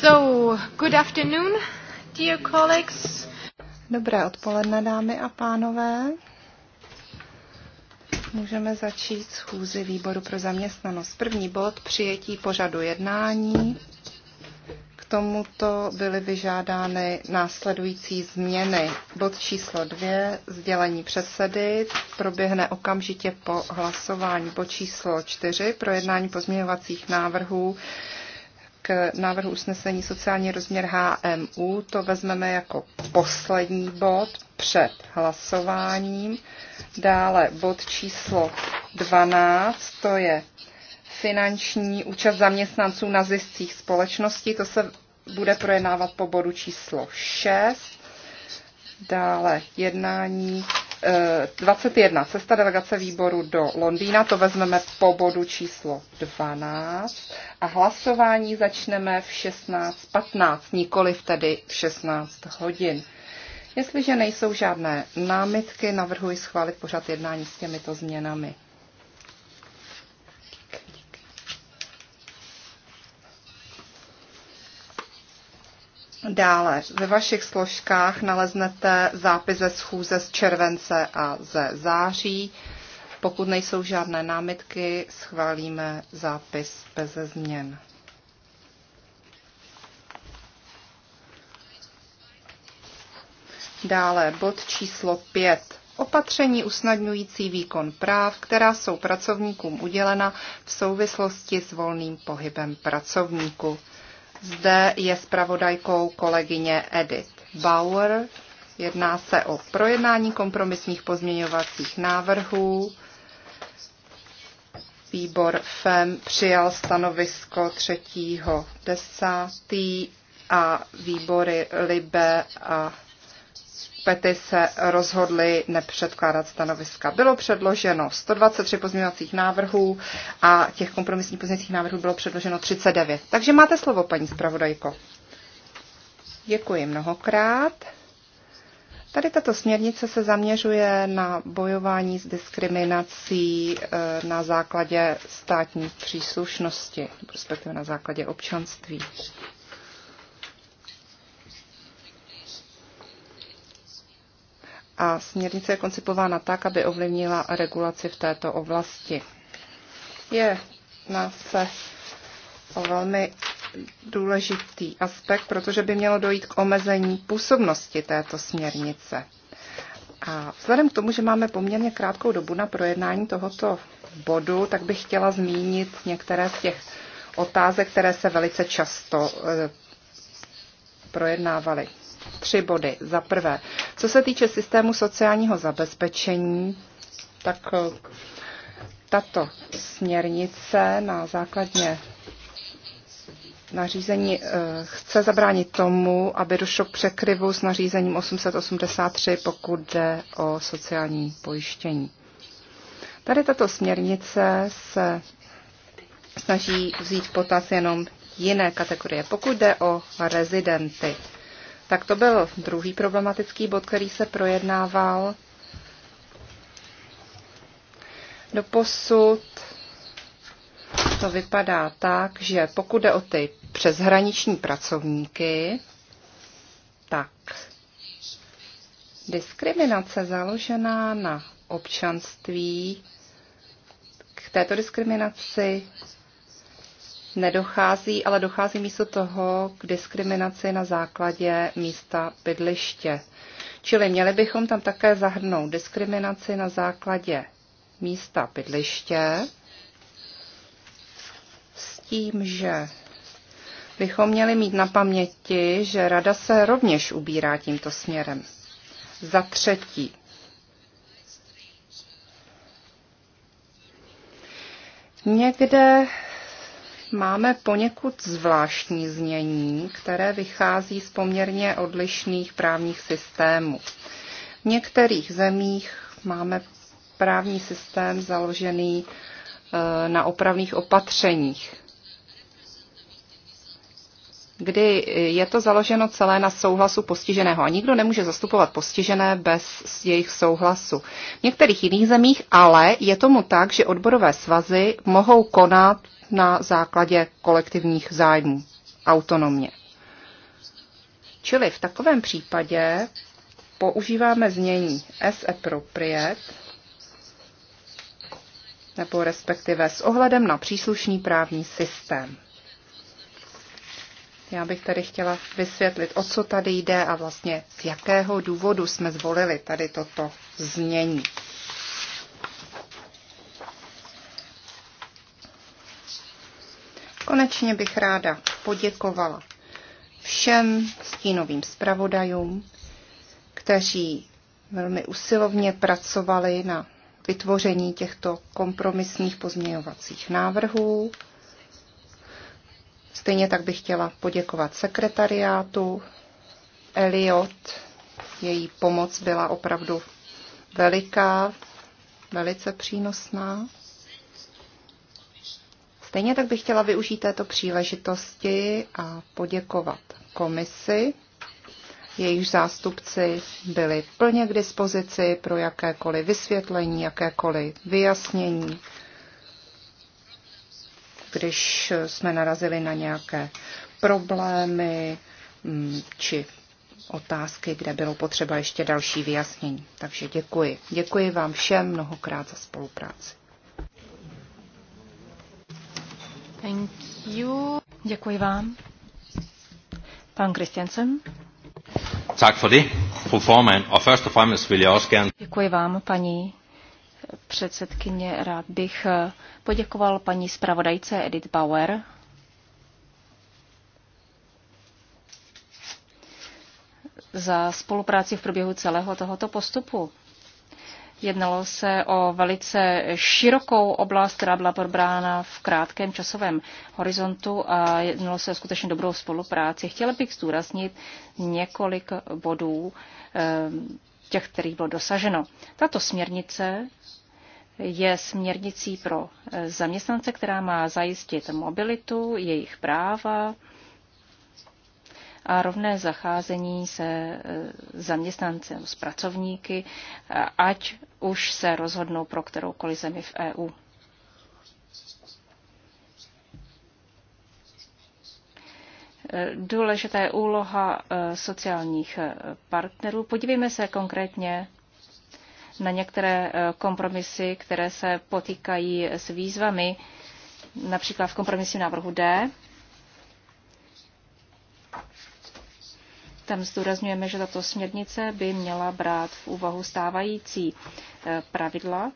So, good afternoon, dear colleagues. Dobré odpoledne, dámy a pánové. Můžeme začít schůzi výboru pro zaměstnanost. První bod přijetí pořadu jednání. K tomuto byly vyžádány následující změny. Bod číslo dvě, sdělení předsedy, proběhne okamžitě po hlasování. Bod číslo čtyři, projednání pozměňovacích návrhů k návrhu usnesení sociální rozměr HMU. To vezmeme jako poslední bod před hlasováním. Dále bod číslo 12, to je finanční účast zaměstnanců na ziscích společnosti. To se bude projednávat po bodu číslo 6. Dále jednání 21. Cesta delegace výboru do Londýna, to vezmeme po bodu číslo 12 a hlasování začneme v 16.15, nikoli tedy v 16 hodin. Jestliže nejsou žádné námitky, navrhuji schválit pořad jednání s těmito změnami. Dále ve vašich složkách naleznete zápis ze schůze z července a ze září. Pokud nejsou žádné námitky, schválíme zápis bez změn. Dále bod číslo 5. Opatření usnadňující výkon práv, která jsou pracovníkům udělena v souvislosti s volným pohybem pracovníků. Zde je zpravodajkou kolegyně Edith Bauer. Jedná se o projednání kompromisních pozměňovacích návrhů. Výbor FEM přijal stanovisko 3.10. a výbory LIBE a Pety se rozhodli nepředkládat stanoviska. Bylo předloženo 123 pozměňovacích návrhů a těch kompromisních pozměňovacích návrhů bylo předloženo 39. Takže máte slovo, paní zpravodajko. Děkuji mnohokrát. Tady tato směrnice se zaměřuje na bojování s diskriminací e, na základě státní příslušnosti, respektive na základě občanství. a směrnice je koncipována tak, aby ovlivnila regulaci v této oblasti. Je na se o velmi důležitý aspekt, protože by mělo dojít k omezení působnosti této směrnice. A vzhledem k tomu, že máme poměrně krátkou dobu na projednání tohoto bodu, tak bych chtěla zmínit některé z těch otázek, které se velice často eh, projednávaly tři body. Za prvé, co se týče systému sociálního zabezpečení, tak eh, tato směrnice na základně nařízení eh, chce zabránit tomu, aby došlo k překryvu s nařízením 883, pokud jde o sociální pojištění. Tady tato směrnice se snaží vzít v potaz jenom jiné kategorie, pokud jde o rezidenty. Tak to byl druhý problematický bod, který se projednával. Doposud to vypadá tak, že pokud jde o ty přeshraniční pracovníky, tak diskriminace založená na občanství k této diskriminaci nedochází, ale dochází místo toho k diskriminaci na základě místa bydliště. Čili měli bychom tam také zahrnout diskriminaci na základě místa bydliště s tím, že bychom měli mít na paměti, že rada se rovněž ubírá tímto směrem. Za třetí, Někde máme poněkud zvláštní znění, které vychází z poměrně odlišných právních systémů. V některých zemích máme právní systém založený eh, na opravných opatřeních kdy je to založeno celé na souhlasu postiženého a nikdo nemůže zastupovat postižené bez jejich souhlasu. V některých jiných zemích ale je tomu tak, že odborové svazy mohou konat na základě kolektivních zájmů autonomně. Čili v takovém případě používáme znění as appropriate, nebo respektive s ohledem na příslušný právní systém. Já bych tady chtěla vysvětlit, o co tady jde a vlastně z jakého důvodu jsme zvolili tady toto změní. Konečně bych ráda poděkovala všem stínovým zpravodajům, kteří velmi usilovně pracovali na vytvoření těchto kompromisních pozměňovacích návrhů. Stejně tak bych chtěla poděkovat sekretariátu Eliot. Její pomoc byla opravdu veliká, velice přínosná. Stejně tak bych chtěla využít této příležitosti a poděkovat komisi, Jejich zástupci byli plně k dispozici pro jakékoliv vysvětlení, jakékoliv vyjasnění když jsme narazili na nějaké problémy mm, či otázky, kde bylo potřeba ještě další vyjasnění. Takže děkuji. Děkuji vám všem mnohokrát za spolupráci. Thank you. Děkuji vám. Pan Christiansen. Tak for det, fru formand. Og først og fremmest vil jeg også gerne... Děkuji vám, paní předsedkyně, rád bych eh, poděkoval paní zpravodajce Edith Bauer. za spolupráci v průběhu celého tohoto postupu. Jednalo se o velice širokou oblast, která byla probrána v krátkém časovém horizontu a jednalo se o skutečně dobrou spolupráci. Chtěla bych zdůraznit několik bodů eh, těch, kterých bylo dosaženo. Tato směrnice je směrnicí pro eh, zaměstnance, která má zajistit mobilitu, jejich práva a rovné zacházení se eh, zaměstnancem, s pracovníky, eh, ať už se rozhodnou pro kteroukoliv zemi v EU. Důležitá je úloha sociálních partnerů. Podívejme se konkrétně na některé eh, kompromisy, které se potýkají s výzvami, například v kompromisu návrhu D. Tam zdůrazňujeme, že tato směrnice by měla brát v úvahu stávající eh, pravidla,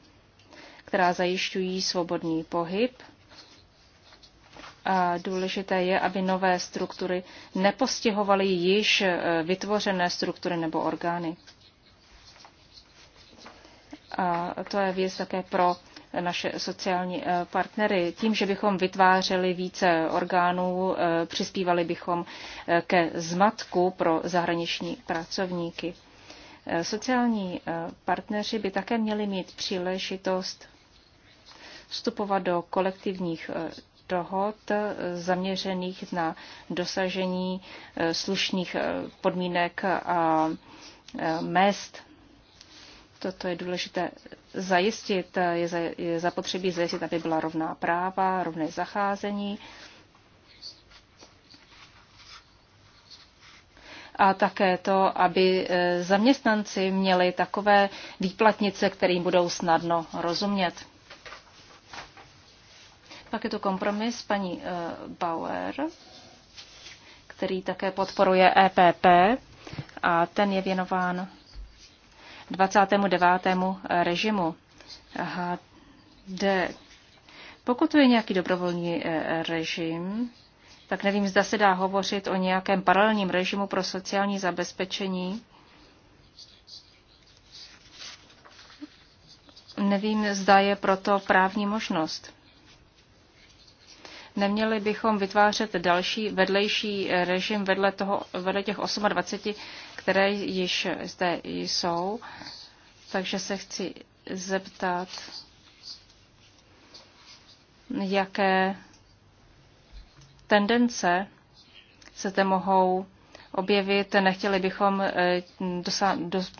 která zajišťují svobodný pohyb. A důležité je, aby nové struktury nepostihovaly již eh, vytvořené struktury nebo orgány. A to je věc také pro naše sociální eh, partnery. Tím, že bychom vytvářeli více orgánů, eh, přispívali bychom eh, ke zmatku pro zahraniční pracovníky. Sociální partneři by také měli mít příležitost vstupovat do kolektivních dohod zaměřených na dosažení slušných podmínek a mest to je důležité zajistit, je, za, je zapotřebí zajistit, aby byla rovná práva, rovné zacházení. A také to, aby e, zaměstnanci měli takové výplatnice, kterým budou snadno rozumět. Pak je tu kompromis paní e, Bauer, který také podporuje EPP a ten je věnován 29. Eh, režimu HD. Pokud to je nějaký dobrovolný eh, režim, tak nevím, zda se dá hovořit o nějakém paralelním režimu pro sociální zabezpečení. Nevím, zda je proto právní možnost. Neměli bychom vytvářet další vedlejší eh, režim vedle, toho, vedle těch 28 které již zde jsou. Takže se chci zeptat, jaké tendence se zde mohou objevit. Nechtěli bychom eh,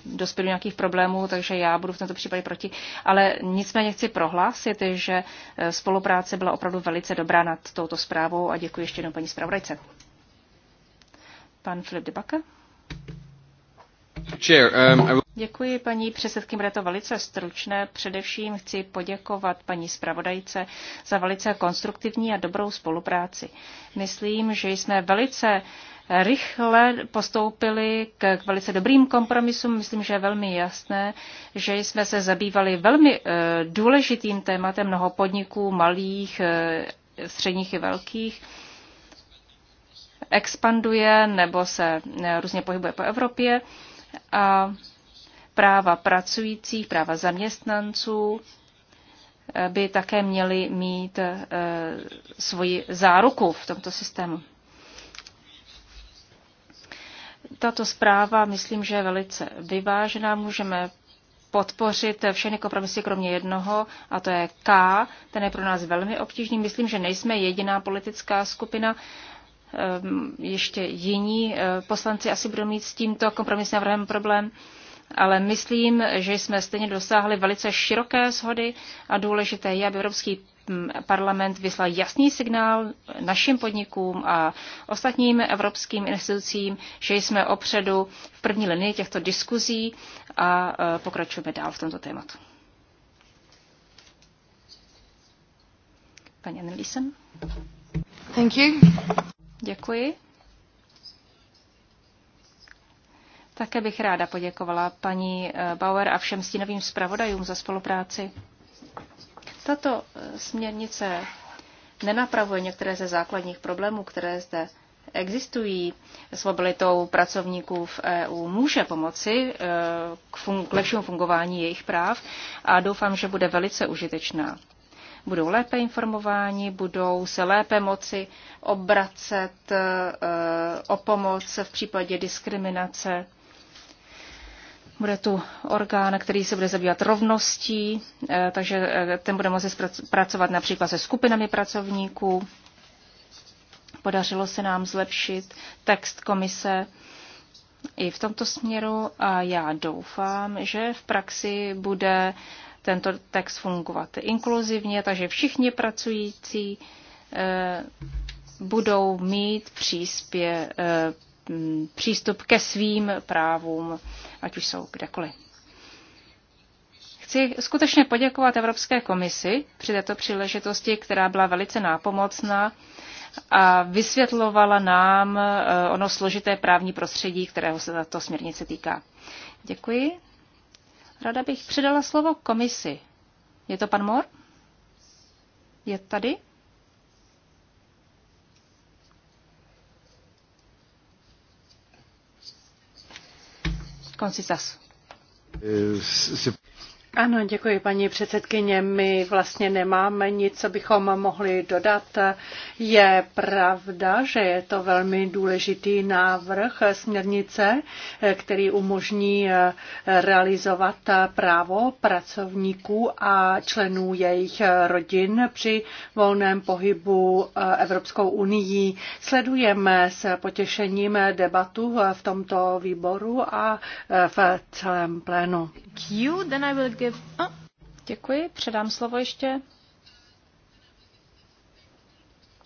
dospět do nějakých problémů, takže já budu v tomto případě proti. Ale nicméně chci prohlásit, že eh, spolupráce byla opravdu velice dobrá nad touto zprávou a děkuji ještě jednou paní zpravodajce. Pan Filip Debaka. Um, Děkuji, paní předsedkyně, bude to velice stručné. Především chci poděkovat paní zpravodajce za velice konstruktivní a dobrou spolupráci. Myslím, že jsme velice rychle postoupili k, velice dobrým kompromisům. Myslím, že je velmi jasné, že jsme se zabývali velmi eh, důležitým tématem mnoho podniků, malých, eh, středních i velkých expanduje nebo se eh, různě pohybuje po Evropě a práva pracujících, práva zaměstnanců eh, by také měly mít eh, svoji záruku v tomto systému. Tato zpráva, myslím, že je velice vyvážená. Můžeme podpořit všechny kompromisy kromě jednoho, a to je K. Ten je pro nás velmi obtížný. Myslím, že nejsme jediná politická skupina, Ehm, ještě jiní eh, poslanci asi budou mít s tímto kompromisním návrhem problém, ale myslím, že jsme stejně dosáhli velice široké shody a důležité je, aby Evropský mm, parlament vyslal jasný signál našim podnikům a ostatním evropským institucím, že jsme opředu v první linii těchto diskuzí a eh, pokračujeme dál v tomto tématu. Paní Anneliesen. Thank you. Děkuji. Také bych ráda poděkovala paní eh, Bauer a všem stínovým zpravodajům za spolupráci. Tato eh, směrnice nenapravuje některé ze základních problémů, které zde existují s mobilitou pracovníků v EU, může pomoci eh, k, fun- k lepšímu fungování jejich práv a doufám, že bude velice užitečná budou lépe informováni, budou se lépe moci obracet eh, o pomoc v případě diskriminace. Bude tu orgán, který se bude zabývat rovností, eh, takže eh, ten bude moci pracovat například se skupinami pracovníků. Podařilo se nám zlepšit text komise i v tomto směru a já doufám, že v praxi bude tento text fungovat inkluzivně, takže všichni pracující eh, budou mít příspě, eh, přístup ke svým právům, ať už jsou kdekoliv. Chci skutečně poděkovat Evropské komisi při této příležitosti, která byla velice nápomocná a vysvětlovala nám eh, ono složité právní prostředí, kterého se tato směrnice týká. Děkuji. Rada bych předala slovo komisi. Je to pan Mor? Je tady? Koncisas. Ano, děkuji paní předsedkyně. My vlastně nemáme nic, co bychom mohli dodat. Je pravda, že je to velmi důležitý návrh směrnice, který umožní eh, realizovat eh, právo pracovníků a členů jejich rodin při volném pohybu eh, Evropskou unii. Sledujeme s potěšením debatu v tomto výboru a v celém plénu. Thank you. Then I will give... Děkuji, předám slovo ještě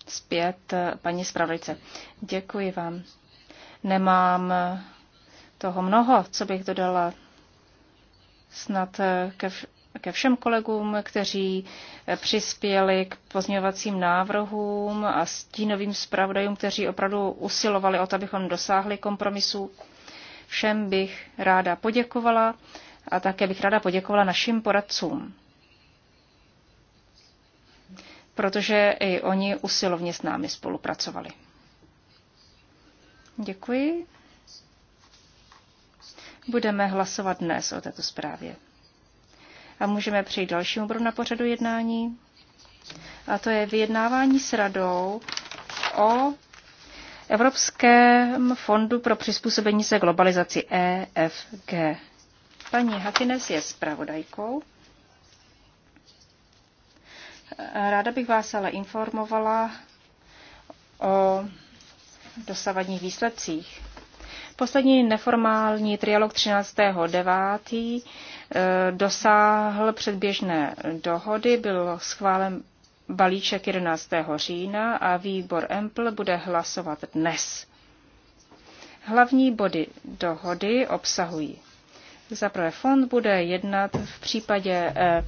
zpět eh, paní zpravodajce. Děkuji vám. Nemám eh, toho mnoho, co bych dodala snad eh, ke, ke všem kolegům, kteří přispěli k pozměňovacím návrhům a stínovým zpravodajům, kteří opravdu usilovali o to, abychom dosáhli kompromisu. Všem bych ráda poděkovala a také bych ráda poděkovala našim poradcům, protože i oni usilovně s námi spolupracovali. Děkuji. Budeme hlasovat dnes o této zprávě. A můžeme přejít dalšímu bodu na pořadu jednání. A to je vyjednávání s radou o Evropském fondu pro přizpůsobení se globalizaci EFG. Paní Hakines je zpravodajkou. Ráda bych vás ale informovala o dosavadních výsledcích. Poslední neformální trialog 13.9. Eh, dosáhl předběžné dohody, byl schválen balíček 11. října a výbor EMPL bude hlasovat dnes. Hlavní body dohody obsahují Zaprvé fond bude jednat v případě eh,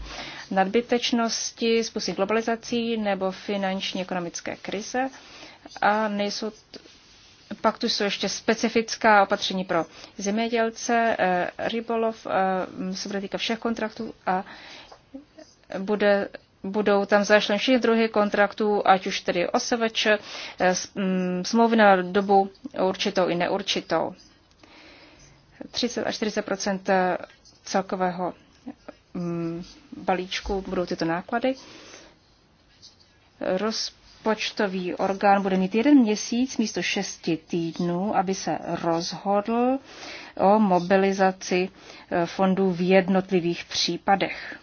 nadbytečnosti, způsob globalizací nebo finanční ekonomické krize. A nejsou, pak tu jsou ještě specifická opatření pro zemědělce, eh, rybolov, eh, se bude týkat všech kontraktů a bude, budou tam zašleny všechny druhy kontraktů, ať už tedy OSVČ, mm, smlouvy na dobu určitou i neurčitou. 30 až 40 eh, celkového mm, balíčku budou tyto náklady. Rozpočtový orgán bude mít jeden měsíc místo šesti týdnů, aby se rozhodl o mobilizaci eh, fondů v jednotlivých případech.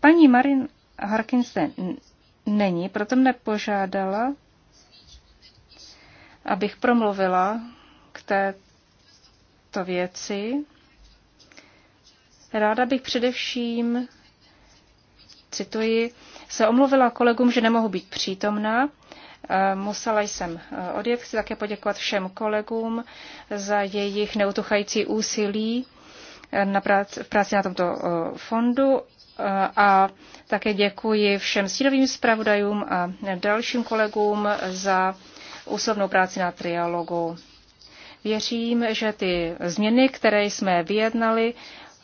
Paní Marin Harkins není, proto mne požádala, abych promluvila k té této věci. Ráda bych především, cituji, se omluvila kolegům, že nemohu být přítomná. Eh, musela jsem eh, odjet. Chci také poděkovat všem kolegům za jejich neutuchající úsilí eh, na práci, v práci na tomto fondu a také děkuji všem stínovým zpravodajům a dalším kolegům za úsobnou práci na trialogu. Věřím, že ty změny, které jsme vyjednali,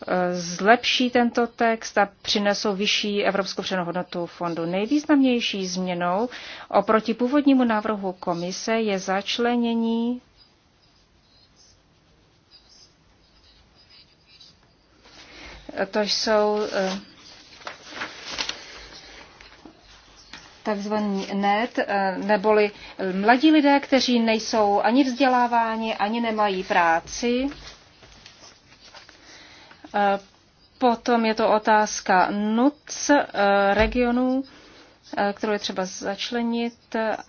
e, zlepší tento text a přinesou vyšší evropskou přenohodnotu fondu. Nejvýznamnější změnou oproti původnímu návrhu komise je začlenění to jsou e, takzvaný net, eh, neboli mladí lidé, kteří nejsou ani vzděláváni, ani nemají práci. Eh, potom je to otázka NUC eh, regionů, kterou je třeba začlenit,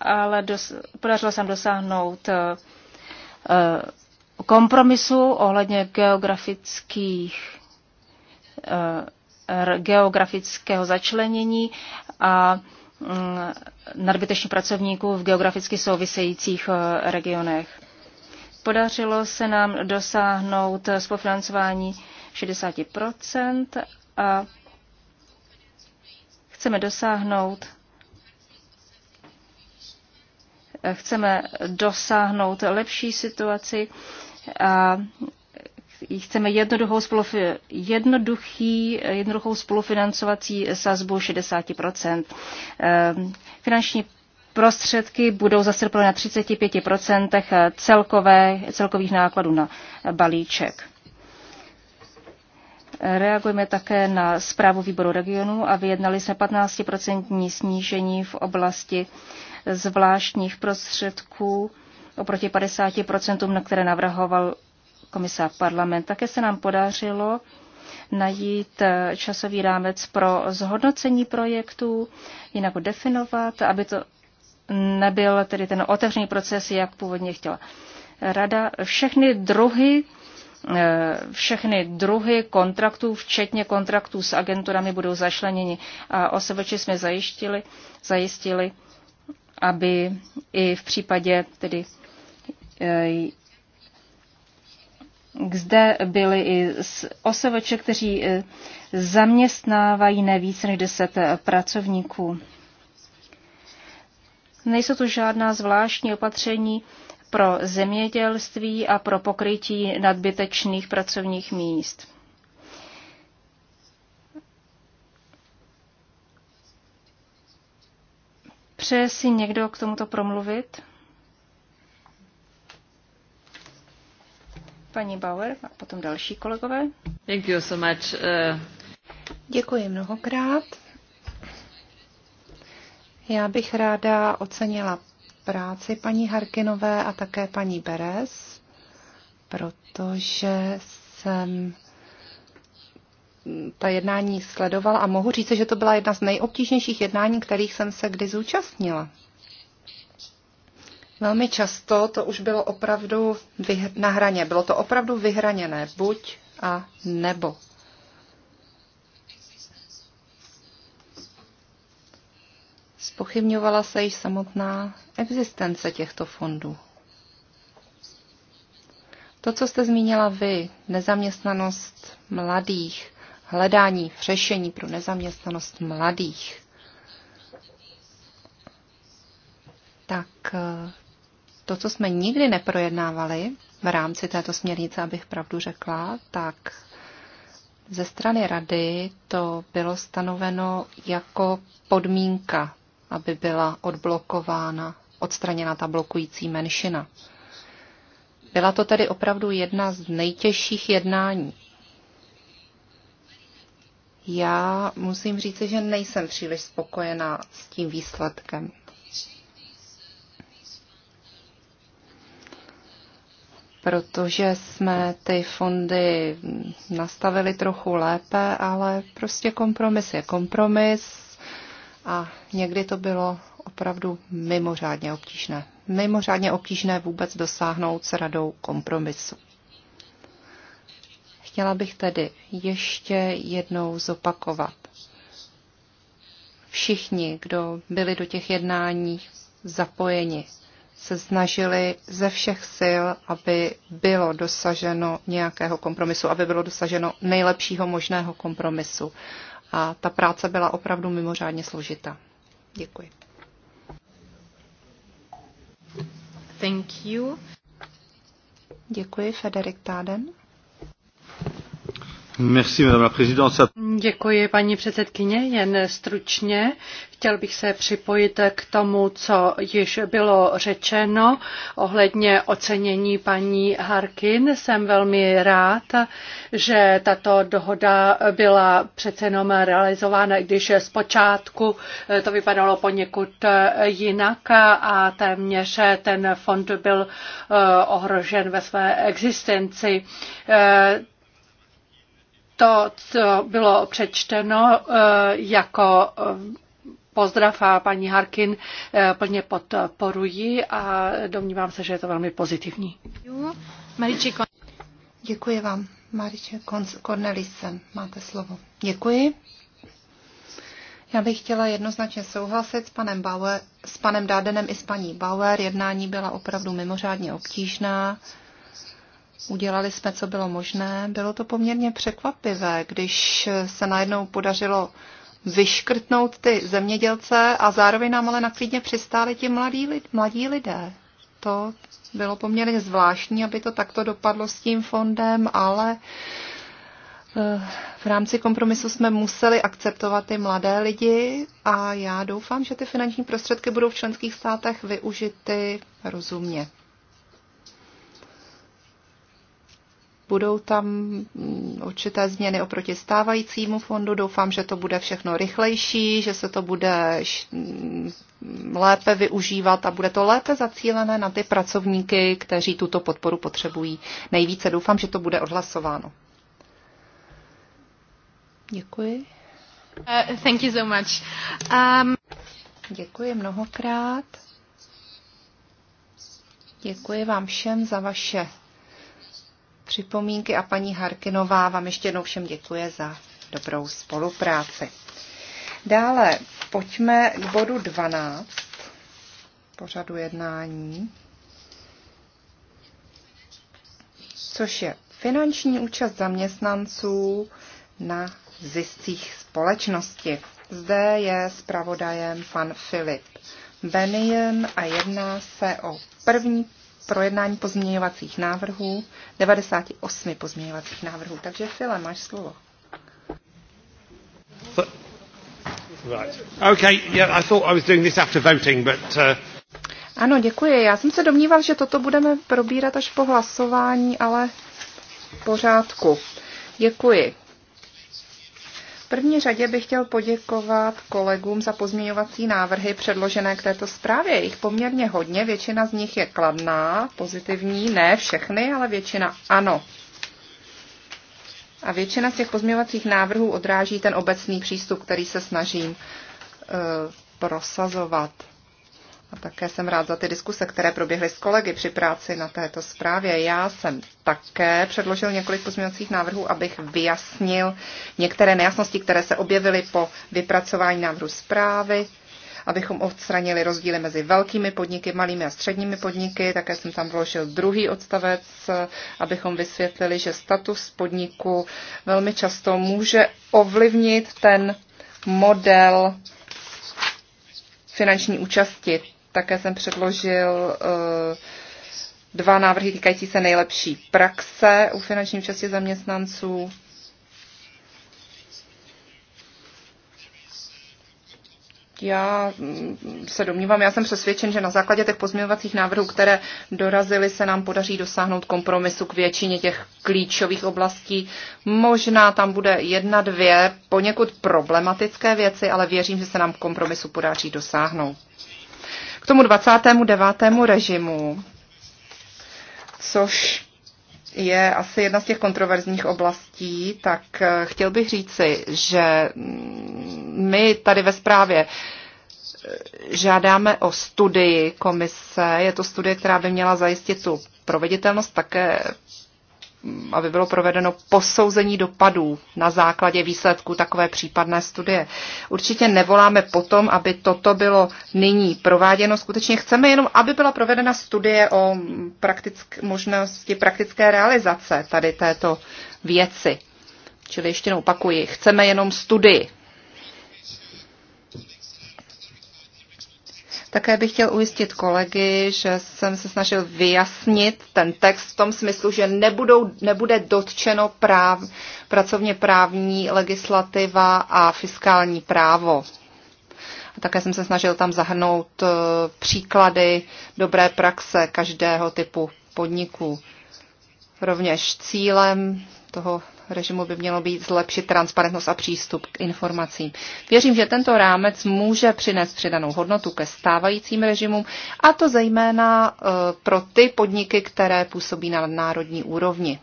ale dos- podařilo se dosáhnout kompromisu ohledně geografických geografického začlenění a Mm, nadbytečných pracovníků v geograficky souvisejících eh, regionech. Podařilo se nám dosáhnout spofinancování 60 a chceme dosáhnout eh, chceme dosáhnout lepší situaci a chceme jednoduchou spolufi, jednoduchý, jednoduchou spolufinancovací sazbu 60%. Eh, finanční prostředky budou zasrpeny na 35% celkové, celkových nákladů na balíček. Reagujeme také na zprávu výboru regionu a vyjednali jsme 15% snížení v oblasti zvláštních prostředků oproti 50%, na které navrhoval komisa a parlament. Také se nám podařilo najít eh, časový rámec pro zhodnocení projektů, jinak ho definovat, aby to nebyl tedy ten otevřený proces, jak původně chtěla. Rada všechny druhy eh, všechny druhy kontraktů, včetně kontraktů s agenturami, budou zašleněni. A OSVČ jsme zajistili, zajistili, aby i v případě tedy eh, zde byli i osobeče, kteří e, zaměstnávají nevíce než 10 e, pracovníků. Nejsou tu žádná zvláštní opatření pro zemědělství a pro pokrytí nadbytečných pracovních míst. Přeje si někdo k tomuto promluvit? Paní Bauer a potom další kolegové. Thank you so much. Uh... Děkuji mnohokrát. Já bych ráda ocenila práci paní Harkinové a také paní Beres, protože jsem ta jednání sledovala a mohu říct, že to byla jedna z nejobtížnějších jednání, kterých jsem se kdy zúčastnila. Velmi často to už bylo opravdu na hraně. Bylo to opravdu vyhraněné. Buď a nebo. Spochybňovala se již samotná existence těchto fondů. To, co jste zmínila vy, nezaměstnanost mladých, hledání řešení pro nezaměstnanost mladých, tak eh, to, co jsme nikdy neprojednávali v rámci této směrnice, abych pravdu řekla, tak ze strany rady to bylo stanoveno jako podmínka, aby byla odblokována, odstraněna ta blokující menšina. Byla to tedy opravdu jedna z nejtěžších jednání. Já musím říct, že nejsem příliš spokojená s tím výsledkem. protože jsme ty fondy nastavili trochu lépe, ale prostě kompromis je kompromis a někdy to bylo opravdu mimořádně obtížné. Mimořádně obtížné vůbec dosáhnout s radou kompromisu. Chtěla bych tedy ještě jednou zopakovat. Všichni, kdo byli do těch jednání zapojeni, se snažili ze všech sil, aby bylo dosaženo nějakého kompromisu, aby bylo dosaženo nejlepšího možného kompromisu. A ta práce byla opravdu mimořádně složitá. Děkuji. Thank you. Děkuji, Federik Táden. Děkuji, paní předsedkyně. Jen stručně chtěl bych se připojit k tomu, co již bylo řečeno ohledně ocenění paní Harkin. Jsem velmi rád, že tato dohoda byla přece jenom realizována, i když zpočátku to vypadalo poněkud jinak a téměř ten fond byl ohrožen ve své existenci to, co bylo přečteno eh, jako eh, pozdrav a paní Harkin eh, plně podporuji a domnívám se, že je to velmi pozitivní. Děkuji vám. Mariče Cornelisen, máte slovo. Děkuji. Já bych chtěla jednoznačně souhlasit s panem, Bauer, s panem Dádenem i s paní Bauer. Jednání byla opravdu mimořádně obtížná. Udělali jsme, co bylo možné. Bylo to poměrně překvapivé, když se najednou podařilo vyškrtnout ty zemědělce a zároveň nám ale naklidně přistáli ti mladí, lid, mladí lidé. To bylo poměrně zvláštní, aby to takto dopadlo s tím fondem, ale eh, v rámci kompromisu jsme museli akceptovat ty mladé lidi a já doufám, že ty finanční prostředky budou v členských státech využity rozumně. Budou tam mm, určité změny oproti stávajícímu fondu. Doufám, že to bude všechno rychlejší, že se to bude mm, lépe využívat a bude to lépe zacílené na ty pracovníky, kteří tuto podporu potřebují nejvíce. Doufám, že to bude odhlasováno. Děkuji. Uh, thank you so much. Um... Děkuji mnohokrát. Děkuji vám všem za vaše připomínky a paní Harkinová vám ještě jednou všem děkuje za dobrou spolupráci. Dále pojďme k bodu 12 pořadu jednání, což je finanční účast zaměstnanců na ziscích společnosti. Zde je zpravodajem pan Filip Benien a jedná se o první projednání pozměňovacích návrhů, 98 pozměňovacích návrhů. Takže File, máš slovo. Uh, ano, děkuji. Já jsem se domníval, že toto budeme probírat až po hlasování, ale v pořádku. Děkuji první řadě bych chtěl poděkovat kolegům za pozměňovací návrhy předložené k této zprávě. Jich poměrně hodně, většina z nich je kladná, pozitivní, ne všechny, ale většina ano. A většina z těch pozměňovacích návrhů odráží ten obecný přístup, který se snažím e, prosazovat. A také jsem rád za ty diskuse, které proběhly s kolegy při práci na této zprávě. Já jsem také předložil několik pozměňovacích návrhů, abych vyjasnil některé nejasnosti, které se objevily po vypracování návrhu zprávy abychom odstranili rozdíly mezi velkými podniky, malými a středními podniky. Také jsem tam vložil druhý odstavec, abychom vysvětlili, že status podniku velmi často může ovlivnit ten model finanční účasti také jsem předložil eh, dva návrhy týkající se nejlepší praxe u finanční části zaměstnanců. Já mm, se domnívám, já jsem přesvědčen, že na základě těch pozměňovacích návrhů, které dorazily, se nám podaří dosáhnout kompromisu k většině těch klíčových oblastí. Možná tam bude jedna, dvě poněkud problematické věci, ale věřím, že se nám kompromisu podaří dosáhnout tomu 29. režimu, což je asi jedna z těch kontroverzních oblastí, tak eh, chtěl bych říci, že mm, my tady ve zprávě eh, žádáme o studii komise. Je to studie, která by měla zajistit tu proveditelnost, také aby bylo provedeno posouzení dopadů na základě výsledků takové případné studie. Určitě nevoláme potom, aby toto bylo nyní prováděno. Skutečně chceme jenom, aby byla provedena studie o praktick- možnosti praktické realizace tady této věci. Čili ještě opakuji, chceme jenom studii, Také bych chtěl ujistit kolegy, že jsem se snažil vyjasnit ten text v tom smyslu, že nebudou, nebude dotčeno práv, pracovně právní legislativa a fiskální právo. A také jsem se snažil tam zahrnout eh, příklady dobré praxe každého typu podniků. Rovněž cílem toho režimu by mělo být zlepšit transparentnost a přístup k informacím. Věřím, že tento rámec může přinést přidanou hodnotu ke stávajícím režimům, a to zejména e, pro ty podniky, které působí na národní úrovni.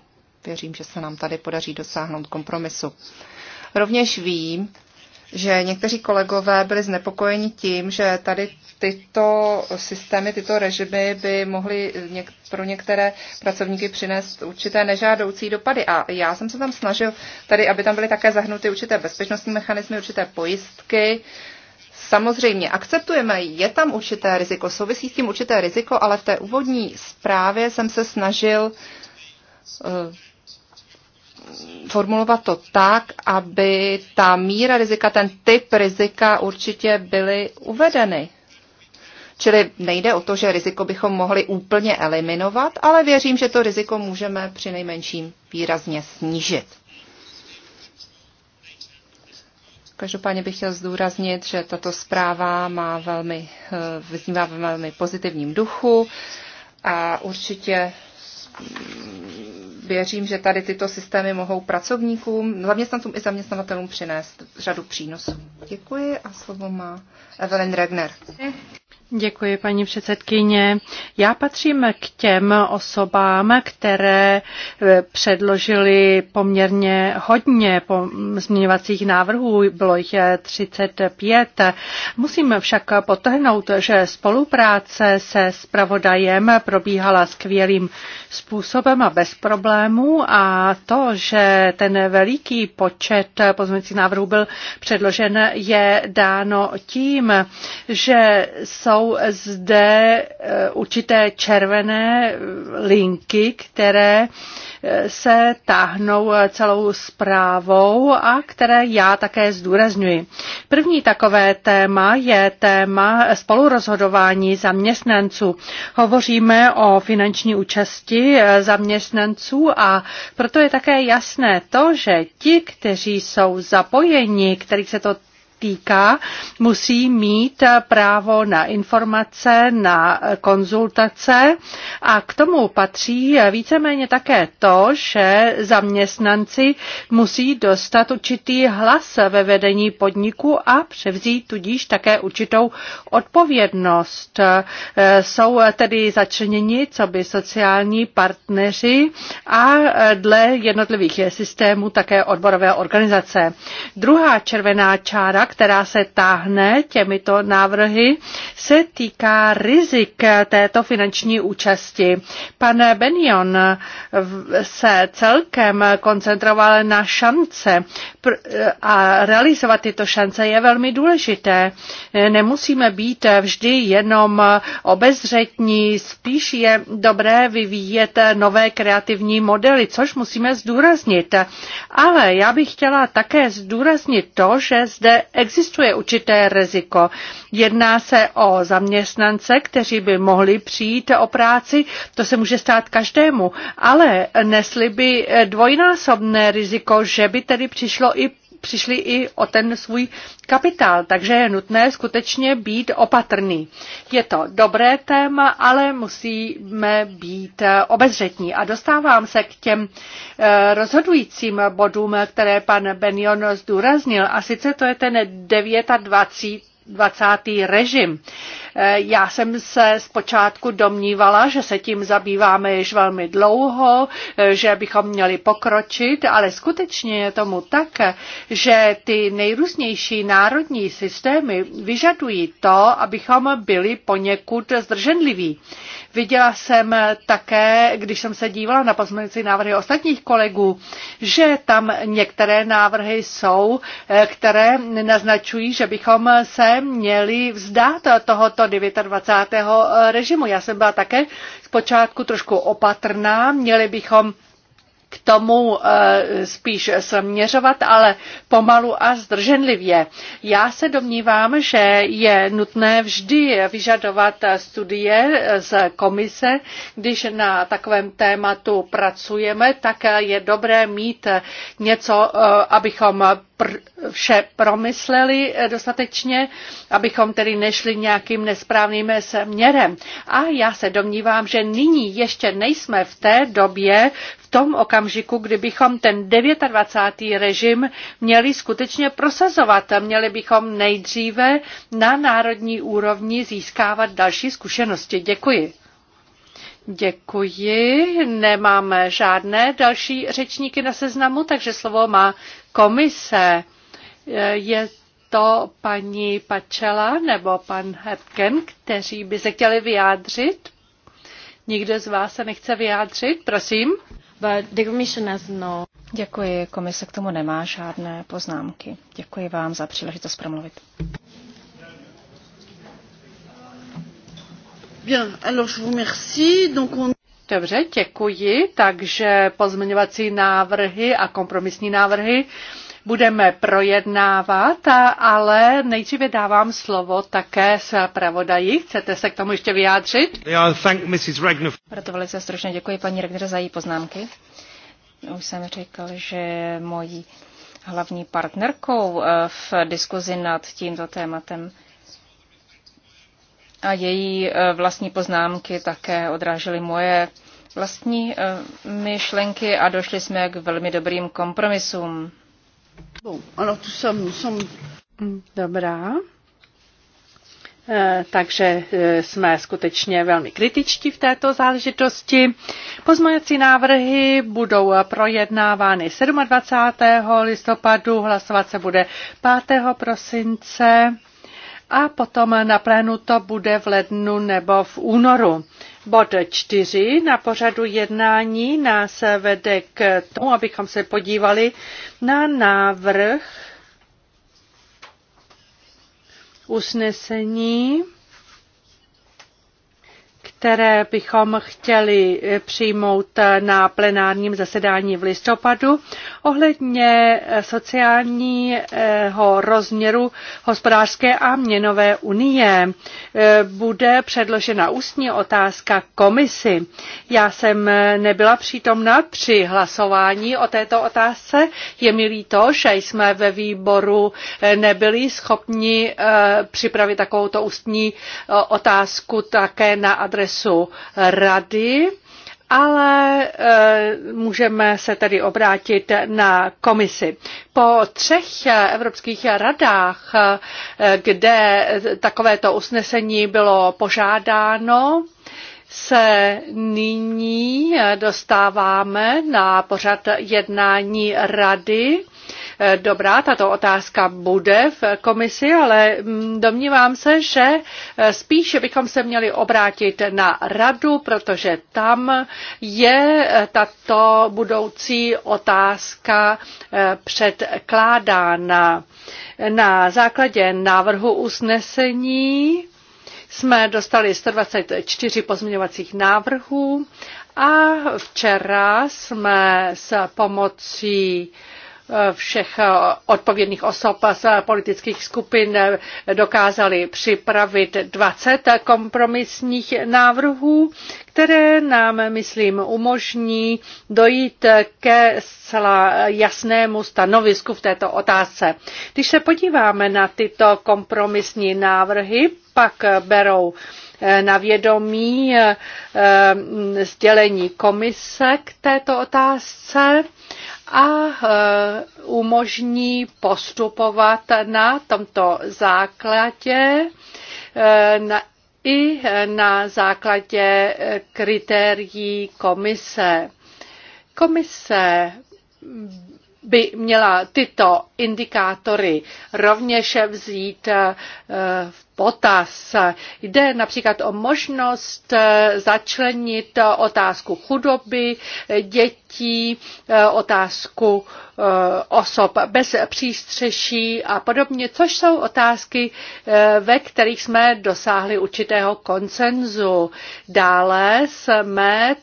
Věřím, že se nám tady podaří dosáhnout kompromisu. Rovněž vím, že někteří kolegové byli znepokojeni tím, že tady tyto systémy, tyto režimy by mohly něk- pro některé pracovníky přinést určité nežádoucí dopady. A já jsem se tam snažil tady, aby tam byly také zahrnuty určité bezpečnostní mechanismy, určité pojistky. Samozřejmě akceptujeme, je tam určité riziko, souvisí s tím určité riziko, ale v té úvodní zprávě jsem se snažil uh, formulovat to tak, aby ta míra rizika, ten typ rizika určitě byly uvedeny. Čili nejde o to, že riziko bychom mohli úplně eliminovat, ale věřím, že to riziko můžeme při nejmenším výrazně snížit. Každopádně bych chtěl zdůraznit, že tato zpráva má velmi, eh, vyznívá ve velmi pozitivním duchu a určitě věřím, že tady tyto systémy mohou pracovníkům, zaměstnancům i zaměstnavatelům přinést řadu přínosů. Děkuji a slovo má Evelyn Regner. Děkuji, paní předsedkyně. Já patřím k těm osobám, které eh, předložili poměrně hodně změňovacích návrhů, bylo jich 35. Eh, Musím však potrhnout, že spolupráce se spravodajem probíhala skvělým způsobem a bez problémů a to, že ten veliký počet pozměňovacích návrhů byl předložen, je dáno tím, že jsou jsou zde eh, určité červené eh, linky, které eh, se táhnou celou zprávou a které já také zdůrazňuji. První takové téma je téma spolurozhodování zaměstnanců. Hovoříme o finanční účasti zaměstnanců a proto je také jasné to, že ti, kteří jsou zapojeni, kterých se to týká, musí mít právo na informace, na konzultace a k tomu patří víceméně také to, že zaměstnanci musí dostat určitý hlas ve vedení podniku a převzít tudíž také určitou odpovědnost. Jsou tedy začleněni co by sociální partneři a dle jednotlivých systémů také odborové organizace. Druhá červená čára, která se táhne těmito návrhy, se týká rizik této finanční účasti. Pan Benion se celkem koncentroval na šance a realizovat tyto šance je velmi důležité. Nemusíme být vždy jenom obezřetní, spíš je dobré vyvíjet nové kreativní modely, což musíme zdůraznit. Ale já bych chtěla také zdůraznit to, že zde existuje určité riziko. Jedná se o zaměstnance, kteří by mohli přijít o práci, to se může stát každému, ale nesli by dvojnásobné riziko, že by tedy přišlo i přišli i o ten svůj kapitál, takže je nutné skutečně být opatrný. Je to dobré téma, ale musíme být obezřetní. A dostávám se k těm eh, rozhodujícím bodům, které pan Benion zdůraznil, a sice to je ten 29. 20. režim. Eh, já jsem se zpočátku domnívala, že se tím zabýváme již velmi dlouho, eh, že bychom měli pokročit, ale skutečně je tomu tak, že ty nejrůznější národní systémy vyžadují to, abychom byli poněkud zdrženliví. Viděla jsem také, když jsem se dívala na pozměnící návrhy ostatních kolegů, že tam některé návrhy jsou, eh, které naznačují, že bychom se měli vzdát tohoto toho 29. režimu. Já jsem byla také zpočátku trošku opatrná, měli bychom k tomu eh, spíš směřovat, ale pomalu a zdrženlivě. Já se domnívám, že je nutné vždy vyžadovat studie z komise. Když na takovém tématu pracujeme, tak je dobré mít něco, eh, abychom pr- vše promysleli eh, dostatečně, abychom tedy nešli nějakým nesprávným eh, směrem. A já se domnívám, že nyní ještě nejsme v té době, v tom okamžiku, kdybychom ten 29. režim měli skutečně prosazovat. Měli bychom nejdříve na národní úrovni získávat další zkušenosti. Děkuji. Děkuji. Nemáme žádné další řečníky na seznamu, takže slovo má komise. Je to paní Pačela nebo pan Hepken, kteří by se chtěli vyjádřit? Nikdo z vás se nechce vyjádřit, prosím. But the commission has no. Děkuji, komise k tomu nemá žádné poznámky. Děkuji vám za příležitost promluvit. Bien, alors je vous remercie. Donc on... Dobře, děkuji. Takže pozměňovací návrhy a kompromisní návrhy budeme projednávat, ale nejdříve dávám slovo také pravodají. Chcete se k tomu ještě vyjádřit? Proto velice stručně děkuji paní Regner za její poznámky. Už jsem řekl, že mojí hlavní partnerkou eh, v diskuzi nad tímto tématem a její e, vlastní poznámky také odrážely moje vlastní e, myšlenky a došli jsme k velmi dobrým kompromisům. Dobrá. E, takže jsme skutečně velmi kritičtí v této záležitosti. Pozmojací návrhy budou projednávány 27. listopadu, hlasovat se bude 5. prosince a potom na plénu to bude v lednu nebo v únoru. Bod čtyři, na pořadu jednání nás vede k tomu, abychom se podívali na návrh usnesení které bychom chtěli eh, přijmout eh, na plenárním zasedání v listopadu ohledně eh, sociálního rozměru hospodářské a měnové unie. Bude předložena ústní otázka komisi. Já jsem nebyla přítomna při hlasování o této otázce. Je mi líto, že jsme ve výboru nebyli schopni připravit takovouto ústní otázku také na adresu adresu rady ale e, můžeme se tedy obrátit na komisi. Po třech evropských radách, e, kde takovéto usnesení bylo požádáno, se nyní dostáváme na pořad jednání rady Eh, dobrá. Tato otázka bude v komisi, ale mm, domnívám se, že eh, spíše bychom se měli obrátit na radu, protože tam je eh, tato budoucí otázka předkládána. Na základě návrhu usnesení jsme dostali 124 pozměňovacích návrhů a včera jsme s pomocí všech eh, odpovědných osob z eh, politických skupin eh, dokázali připravit 20 kompromisních návrhů, které nám, myslím, umožní dojít ke zcela jasnému stanovisku v této otázce. Když se podíváme na tyto kompromisní návrhy, pak berou Eh, na vědomí eh, eh, sdělení komise k této otázce a umožní postupovat na tomto základě i na základě kritérií komise. Komise by měla tyto indikátory rovněž vzít eh, v potaz. Jde například o možnost eh, začlenit otázku chudoby dětí, eh, otázku osob bez přístřeší a podobně, což jsou otázky, ve kterých jsme dosáhli určitého koncenzu. Dále jsme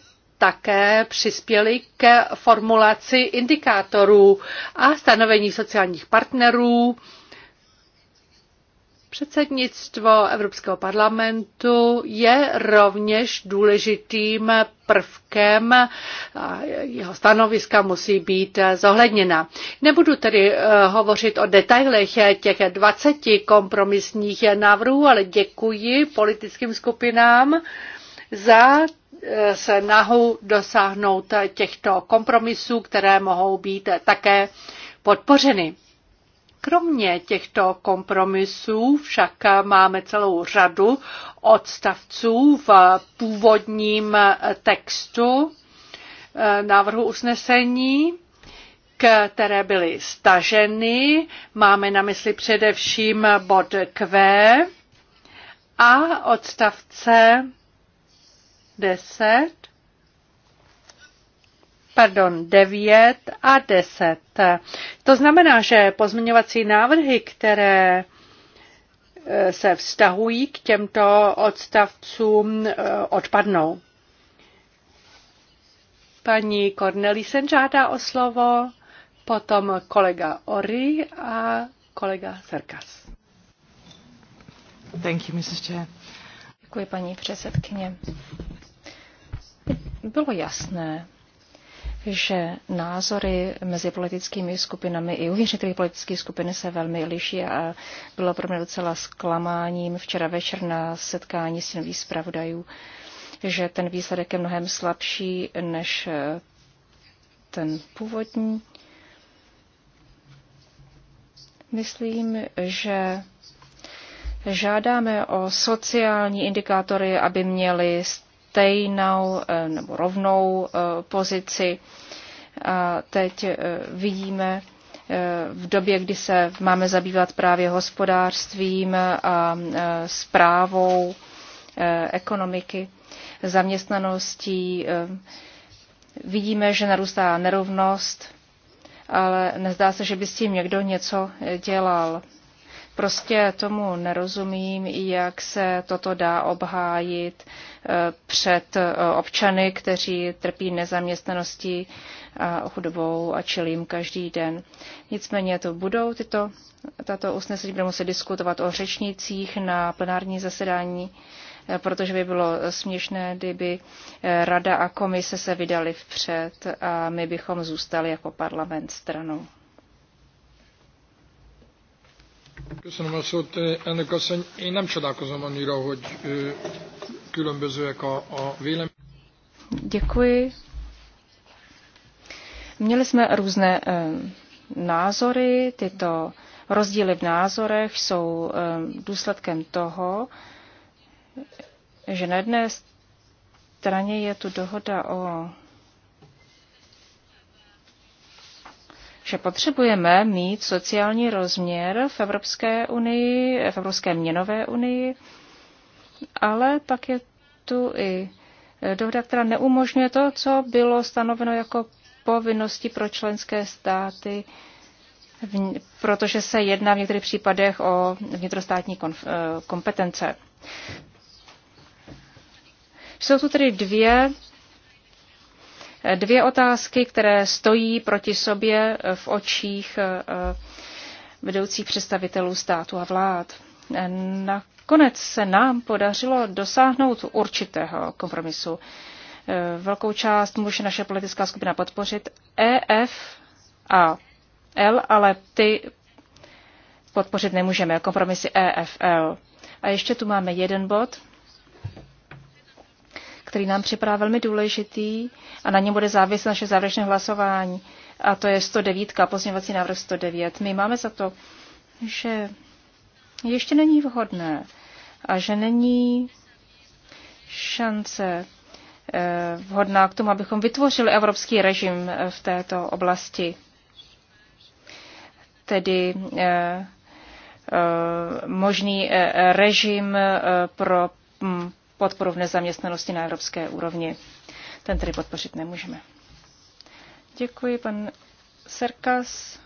také přispěli k formulaci indikátorů a stanovení sociálních partnerů. Předsednictvo Evropského parlamentu je rovněž důležitým prvkem, jeho stanoviska musí být zohledněna. Nebudu tedy eh, hovořit o detailech těch 20 kompromisních návrhů, ale děkuji politickým skupinám za snahu dosáhnout těchto kompromisů, které mohou být také podpořeny. Kromě těchto kompromisů však máme celou řadu odstavců v původním textu eh, návrhu usnesení, které byly staženy. Máme na mysli především bod Q a odstavce 10, pardon, 9 a 10. To znamená, že pozměňovací návrhy, které eh, se vztahují k těmto odstavcům, eh, odpadnou. Paní Cornelisen žádá o slovo, potom kolega Ory a kolega Serkas. Thank you, Mrs. Chair. Děkuji, paní předsedkyně bylo jasné, že názory mezi politickými skupinami i uvnitř některých politických skupin se velmi liší a bylo pro mě docela zklamáním včera večer na setkání s nových zpravodajů, že ten výsledek je mnohem slabší než eh, ten původní. Myslím, že žádáme o sociální indikátory, aby měly stejnou eh, nebo rovnou eh, pozici. A teď eh, vidíme v době, kdy se máme zabývat právě hospodářstvím a zprávou ekonomiky, zaměstnaností, vidíme, že narůstá nerovnost, ale nezdá se, že by s tím někdo něco dělal. Prostě tomu nerozumím, jak se toto dá obhájit eh, před eh, občany, kteří trpí nezaměstnaností a chudobou a čelím každý den. Nicméně to budou tyto, tato usnesení, budeme muset diskutovat o řečnicích na plenární zasedání, eh, protože by bylo směšné, kdyby rada a komise se vydali vpřed a my bychom zůstali jako parlament stranou. Köszönöm a szót, elnök asszony. Én nem csodálkozom annyira, hogy különbözőek a, a Děkuji. Měli jsme různé názory, tyto rozdíly v názorech jsou důsledkem toho, že na jedné straně je tu dohoda o že potřebujeme mít sociální rozměr v Evropské unii, v Evropské měnové unii, ale pak je tu i dohoda, která neumožňuje to, co bylo stanoveno jako povinnosti pro členské státy, protože se jedná v některých případech o vnitrostátní eh, kompetence. Jsou tu tedy dvě dvě otázky, které stojí proti sobě v očích eh, eh, vedoucích představitelů státu a vlád. Nakonec se nám podařilo dosáhnout určitého kompromisu. Eh, velkou část může naše politická skupina podpořit. E, F a L, ale ty podpořit nemůžeme. Kompromisy E, F, L. A ještě tu máme jeden bod, který nám připadá velmi důležitý a na něm bude záviset naše závěrečné hlasování. A to je 109, pozměňovací návrh 109. My máme za to, že ještě není vhodné a že není šance eh, vhodná k tomu, abychom vytvořili evropský režim eh, v této oblasti. Tedy eh, možný režim pro hm, podporu v nezaměstnanosti na evropské úrovni. Ten tedy podpořit nemůžeme. Děkuji, pan Serkas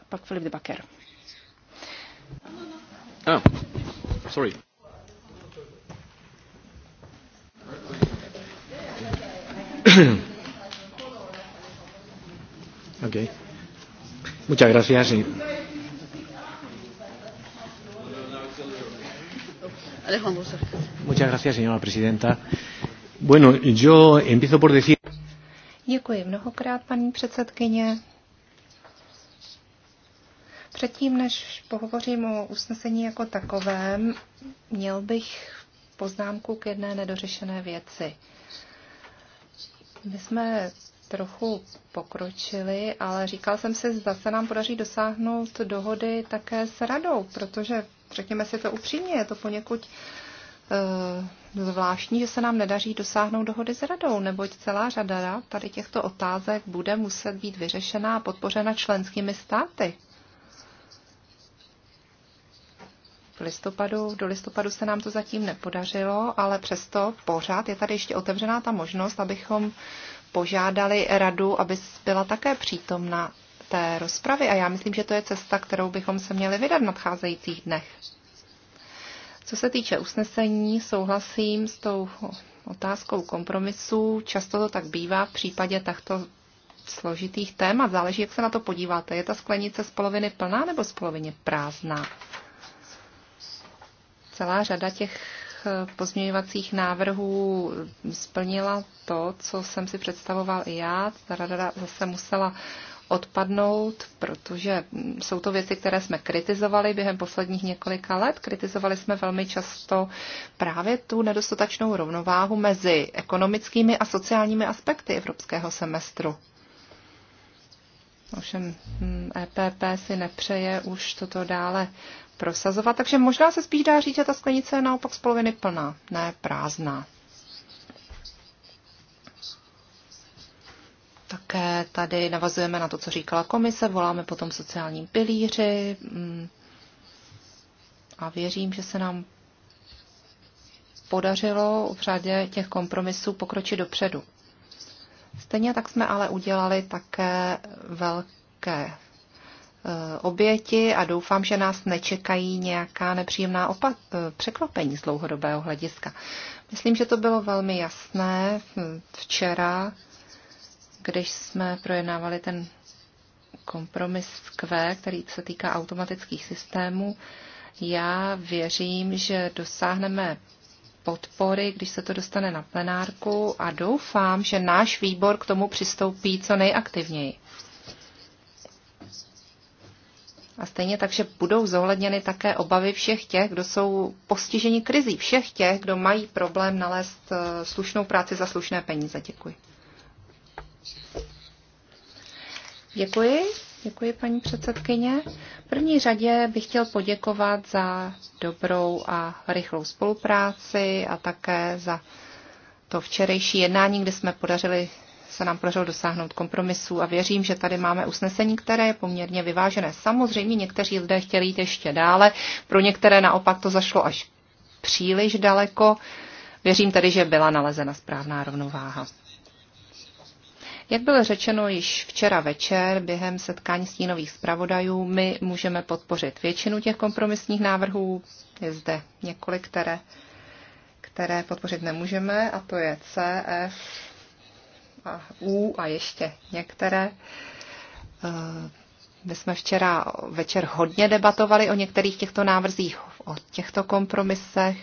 a pak Filip de Baker. Oh, ah, sorry. okay. Muchas gracias. Y... Alejandro Serkis. Muchas gracias, señora presidenta. Bueno, yo empiezo por decir... Děkuji mnohokrát, paní předsedkyně. Předtím, než pohovořím o usnesení jako takovém, měl bych poznámku k jedné nedořešené věci. My jsme trochu pokročili, ale říkal jsem si, zda se nám podaří dosáhnout dohody také s radou, protože Řekněme si to upřímně, je to poněkud e, zvláštní, že se nám nedaří dosáhnout dohody s radou, neboť celá řada tady těchto otázek bude muset být vyřešena a podpořena členskými státy. V listopadu, do listopadu se nám to zatím nepodařilo, ale přesto pořád je tady ještě otevřená ta možnost, abychom požádali radu, aby byla také přítomna té rozpravy a já myslím, že to je cesta, kterou bychom se měli vydat v nadcházejících dnech. Co se týče usnesení, souhlasím s tou otázkou kompromisu. Často to tak bývá v případě takto složitých témat. Záleží, jak se na to podíváte. Je ta sklenice z poloviny plná nebo z poloviny prázdná? Celá řada těch eh, pozměňovacích návrhů splnila to, co jsem si představoval i já. Ta rada zase musela odpadnout, protože jsou to věci, které jsme kritizovali během posledních několika let. Kritizovali jsme velmi často právě tu nedostatečnou rovnováhu mezi ekonomickými a sociálními aspekty evropského semestru. Ovšem hm, EPP si nepřeje už toto dále prosazovat, takže možná se spíš dá říct, že ta sklenice je naopak z poloviny plná, ne prázdná. Také tady navazujeme na to, co říkala komise, voláme po tom sociálním pilíři mm, a věřím, že se nám podařilo v řadě těch kompromisů pokročit dopředu. Stejně tak jsme ale udělali také velké e, oběti a doufám, že nás nečekají nějaká nepříjemná opat- e, překvapení z dlouhodobého hlediska. Myslím, že to bylo velmi jasné včera když jsme projednávali ten kompromis Q, který se týká automatických systémů, já věřím, že dosáhneme podpory, když se to dostane na plenárku a doufám, že náš výbor k tomu přistoupí co nejaktivněji. A stejně tak, že budou zohledněny také obavy všech těch, kdo jsou postiženi krizí, všech těch, kdo mají problém nalézt eh, slušnou práci za slušné peníze. Děkuji. Děkuji. Děkuji, paní předsedkyně. V první řadě bych chtěl poděkovat za dobrou a rychlou spolupráci a také za to včerejší jednání, kde jsme podařili, se nám podařilo dosáhnout kompromisu a věřím, že tady máme usnesení, které je poměrně vyvážené. Samozřejmě někteří lidé chtěli jít ještě dále, pro některé naopak to zašlo až příliš daleko. Věřím tedy, že byla nalezena správná rovnováha. Jak bylo řečeno již včera večer během setkání stínových zpravodajů, my můžeme podpořit většinu těch kompromisních návrhů. Je zde několik, které, které podpořit nemůžeme, a to je C, F, a U a ještě některé. Eh, my jsme včera večer hodně debatovali o některých těchto návrzích, o těchto kompromisech.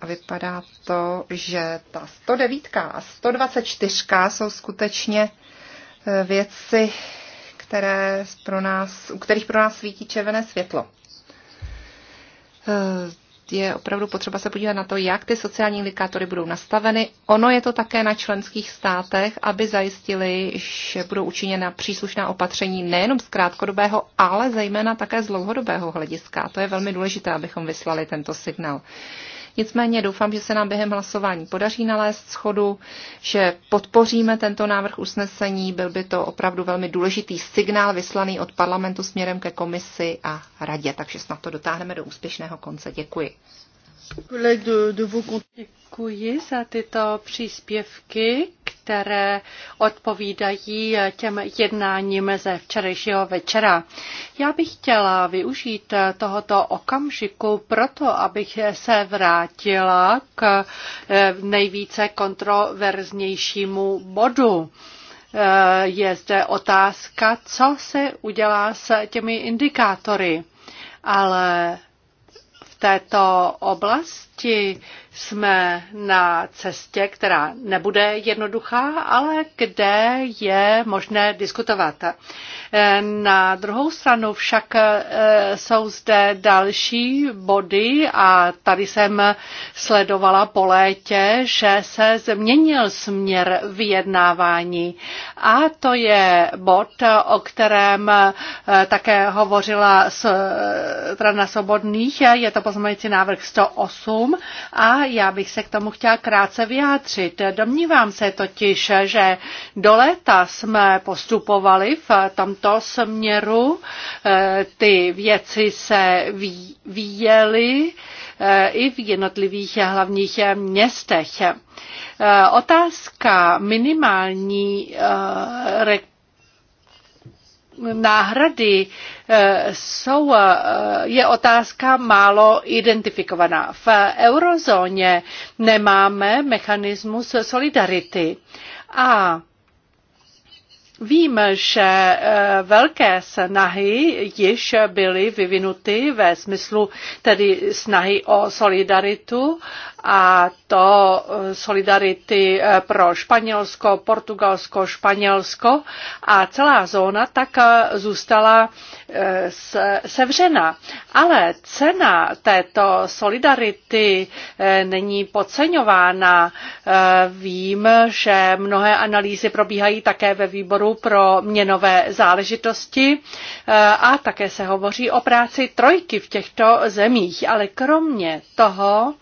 A vypadá to, že ta 109 a 124 jsou skutečně e, věci, které pro nás, u kterých pro nás svítí červené světlo. E, je opravdu potřeba se podívat na to, jak ty sociální indikátory budou nastaveny. Ono je to také na členských státech, aby zajistili, že budou učiněna příslušná opatření nejenom z krátkodobého, ale zejména také z dlouhodobého hlediska. A to je velmi důležité, abychom vyslali tento signál. Nicméně doufám, že se nám během hlasování podaří nalézt schodu, že podpoříme tento návrh usnesení. Byl by to opravdu velmi důležitý signál vyslaný od parlamentu směrem ke komisi a radě, takže snad to dotáhneme do úspěšného konce. Děkuji. Děkuji za tyto příspěvky které odpovídají těm jednáním ze včerejšího večera. Já bych chtěla využít tohoto okamžiku proto, abych se vrátila k eh, nejvíce kontroverznějšímu bodu eh, je zde otázka, co se udělá s těmi indikátory. Ale v této oblasti jsme na cestě, která nebude jednoduchá, ale kde je možné diskutovat. Eh, na druhou stranu však eh, jsou zde další body a tady jsem sledovala po létě, že se změnil směr vyjednávání. A to je bod, o kterém eh, také hovořila strana Sobodných. Je to pozměňující návrh 108 a já bych se k tomu chtěla krátce vyjádřit. Domnívám se totiž, že do léta jsme postupovali v tomto směru. Eh, ty věci se vyjely eh, i v jednotlivých hlavních městech. Eh, otázka minimální náhrady eh, jsou, eh, je otázka málo identifikovaná. V eurozóně nemáme mechanismus solidarity a Vím, že eh, velké snahy již byly vyvinuty ve smyslu tedy snahy o solidaritu a to eh, solidarity eh, pro Španělsko, Portugalsko, Španělsko a celá zóna tak eh, zůstala sevřena. Ale cena této solidarity není podceňována. Vím, že mnohé analýzy probíhají také ve výboru pro měnové záležitosti a také se hovoří o práci trojky v těchto zemích. Ale kromě toho,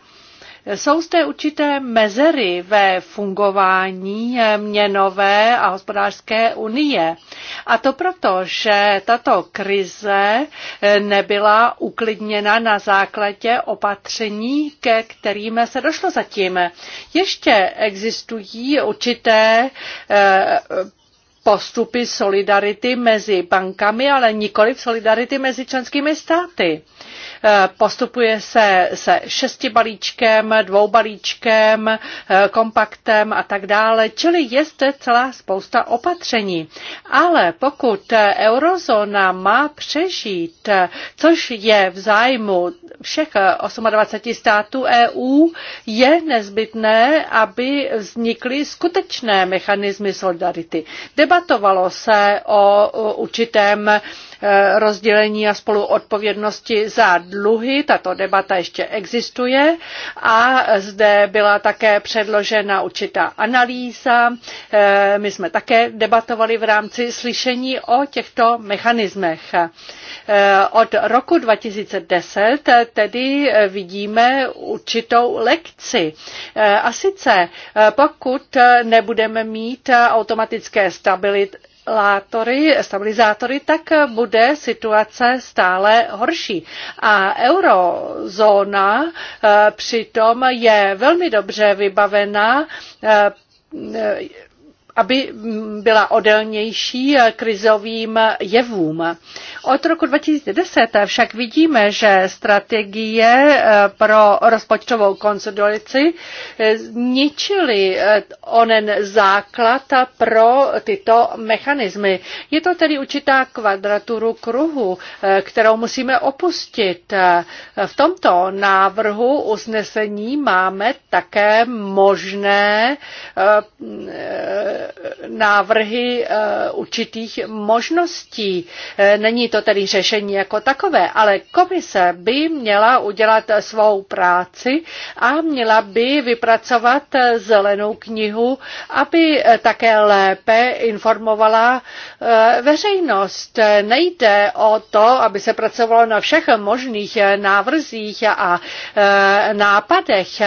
jsou zde určité mezery ve fungování eh, měnové a hospodářské unie. A to proto, že tato krize eh, nebyla uklidněna na základě opatření, ke kterým se došlo zatím. Ještě existují určité eh, postupy solidarity mezi bankami, ale nikoli v solidarity mezi členskými státy. E, postupuje se se šesti balíčkem, dvou balíčkem, e, kompaktem a tak dále, čili je zde celá spousta opatření. Ale pokud eurozóna má přežít, což je v zájmu všech 28 států EU, je nezbytné, aby vznikly skutečné mechanismy solidarity. Debata debatovalo se o určitém Eh, rozdělení a spoluodpovědnosti za dluhy. Tato debata ještě existuje a zde byla také předložena určitá analýza. Eh, my jsme také debatovali v rámci slyšení o těchto mechanismech. Eh, od roku 2010 tedy vidíme určitou lekci. A sice pokud nebudeme mít automatické stabilit, stabilizátory, stabilizátory, tak bude situace stále horší. A eurozóna eh, přitom je velmi dobře vybavená eh, aby byla odelnější krizovým jevům. Od roku 2010 však vidíme, že strategie eh, pro rozpočtovou konsolidaci zničily eh, eh, onen základ pro tyto mechanismy. Je to tedy určitá kvadraturu kruhu, kterou musíme opustit. V tomto návrhu usnesení máme také možné návrhy eh, určitých možností. Eh, není to tedy řešení jako takové, ale komise by měla udělat svou práci a měla by vypracovat zelenou knihu, aby také lépe informovala eh, veřejnost. Nejde o to, aby se pracovalo na všech možných návrzích a nápadech.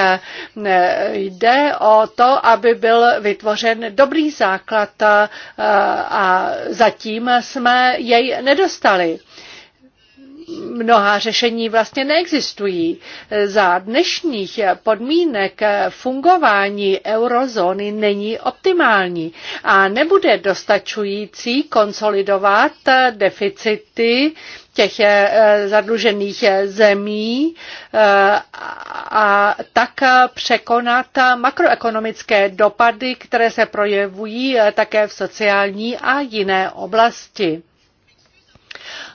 Jde o to, aby byl vytvořen dobrý základ eh, a zatím jsme jej nedostali mnoha řešení vlastně neexistují. Za dnešních podmínek fungování eurozóny není optimální a nebude dostačující konsolidovat deficity těch eh, zadlužených eh, zemí eh, a tak překonat makroekonomické dopady, které se projevují také v sociální a jiné oblasti.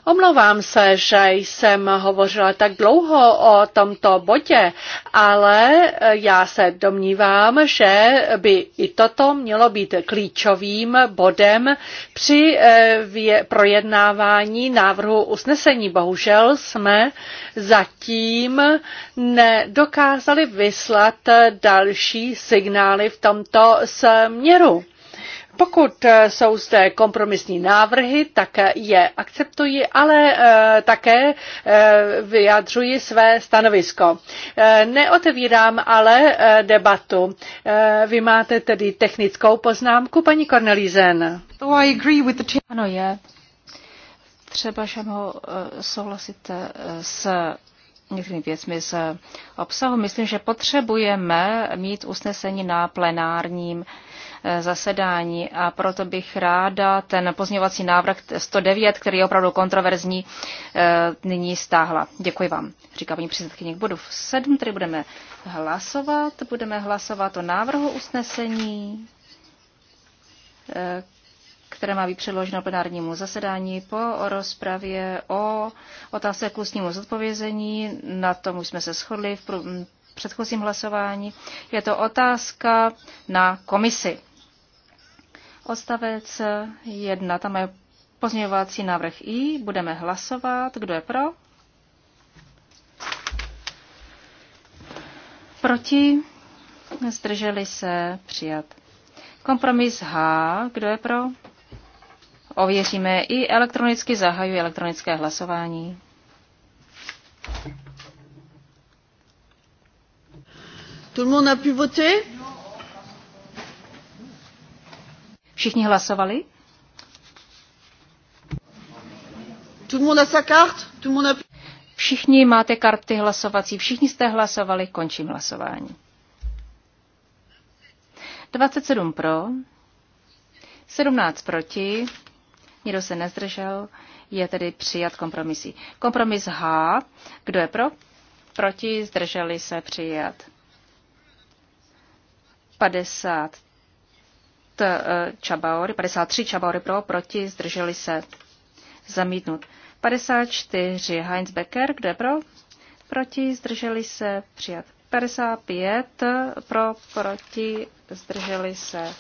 Omlouvám se, že jsem hovořila tak dlouho o tomto bodě, ale já se domnívám, že by i toto mělo být klíčovým bodem při eh, projednávání návrhu usnesení. Bohužel jsme zatím nedokázali vyslat další signály v tomto směru. Pokud eh, jsou zde kompromisní návrhy, tak je akceptuji, ale eh, také eh, vyjadřuji své stanovisko. Neotevírám ale debatu. Vy máte tedy technickou poznámku, paní Cornelizen. Ano, je třeba, že mohu souhlasit s některými věcmi z obsahu. Myslím, že potřebujeme mít usnesení na plenárním Eh, zasedání a proto bych ráda ten pozměňovací návrh 109, který je opravdu kontroverzní, eh, nyní stáhla. Děkuji vám, říká paní předsedkyně k bodu 7, tedy budeme hlasovat. Budeme hlasovat o návrhu usnesení, eh, které má být předloženo plenárnímu zasedání po rozpravě o otázce k ústnímu zodpovězení. Na tom už jsme se shodli v předchozím hlasování. Je to otázka na komisi. Odstavec 1, tam je pozměňovací návrh I, budeme hlasovat. Kdo je pro? Proti? Zdrželi se přijat. Kompromis H, kdo je pro? Ověříme i elektronicky zahajuji elektronické hlasování. Tout le monde a pu voter? Všichni hlasovali? Všichni máte karty hlasovací, všichni jste hlasovali, končím hlasování. 27 pro, 17 proti, nikdo se nezdržel, je tedy přijat kompromisí. Kompromis H, kdo je pro? Proti, zdrželi se přijat. 50. Eh, Čabaory, 53 Čabaory pro, proti, zdrželi se. Zamítnut. 54 Heinz Becker, kde pro? Proti, zdrželi se, přijat. 55 eh, pro, proti, zdrželi se,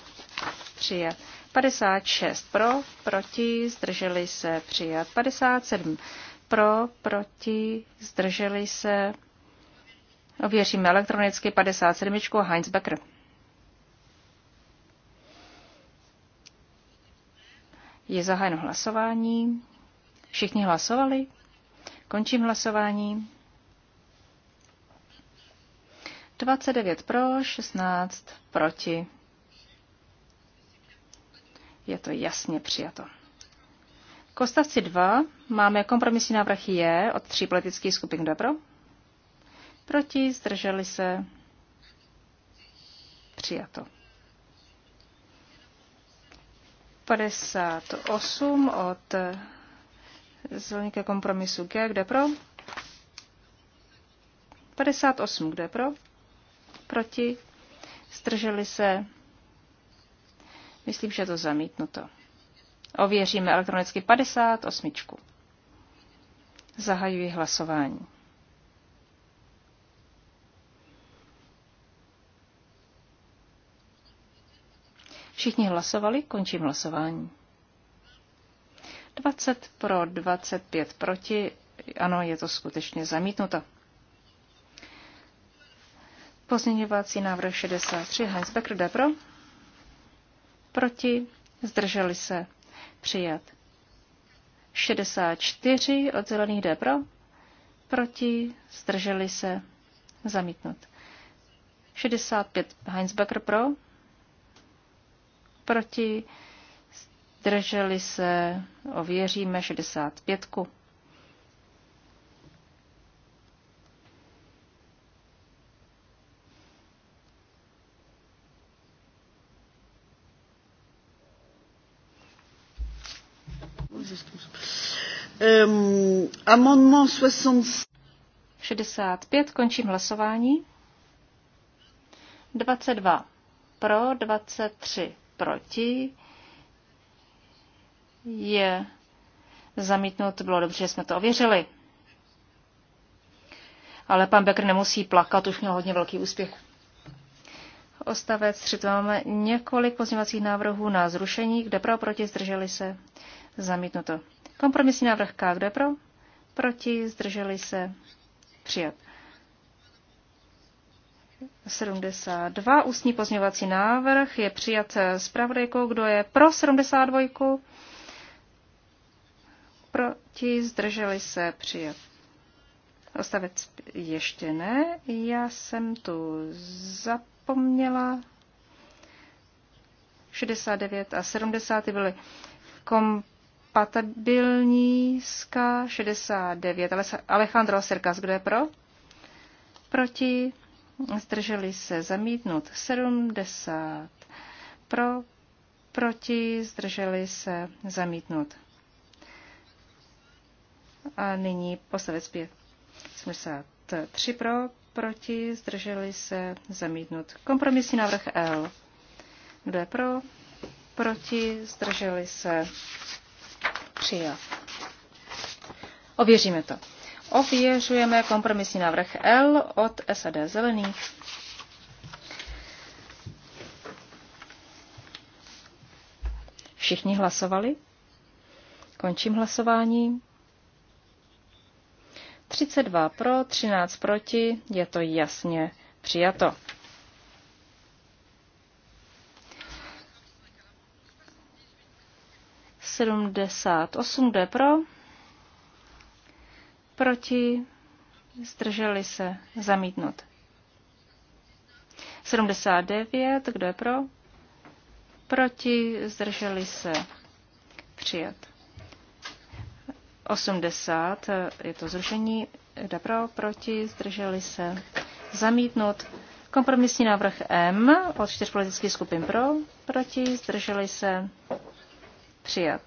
přijat. 56 pro, proti, zdrželi se, přijat. 57 pro, proti, zdrželi se. Ověříme elektronicky 57. Heinz Becker. Je zahájeno hlasování. Všichni hlasovali. Končím hlasování. 29 pro, 16 proti. Je to jasně přijato. K ostavci 2 máme kompromisní návrh je od tří politických skupin. Kdo pro? Proti, zdrželi se. Přijato. 58 od zeleníka kompromisu G, kde pro? 58, kde pro? Proti? Strželi se? Myslím, že je to zamítnuto. Ověříme elektronicky 58. Zahajuji hlasování. Všichni hlasovali, končím hlasování. 20 pro, 25 proti, ano, je to skutečně zamítnuto. Pozměňovací návrh 63, Heinz Becker pro, proti, zdrželi se, přijat. 64 od zelených jde pro, proti, zdrželi se, zamítnut. 65 Heinz Becker pro, proti, zdrželi se, ověříme 65. Um, ehm, amendement 65. Končím hlasování. 22 pro, 23 proti, je zamítnut. Bylo dobře, že jsme to ověřili. Ale pan Becker nemusí plakat, už měl hodně velký úspěch. Ostavec 3. Máme několik pozměvacích návrhů na zrušení. Kde pro, proti, zdrželi se. Zamítnuto. Kompromisní návrh K. Kde pro, proti, zdrželi se. Přijat. 72. Ústní pozměňovací návrh je přijat s pravdejkou. Kdo je pro 72? Proti zdrželi se přijat. Ostavec ještě ne. Já jsem tu zapomněla. 69 a 70 byly kompatibilní s 69. Alejandro Sirkas, kdo je pro? Proti zdrželi se zamítnut 70 pro, proti, zdrželi se zamítnut. A nyní posledec 5. 73 pro, proti, zdrželi se zamítnut. Kompromisní návrh L. Kdo je pro, proti, zdrželi se přijat. Ověříme to. Ověřujeme kompromisní návrh L od SAD zelených. Všichni hlasovali? Končím hlasování. 32 pro, 13 proti, je to jasně přijato. Sedmdesát osm, pro? proti, zdrželi se, zamítnut. 79, kdo je pro, proti, zdrželi se, přijat. 80, je to zrušení, kde pro, proti, zdrželi se, zamítnut. Kompromisní návrh M od čtyř politických skupin pro, proti, zdrželi se, přijat.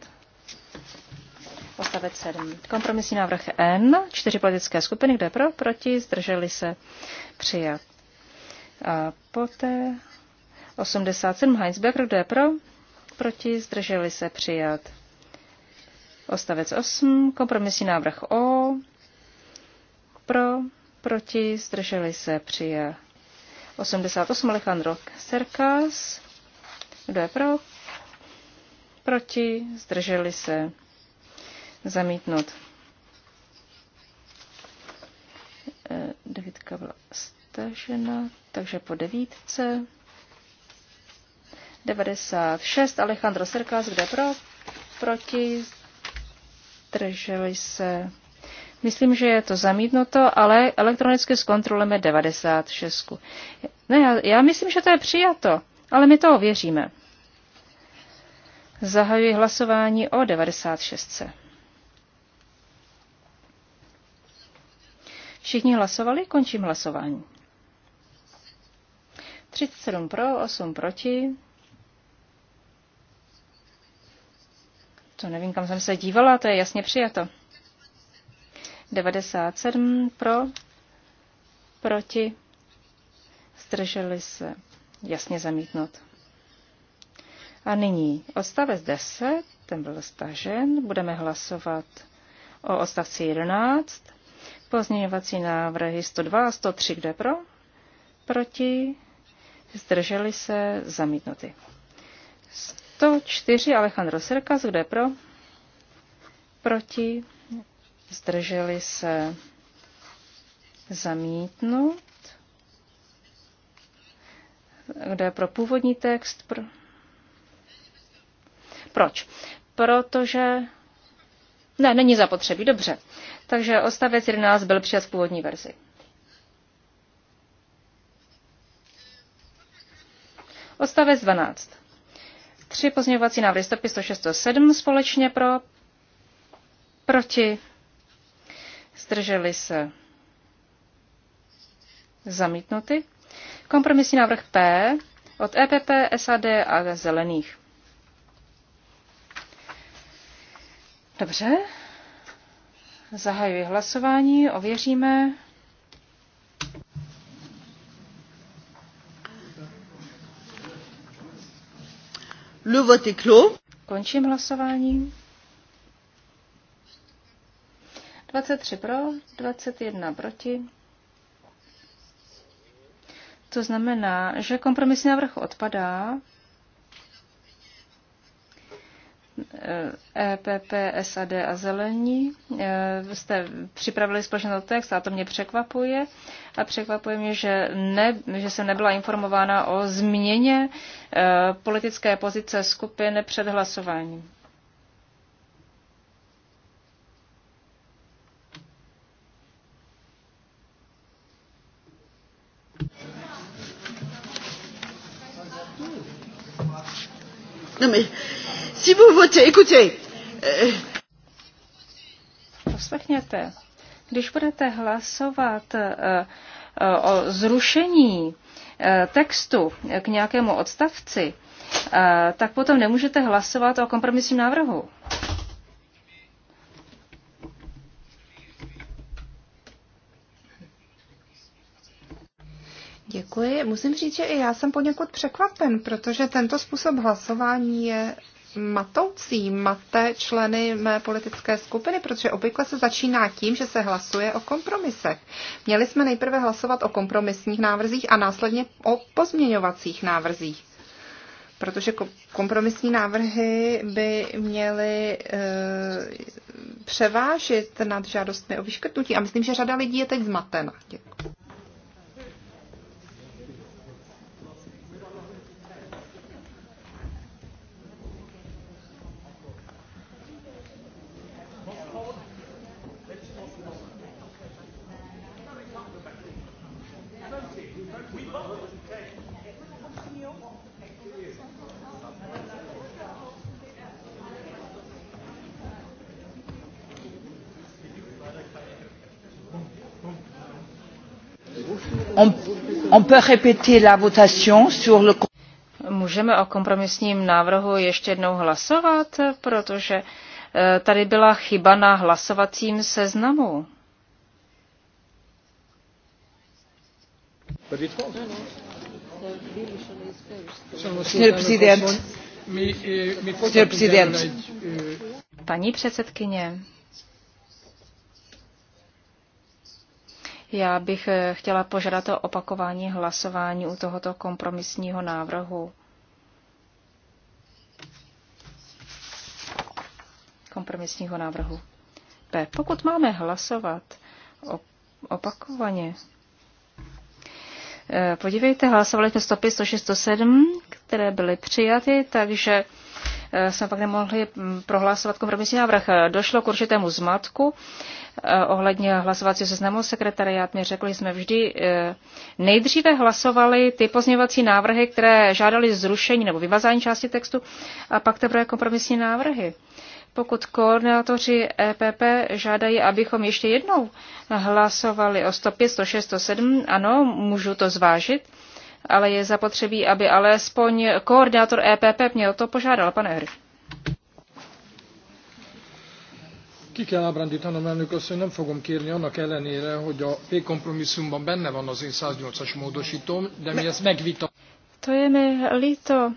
Odstavec 7. Kompromisní návrh N. Čtyři politické skupiny. Kdo je pro? Proti? Zdrželi se? Přijat. A poté 87. Heinsberger. Kdo je pro? Proti? Zdrželi se? Přijat. Odstavec 8. Kompromisní návrh O. Pro? Proti? Zdrželi se? Přijat. 88. Alejandro Serkas. Kdo je pro? Proti? Zdrželi se? zamítnut. Eh, devítka byla stažena, takže po devítce. 96. Alejandro Serkás, kde pro? Proti. Drželi se. Myslím, že je to zamítnuto, ale elektronicky zkontrolujeme 96. Ne, já, já myslím, že to je přijato, ale my to ověříme. Zahajuji hlasování o 96. Všichni hlasovali? Končím hlasování. 37 pro, 8 proti. To nevím, kam jsem se dívala, to je jasně přijato. 97 pro, proti, zdrželi se, jasně zamítnout. A nyní odstavec 10, ten byl stažen, budeme hlasovat o odstavci 11 Pozměňovací návrhy 102 a 103, kde pro? Proti? Zdrželi se zamítnuty. 104 Alejandro Serkas, kde pro? Proti? Zdrželi se zamítnut Kde pro původní text? Pro... Proč? Protože ne, není zapotřebí, dobře. Takže odstavec 11 byl přijat v původní verzi. Odstavec 12. Tři pozměňovací návrhy 105, 106, 107 společně pro, proti, zdrželi se zamítnuty. Kompromisní návrh P od EPP, SAD a Zelených. Dobře. Zahajuji hlasování, ověříme. Le vote Končím hlasování. 23 pro, 21 proti. To znamená, že kompromisní návrh odpadá EPP, eh, e SAD a Zelení. Eh, jste připravili společný text a to mě překvapuje. A překvapuje mě, že, ne, že jsem nebyla informována o změně eh, politické pozice skupiny před hlasováním. No, my, si vous votez, écoutez. Eh. Poslechněte, když budete hlasovat eh, eh, o zrušení textu k nějakému odstavci, tak potom nemůžete hlasovat o kompromisním návrhu. Děkuji. Musím říct, že i já jsem poněkud překvapen, protože tento způsob hlasování je matoucí, mate členy mé politické skupiny, protože obvykle se začíná tím, že se hlasuje o kompromisech. Měli jsme nejprve hlasovat o kompromisních návrzích a následně o pozměňovacích návrzích. Protože kompromisní návrhy by měly e, převážit nad žádostmi o vyškrtnutí. A myslím, že řada lidí je teď zmatena. Děkuji. Můžeme o kompromisním návrhu ještě jednou hlasovat, protože eh, tady byla chyba na hlasovacím seznamu. Euh, euh, Paní předsedkyně, Já bych eh, chtěla požádat o opakování hlasování u tohoto kompromisního návrhu. Kompromisního návrhu. P. Pokud máme hlasovat opakovaně, eh, podívejte, hlasovali jsme stopy 106, 107, které byly přijaty, takže Eh, jsme pak nemohli mm, prohlásovat kompromisní návrh. Eh, došlo k určitému zmatku eh, ohledně hlasovacího seznamu. Sekretariát mi řekl, že jsme vždy nejdříve hlasovali ty pozměňovací návrhy, které žádali zrušení nebo vyvazání části textu a pak teprve kompromisní návrhy pokud koordinátoři EPP žádají, abychom ještě jednou hlasovali o 105, 106, 107, ano, můžu to zvážit, ale je zapotřebí, aby alespoň koordinátor EPP mě o to požádal, pane Hry. Ki kell ábrándítanom, elnök asszony, nem fogom kérni annak ellenére, hogy a P-kompromisszumban benne van az én 108-as módosítóm, de mi ezt megvita. To je mi líto.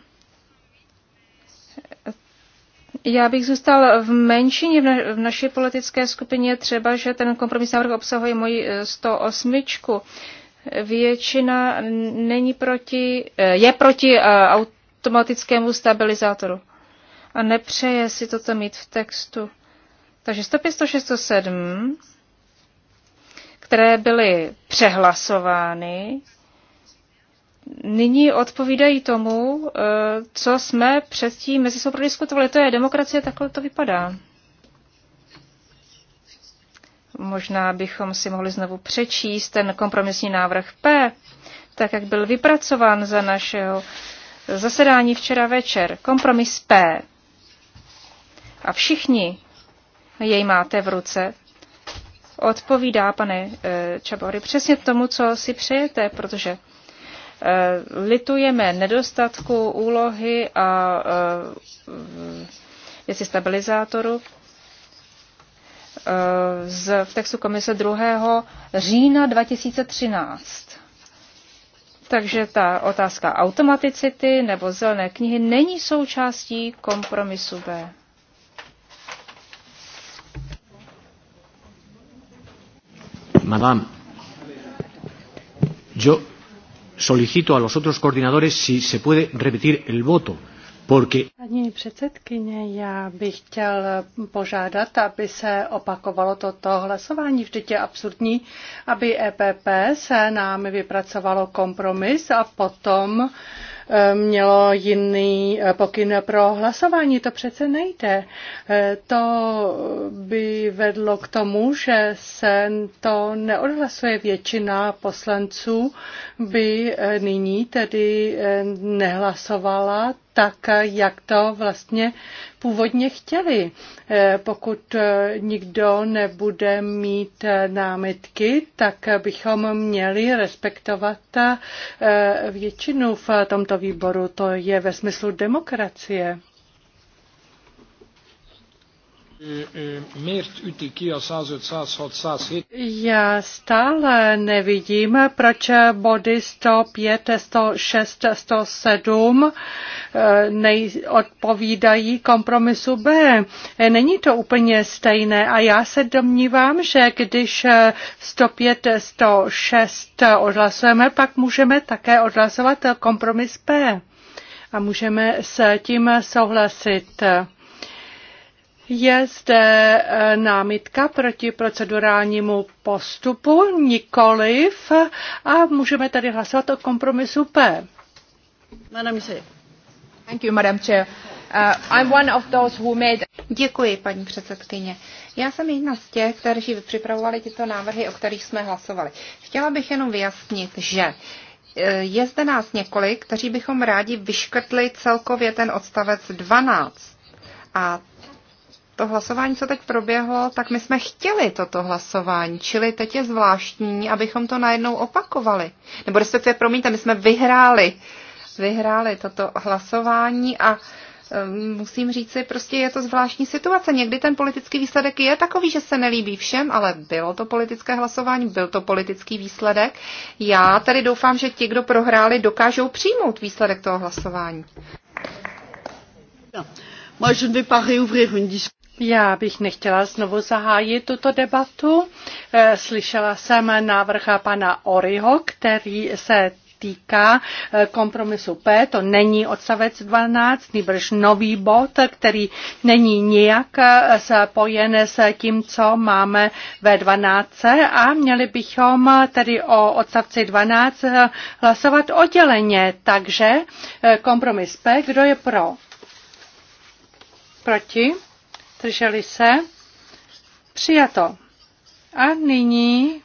Já bych zůstal v menšině v, na, v naší politické skupině, třeba, že ten kompromis návrh obsahuje moji 108. Eh, Většina není proti, eh, je proti eh, automatickému stabilizátoru a nepřeje si toto mít v textu. Takže 105, 106, 107, které byly přehlasovány, nyní odpovídají tomu, eh, co jsme předtím mezi sebou prodiskutovali. To je demokracie, takhle to vypadá. Možná bychom si mohli znovu přečíst ten kompromisní návrh P, tak jak byl vypracován za našeho zasedání včera večer. Kompromis P. A všichni jej máte v ruce. Odpovídá, pane eh, Čabory, přesně tomu, co si přejete, protože eh, litujeme nedostatku úlohy a eh, věci stabilizátoru Eh, z, v textu komise 2. října 2013. Takže ta otázka automaticity nebo zelené knihy není součástí kompromisu B. Madame, yo solicito a los otros coordinadores si se puede repetir el voto Polky. Paní předsedkyně, já bych chtěl požádat, aby se opakovalo toto hlasování. Vždyť je absurdní, aby EPP se nám vypracovalo kompromis a potom eh, mělo jiný eh, pokyn pro hlasování. To přece nejde. Eh, to by vedlo k tomu, že se to neodhlasuje většina poslanců, by nyní tedy nehlasovala tak, jak to vlastně původně chtěli. Eh, pokud eh, nikdo nebude mít eh, námitky, tak bychom měli respektovat většinu v tomto výboru. To je ve smyslu demokracie. Já stále nevidím, proč body 105, 106, 107 neodpovídají kompromisu B. Není to úplně stejné a já se domnívám, že když 105, 106 odhlasujeme, pak můžeme také odhlasovat kompromis B a můžeme s tím souhlasit. Je zde e, námitka proti procedurálnímu postupu? Nikoliv. A můžeme tady hlasovat o kompromisu P. Madam uh, Děkuji, paní předsedkyně. Já jsem jedna z těch, kteří připravovali tyto návrhy, o kterých jsme hlasovali. Chtěla bych jenom vyjasnit, že e, je zde nás několik, kteří bychom rádi vyškrtli celkově ten odstavec 12. A to hlasování, co teď proběhlo, tak my jsme chtěli toto hlasování, čili teď je zvláštní, abychom to najednou opakovali. Nebo respektive, promiňte, my jsme vyhráli, vyhráli toto hlasování a um, musím říct si, prostě je to zvláštní situace. Někdy ten politický výsledek je takový, že se nelíbí všem, ale bylo to politické hlasování, byl to politický výsledek. Já tady doufám, že ti, kdo prohráli, dokážou přijmout výsledek toho hlasování. No. Moi, je ne vais pas réouvrir une discussion. Já bych nechtěla znovu zahájit tuto debatu. Eh, slyšela jsem návrh pana Oriho, který se týká eh, kompromisu P, to není odstavec 12, nýbrž nový bod, který není nijak eh, spojen s tím, co máme ve 12 a měli bychom tedy o odstavci 12 hlasovat odděleně. Takže kompromis P, kdo je pro? Proti? zdrželi se, přijato. A nyní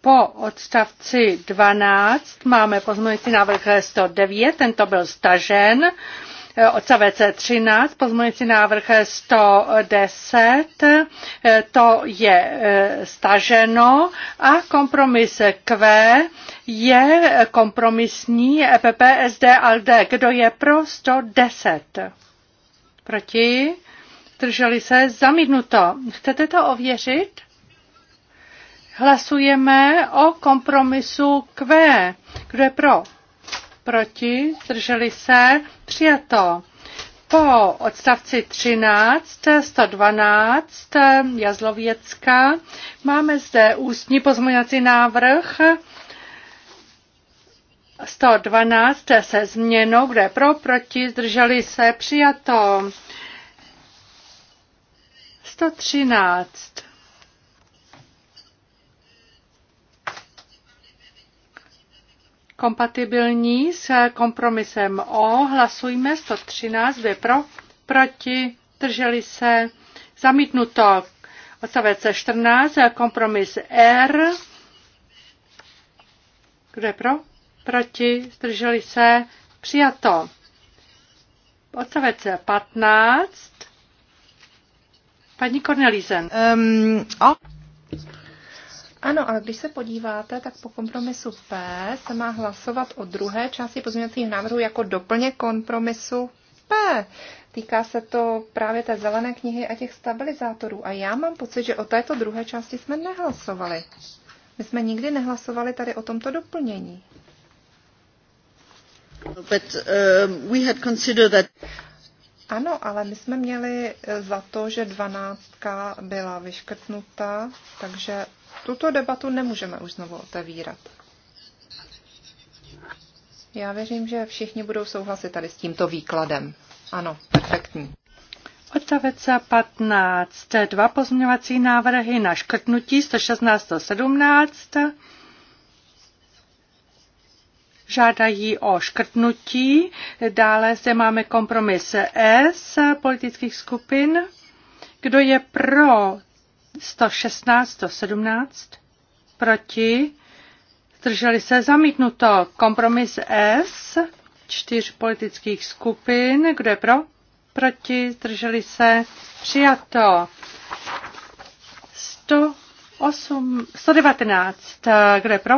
po odstavci 12 máme pozměňující návrh 109, tento byl stažen. Odstavec 13, pozměňující návrh 110, to je e, staženo a kompromis Q je kompromisní EPP SD ALD. Kdo je pro 110? Proti? Zdrželi se? Zamítnuto. Chcete to ověřit? Hlasujeme o kompromisu Q. Kdo je pro? Proti? Zdrželi se? Přijato. Po odstavci 13, 112 Jazlověcka máme zde ústní pozměňovací návrh 112 se změnou, kde pro, proti, zdrželi se, přijato. 113. Kompatibilní s kompromisem O. Hlasujme 113. Kdo pro? Proti? Drželi se? Zamítnuto. Odstavec 14. Kompromis R. Kdo je pro? Proti? Zdrželi se? Přijato. Odstavec 15. Paní Cornelízen. Um, ehm, Ano, ale když se podíváte, tak po kompromisu P se má hlasovat o druhé části pozměňovacích návrhů jako doplně kompromisu P. Týká se to právě té zelené knihy a těch stabilizátorů. A já mám pocit, že o této druhé části jsme nehlasovali. My jsme nikdy nehlasovali tady o tomto doplnění. But, um, we had considered that... Ano, ale my jsme měli eh, za to, že dvanáctka byla vyškrtnuta, takže tuto debatu nemůžeme už znovu otevírat. Já věřím, že všichni budou souhlasit tady s tímto výkladem. Ano, perfektní. Odstavec 15. Dva pozměňovací návrhy na škrtnutí 116 17 žádají o škrtnutí. Dále zde máme kompromis S politických skupin. Kdo je pro 116, 117? Proti? Zdrželi se zamítnuto. Kompromis S čtyř politických skupin. Kdo je pro? Proti? Zdrželi se? Přijato. 108, 119. Kdo je pro?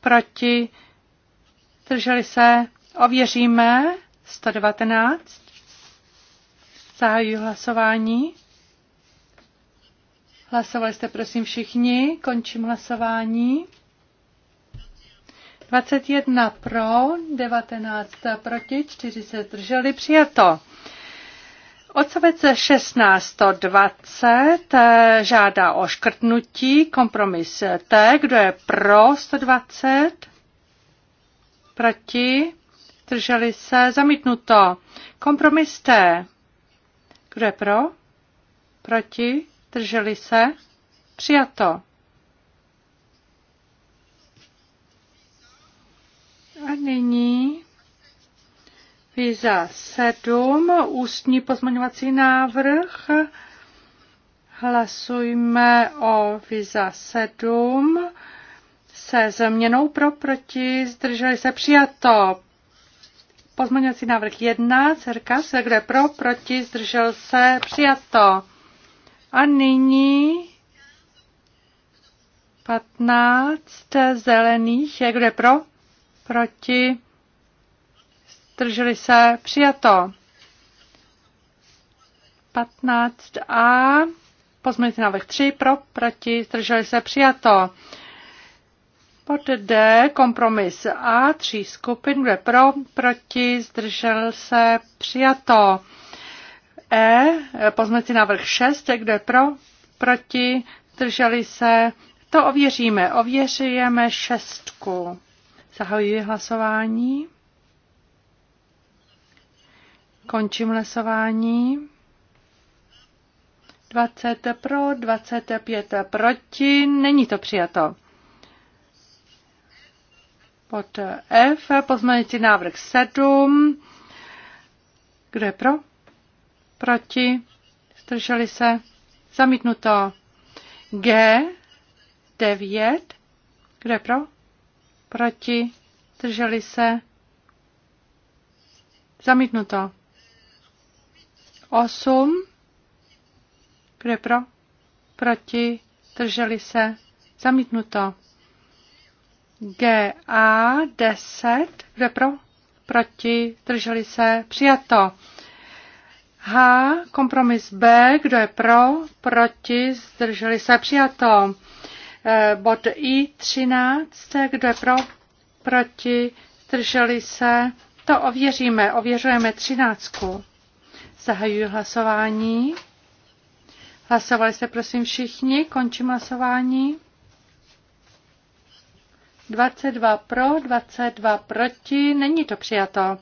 Proti? Zdrželi se? Ověříme. 119. Zahajuji hlasování. Hlasovali jste prosím všichni. Končím hlasování. 21 pro, 19 proti, 4 se zdrželi. Přijato. Odstavec 1620 eh, žádá o škrtnutí, kompromis T, kdo je pro 120, Proti? Zdrželi se? Zamítnuto. Kompromis T. Kdo je pro? Proti? Zdrželi se? Přijato. A nyní víza 7, ústní pozmaňovací návrh. Hlasujme o víza 7 se změnou pro, proti, zdrželi se přijato. Pozměňovací návrh 1, Cerka, se kde pro, proti, zdržel se přijato. A nyní 15 zelených, je kde pro, proti, zdrželi se přijato. 15a, pozměňovací návrh 3, pro, proti, zdrželi se přijato. Pod D kompromis A, tří skupin, kde pro, proti, zdržel se, přijato. E, pozměci návrh 6, kde pro, proti, zdrželi se, to ověříme. Ověřujeme šestku. Zahajuji hlasování. Končím hlasování. 20 pro, 25 proti. Není to přijato. Pod F, pozměňující návrh 7. Kdo je pro? Proti? Zdrželi se? Zamítnuto. G, 9. Kdo je pro? Proti? Zdrželi se? Zamítnuto. 8. Kdo je pro? Proti? Zdrželi se? Zamítnuto. GA 10, kde pro? Proti, drželi se, přijato. H, kompromis B, kdo je pro, proti, zdrželi se, přijato. E, bod I 13, kdo je pro, proti, zdrželi se, to ověříme, ověřujeme třináctku. Zahajuji hlasování. Hlasovali jste prosím všichni, končím hlasování. 22 pro, 22 proti, není to přijato.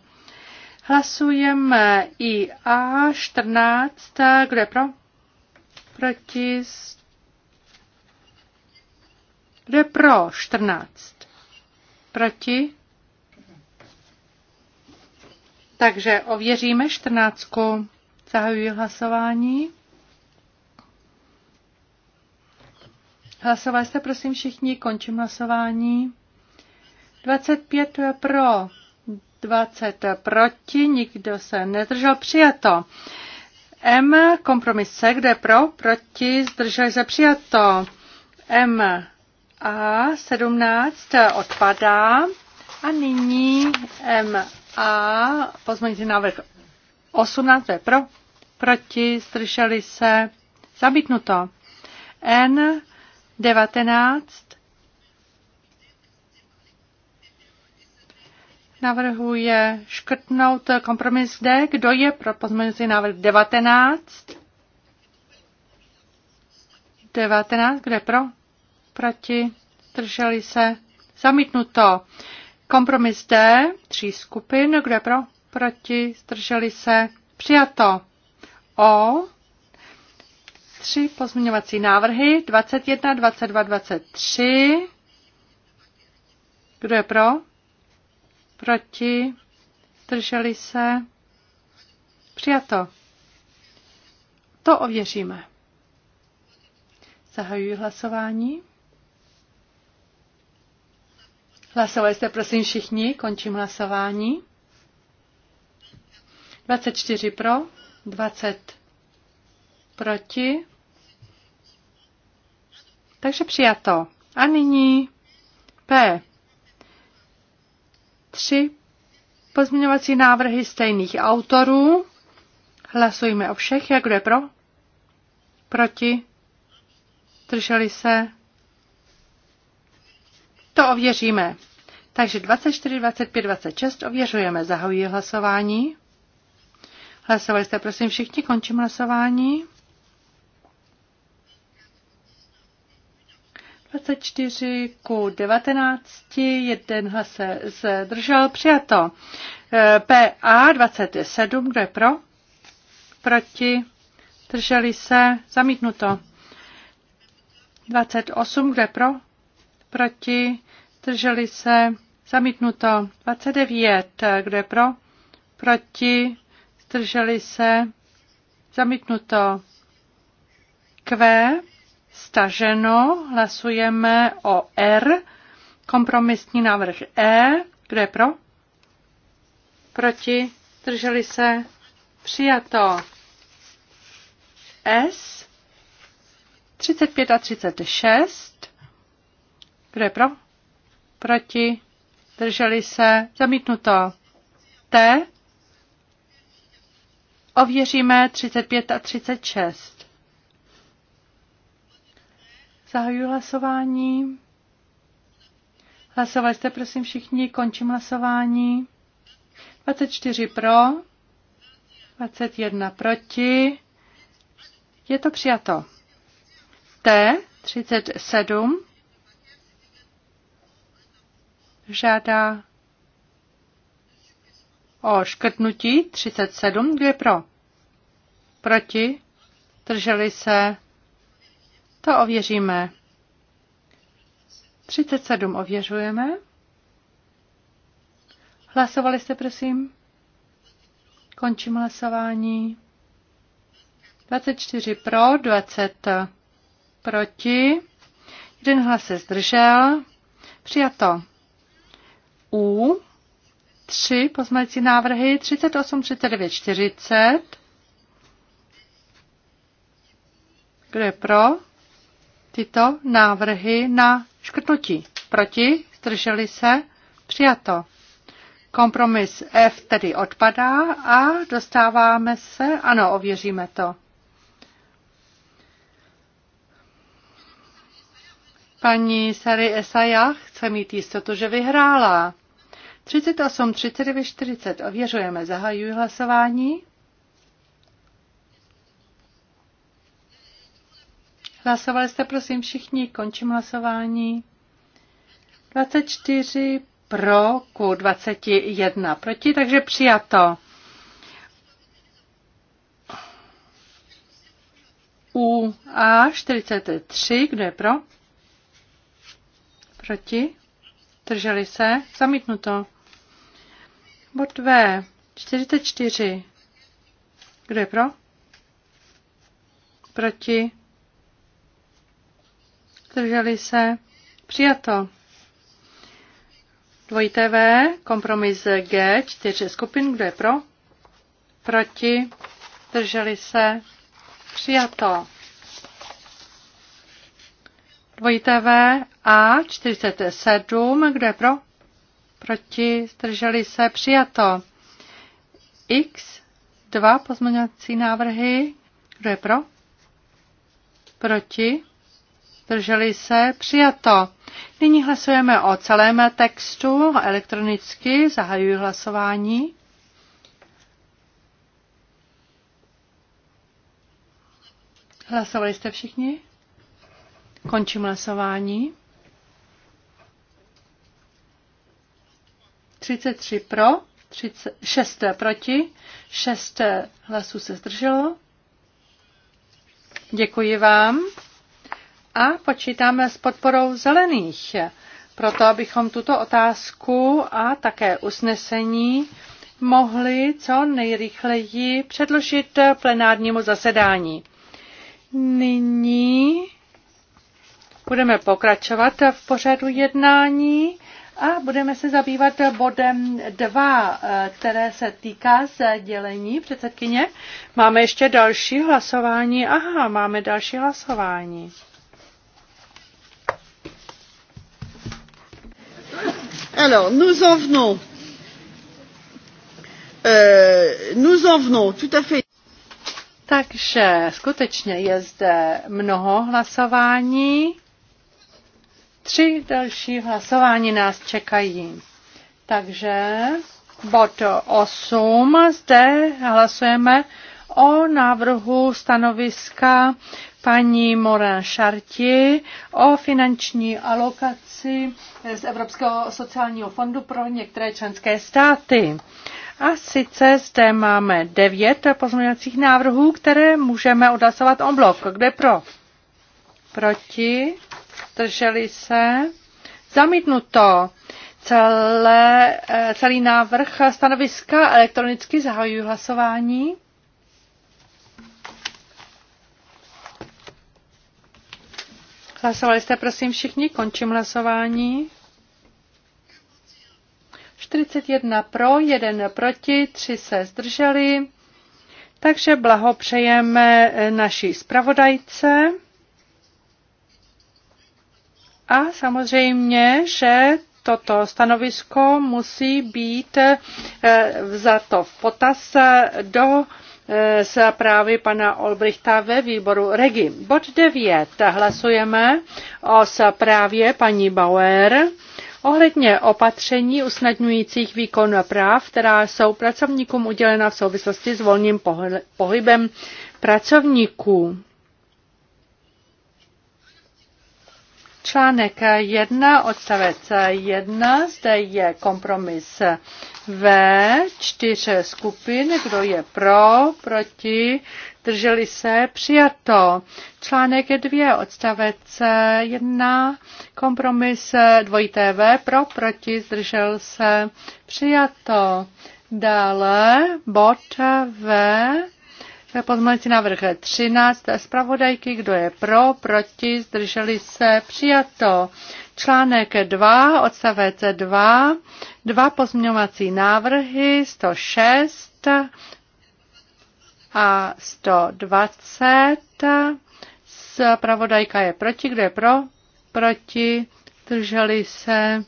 Hlasujeme i A14, kdo je pro? Proti. Kdo je pro 14? Proti? Takže ověříme 14. Zahajuji hlasování. Hlasovali jste prosím všichni, končím hlasování. 25 pro, 20 proti, nikdo se nedržel, přijato. M, kompromis C, kde pro, proti, zdrželi se, přijato. M, A, 17, odpadá. A nyní M, A, pozměňte návrh 18, pro, proti, zdrželi se, zamítnuto. N, 19 navrhuje škrtnout kompromis D. Kdo je pro pozměňující návrh 19? 19, kde pro? Proti? Drželi se? Zamítnuto. Kompromis D, tří skupin, kde pro? Proti? Zdrželi se? Přijato. O, tři pozměňovací návrhy 21, 22, 23. Kdo je pro? Proti? Zdrželi se? Přijato. To ověříme. Zahajuji hlasování. Hlasovali jste prosím všichni, končím hlasování. 24 pro, 20 Proti? Takže přijato. A nyní P. Tři pozměňovací návrhy stejných autorů. Hlasujme o všech. Jak je pro? Proti? Drželi se? To ověříme. Takže 24, 25, 26 ověřujeme. Zahojí hlasování. Hlasovali jste prosím všichni, končím hlasování. 24 ku 19, jeden hlas se zdržel, přijato. Eh, PA 27, kdo je pro? Proti, drželi se, zamítnuto. 28, kdo je pro? Proti, drželi se, zamítnuto. 29, kdo je pro? Proti, zdrželi se, zamítnuto. Q staženo. Hlasujeme o R. Kompromisní návrh E. Kdo je pro? Proti? Drželi se? Přijato. S. 35 a 36. Kdo je pro? Proti? Drželi se? Zamítnuto. T. Ověříme 35 a 36. Zahajuji hlasování. Hlasovali jste, prosím, všichni. Končím hlasování. 24 pro, 21 proti. Je to přijato. T 37 žádá o škrtnutí 37. kde pro? Proti? Drželi se? To ověříme. 37 ověřujeme. Hlasovali jste, prosím? Končím hlasování. 24 pro, 20 proti. Jeden hlas se zdržel. Přijato. U. 3 pozměňovací návrhy 38, 39, 40. Kdo je pro? tyto návrhy na škrtnutí. Proti? Zdrželi se? Přijato. Kompromis F tedy odpadá a dostáváme se, ano, ověříme to. Paní Sary Esaja chce mít jistotu, že vyhrála. 38, 39, 40. Ověřujeme. Zahajuji hlasování. Hlasovali jste prosím všichni, končím hlasování. 24 pro ku 21 proti, takže přijato. U A43, kdo je pro? Proti? Drželi se? Zamítnuto. Bod V. 44. Kdo je pro? Proti? zdrželi se, přijato. Dvojité V, kompromis G, čtyři skupin, kdo je pro, proti, zdrželi se, přijato. Dvojité V A 47, kdo je pro? Proti, zdrželi se, přijato. X, dva pozměňovací návrhy, kdo je pro? Proti, zdrželi se, přijato. Nyní hlasujeme o celém textu elektronicky, zahajuji hlasování. Hlasovali jste všichni? Končím hlasování. 33 pro, 36 6 proti, 6 hlasů se zdrželo. Děkuji vám a počítáme s podporou zelených. Proto, abychom tuto otázku a také usnesení mohli co nejrychleji předložit plenárnímu zasedání. Nyní budeme pokračovat v pořadu jednání a budeme se zabývat bodem 2, které se týká sdělení předsedkyně. Máme ještě další hlasování. Aha, máme další hlasování. Alors, nous en venons. Euh, nous en venons tout à fait. Takže skutečně je zde mnoho hlasování. Tři další hlasování nás čekají. Takže bod 8. Zde hlasujeme o návrhu stanoviska paní Morin Chartier o finanční alokaci z Evropského sociálního fondu pro některé členské státy. A sice zde máme devět pozměňovacích návrhů, které můžeme odhlasovat en blok. Kde pro? Proti? Zdrželi se? Zamítnuto. Celé, eh, celý návrh stanoviska elektronicky zahajuji hlasování. Hlasovali jste prosím všichni, končím hlasování. 41 pro, 1 proti, 3 se zdrželi. Takže blahopřejeme eh, naší zpravodajce. A samozřejmě, že toto stanovisko musí být eh, vzato v potaz eh, do Eh, s právy pana Olbrichta ve výboru Regi. Bod 9. Hlasujeme o zprávě paní Bauer ohledně opatření usnadňujících výkon práv, která jsou pracovníkům udělena v souvislosti s volným pohybem pracovníků. Článek 1, odstavec 1, zde je kompromis V, čtyř skupin, kdo je pro, proti, drželi se, přijato. Článek 2, odstavec 1, kompromis dvojité V, pro, proti, zdržel se, přijato. Dále bod V, Pozměňovací návrh 13. Spravodajky, kdo je pro, proti, zdrželi se, přijato. Článek 2, odstavec 2, dva pozměňovací návrhy, 106 a 120. Spravodajka je proti, kdo je pro, proti, zdrželi se,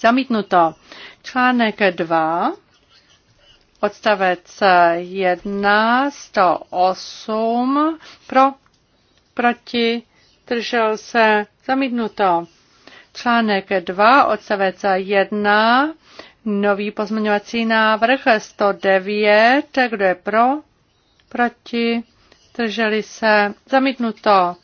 zamítnuto. Článek 2, Odstavec 1, 108 pro, proti, držel se, zamítnuto. Článek 2, odstavec 1, nový pozměňovací návrh 109, kdo je pro, proti, drželi se, zamítnuto.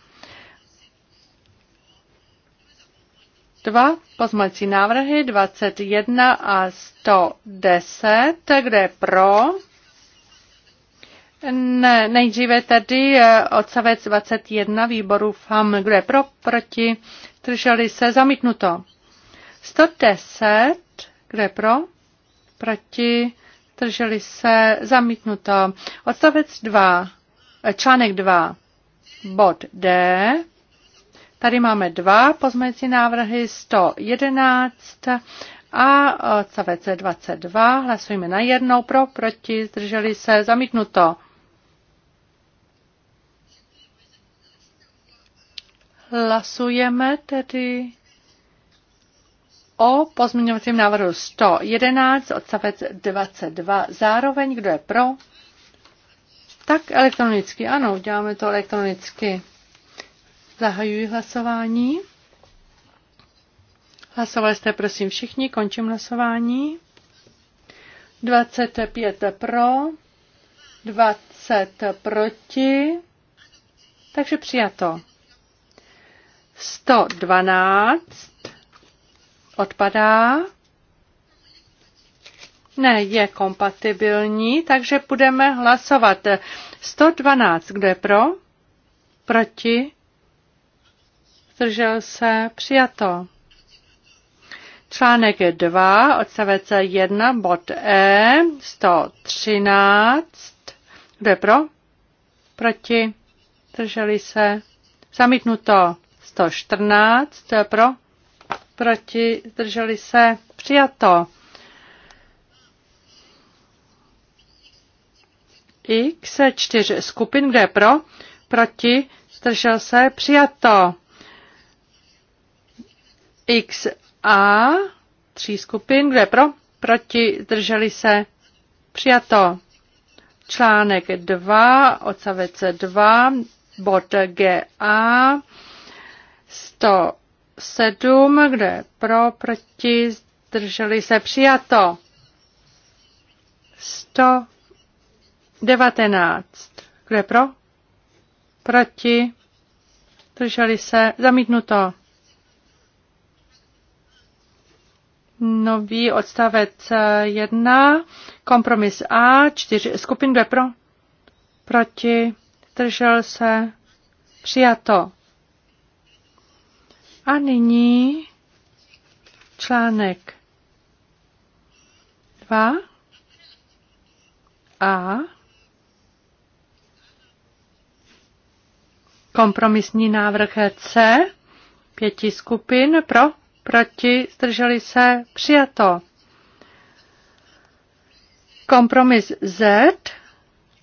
2, pozměňovací návrhy 21 a 110, kde pro. Ne, nejdříve tedy eh, odsavec 21 výboru FAM, kde pro, proti, drželi se, zamítnuto. 110, kde pro, proti, drželi se, zamítnuto. Odstavec 2, eh, článek 2, bod D, Tady máme dva pozměňující návrhy 111 a CVC e, 22. Hlasujeme na jednou pro, proti, zdrželi se, zamítnuto. Hlasujeme tedy o pozměňovacím návrhu 111 odstavec 22. Zároveň, kdo je pro? Tak elektronicky, ano, děláme to elektronicky. Zahajuji hlasování. Hlasovali jste prosím všichni, končím hlasování. 25 pro, 20 proti, takže přijato. 112 odpadá. Ne, je kompatibilní, takže budeme hlasovat. 112, kdo je pro? Proti? zdržel se, přijato. Článek 2, odstavec 1, bod E, 113. Kdo je pro? Proti? Zdrželi se? Zamítnuto 114. Kdo je pro? Proti? Zdrželi se? Přijato. X, čtyř skupin, kde je pro? Proti? Zdržel se? Přijato. XA tří skupin. Kdo je pro? Proti? Drželi se? Přijato. Článek 2, odstavec 2, bod GA 107. Kdo je pro? Proti? Drželi se? Přijato. 119. Kdo je pro? Proti? Drželi se? Zamítnuto. nový odstavec 1, eh, kompromis A, čtyři skupin, kdo pro, proti, držel se, přijato. A nyní článek 2 a kompromisní návrh C, pěti skupin pro, proti, zdrželi se, přijato. Kompromis Z,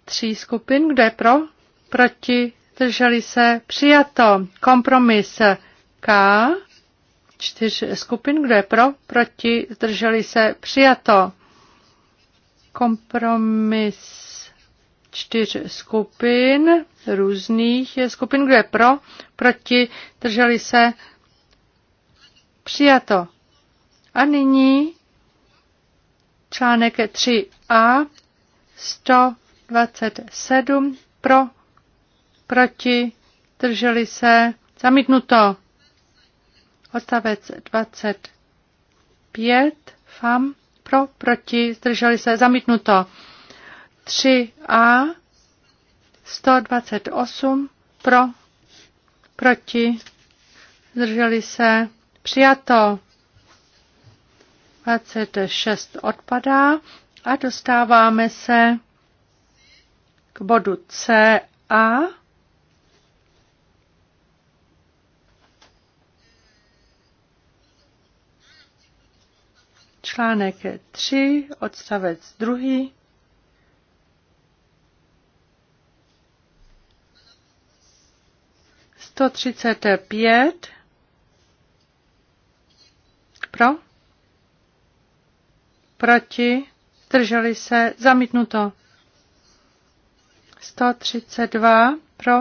tří skupin, kdo je pro, proti, zdrželi se, přijato. Kompromis K, čtyř skupin, kdo je pro, proti, zdrželi se, přijato. Kompromis čtyř skupin, různých skupin, kdo je pro, proti, drželi se, Přijato. A nyní článek 3a 127 pro, proti, drželi se, zamítnuto. Odstavec 25, fam, pro, proti, zdrželi se, zamítnuto. 3a 128 pro, proti, zdrželi se, Přijato. 26 odpadá a dostáváme se k bodu C a článek 3, odstavec 2. 135 pro? Proti? Zdrželi se? Zamítnuto. 132. Pro?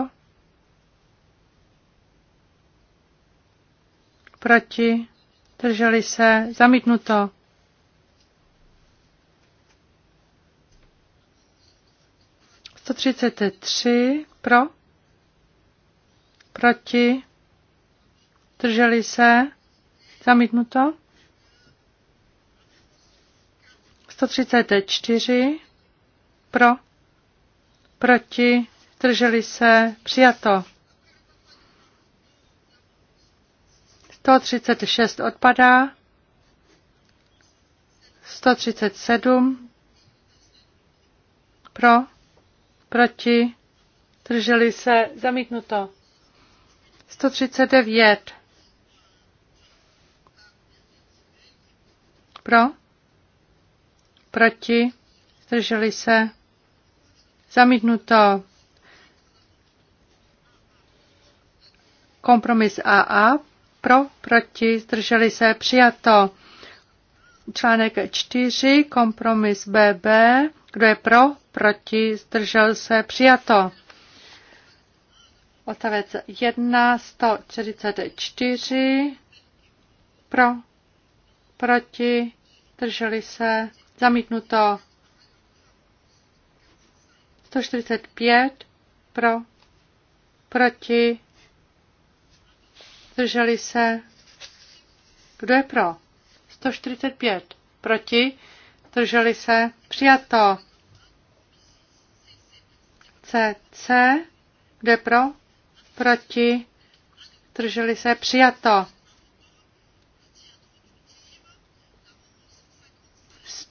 Proti? Zdrželi se? Zamítnuto. Sto třicet tři pro, proti, drželi se, zamítnuto. 134 pro, proti, drželi se, přijato. 136 odpadá, 137 pro, proti, drželi se, zamítnuto. 139 pro, proti, zdrželi se, zamítnuto. Kompromis AA, pro, proti, zdrželi se, přijato. Článek 4, kompromis BB, kdo je pro, proti, zdržel se, přijato. Otavec 1, 144, pro, proti, drželi se, Zamítnuto 145 pro, proti, zdrželi se. Kdo je pro? 145 proti, zdrželi se. Přijato. CC, kde pro? Proti, zdrželi se. Přijato.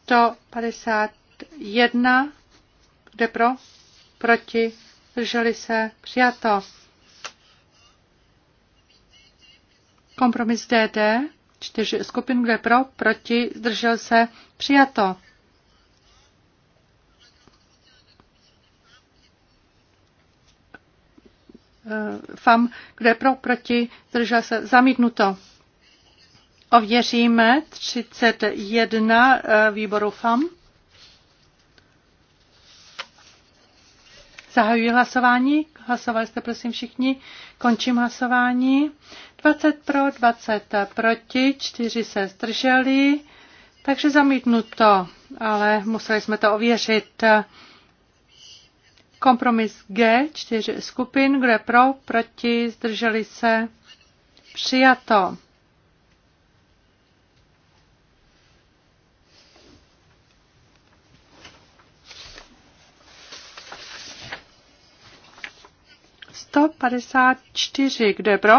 151, kde pro, proti, zdrželi se, přijato. Kompromis DD, čtyři skupin, kde pro, proti, zdržel se, přijato. Eh, FAM, kde pro, proti, zdržel se, zamítnuto. Ověříme 31 eh, výboru FAM. Zahajuji hlasování. Hlasovali jste, prosím, všichni. Končím hlasování. 20 pro, 20 eh, proti, 4 se zdrželi, takže zamítnuto, ale museli jsme to ověřit. Kompromis G, 4 skupin, kdo je pro, proti, zdrželi se, přijato. 154. Kdo je pro?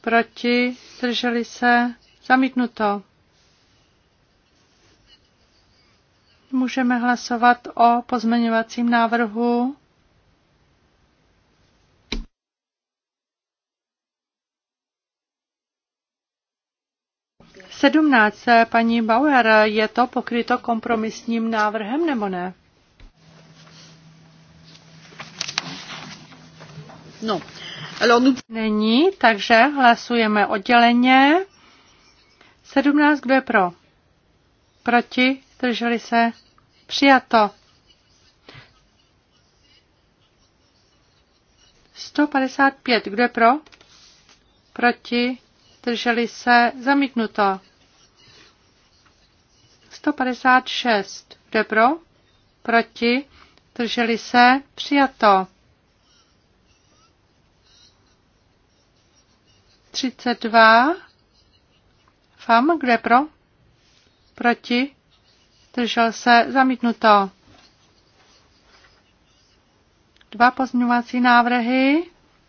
Proti? Zdrželi se? Zamítnuto. Můžeme hlasovat o pozměňovacím návrhu. Sedmnáct, paní Bauer, je to pokryto kompromisním návrhem nebo ne? No. Alors nous... Není, takže hlasujeme odděleně. 17, kdo je pro? Proti? Drželi se? Přijato. 155, kdo je pro? Proti? Drželi se? Zamítnuto. 156, kdo je pro? Proti? Drželi se? Přijato. 32. FAM, kde pro? Proti? Držel se zamítnuto. Dva pozměňovací návrhy.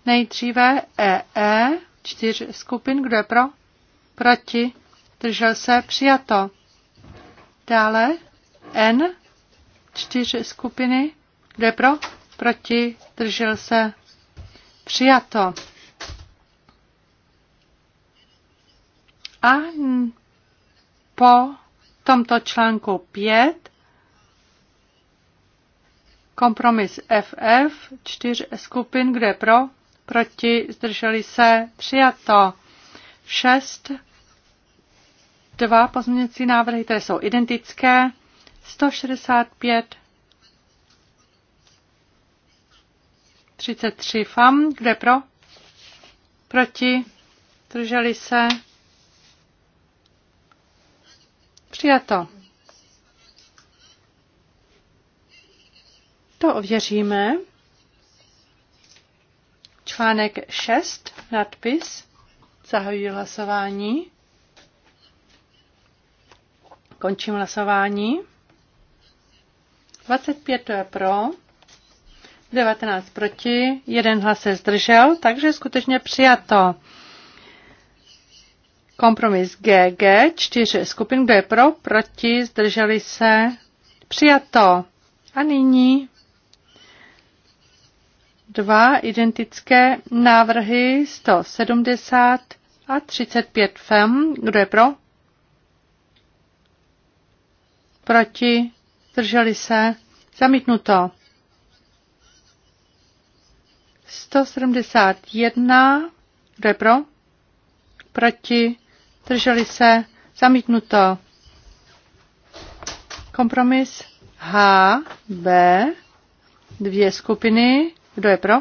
Nejdříve EE, e, čtyř skupin, kdo je pro? Proti? Držel se přijato. Dále N, čtyř skupiny, kdo je pro? Proti? Držel se přijato. A po tomto článku 5 kompromis FF, čtyř skupin, kde pro, proti, zdrželi se, přijato. šest dva pozměňovací návrhy, které jsou identické, 165, 33 FAM, kde pro, proti, zdrželi se, Přijato. To ověříme. Článek 6, nadpis. Zahajuji hlasování. Končím hlasování. 25 to je pro, 19 proti, jeden hlas se zdržel, takže skutečně přijato. Kompromis GG, čtyři skupin, kdo je pro, proti, zdrželi se, přijato. A nyní dva identické návrhy 170 a 35 FEM. Kdo je pro? Proti? Zdrželi se? Zamítnuto. 171. Kdo je pro? Proti? Zdrželi se? Zamítnuto. Kompromis H, B, dvě skupiny. Kdo je pro?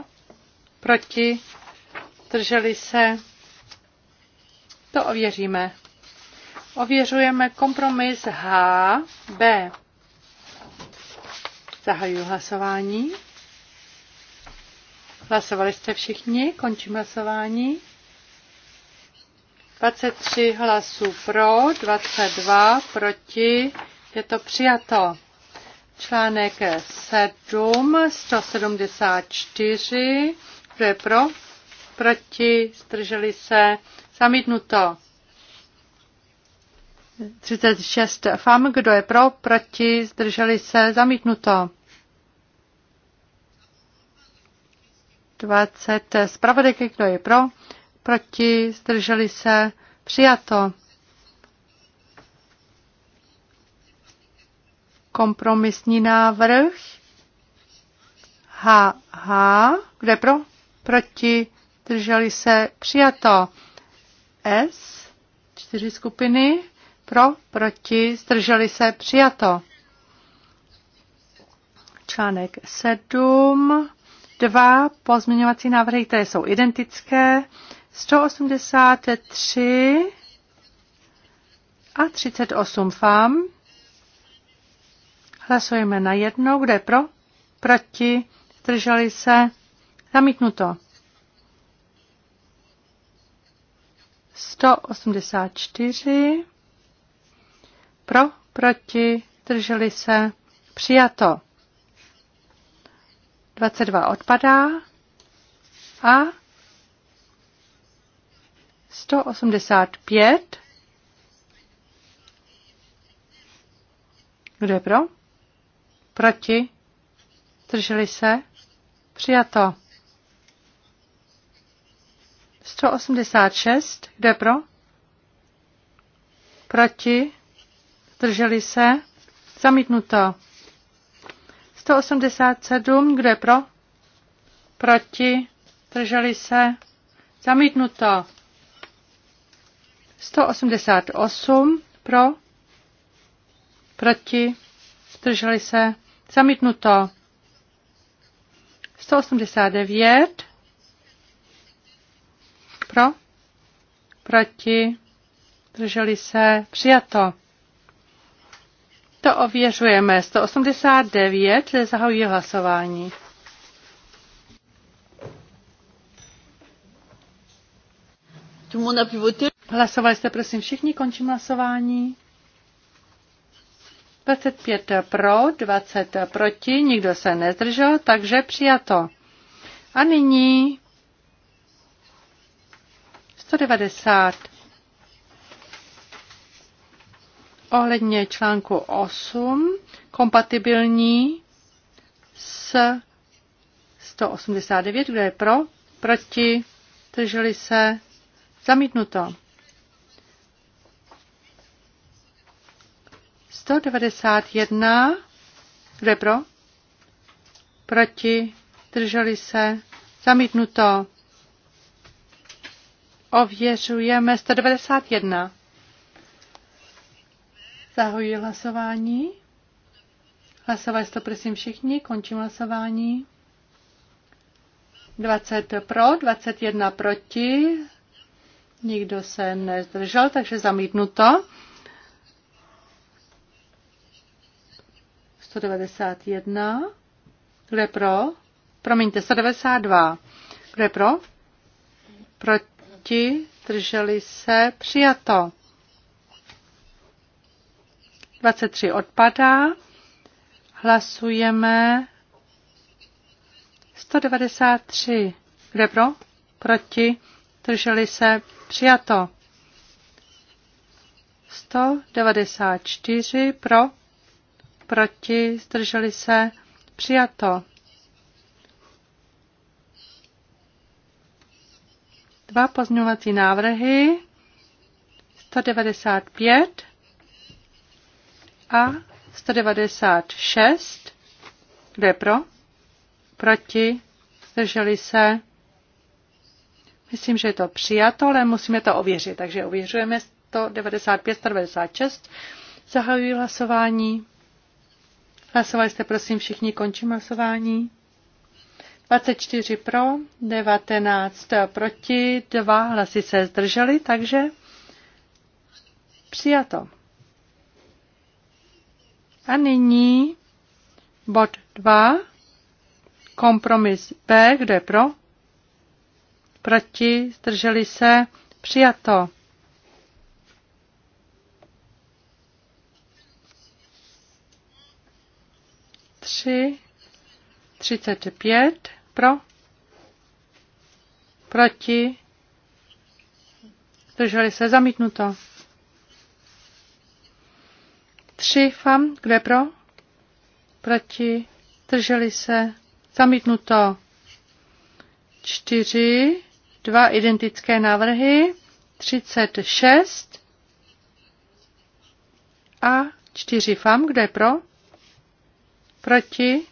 Proti? Zdrželi se? To ověříme. Ověřujeme kompromis H, B. Zahajuji hlasování. Hlasovali jste všichni, končím hlasování. 23 hlasů pro, 22 proti, je to přijato. Článek 7, 174, kdo je pro, proti, zdrželi se, zamítnuto. 36 FAM, kdo je pro, proti, zdrželi se, zamítnuto. 20 zpravodajky, kdo je pro, proti, zdrželi se, přijato. Kompromisní návrh H kde pro, proti, zdrželi se, přijato. S, čtyři skupiny, pro, proti, zdrželi se, přijato. Článek 7, dva pozměňovací návrhy, které jsou identické. 183 a 38 FAM. Hlasujeme na jedno, kde je pro, proti, zdrželi se, zamítnuto. 184 pro, proti, zdrželi se, přijato. 22 odpadá a 185. Kdo je pro? Proti? Drželi se? Přijato. 186. Kdo je pro? Proti? Drželi se? Zamítnuto. 187. Kdo je pro? Proti? Drželi se? Zamítnuto. 188 pro, proti, zdrželi se, zamítnuto. 189 pro, proti, zdrželi se, přijato. To ověřujeme. 189 zahajuji hlasování. Tout le monde a pu voter. Hlasovali jste prosím všichni, končím hlasování. 25 pro, 20 proti, nikdo se nezdržel, takže přijato. A nyní 190. Ohledně článku 8, kompatibilní s 189, kdo je pro, proti, drželi se, zamítnuto. 191. Kdo je pro? Proti? Drželi se? Zamítnuto. Ověřujeme 191. Zahoji hlasování. Hlasovali jste prosím všichni, končím hlasování. 20 pro, 21 proti. Nikdo se nezdržel, takže zamítnuto. 191. Kdo je pro? Promiňte, 192. Kdo je pro? Proti? Drželi se? Přijato. 23 odpadá. Hlasujeme 193. Kdo je pro? Proti? Drželi se? Přijato. 194 pro, proti, zdrželi se, přijato. Dva pozměňovací návrhy, 195 a 196. Kdo je pro? Proti? Zdrželi se? Myslím, že je to přijato, ale musíme to ověřit. Takže ověřujeme 195, 196. Zahajuji hlasování. Hlasovali jste prosím všichni, končím hlasování. 24 pro, 19 proti, 2 hlasy se zdrželi, takže přijato. A nyní bod 2, kompromis B, kdo je pro? Proti, zdrželi se, přijato. 33, 35 pro, proti, drželi se zamítnuto. 3 fam, kde pro, proti, drželi se zamítnuto. 4, dva identické návrhy, 36 a 4 fam, kde pro, Proti?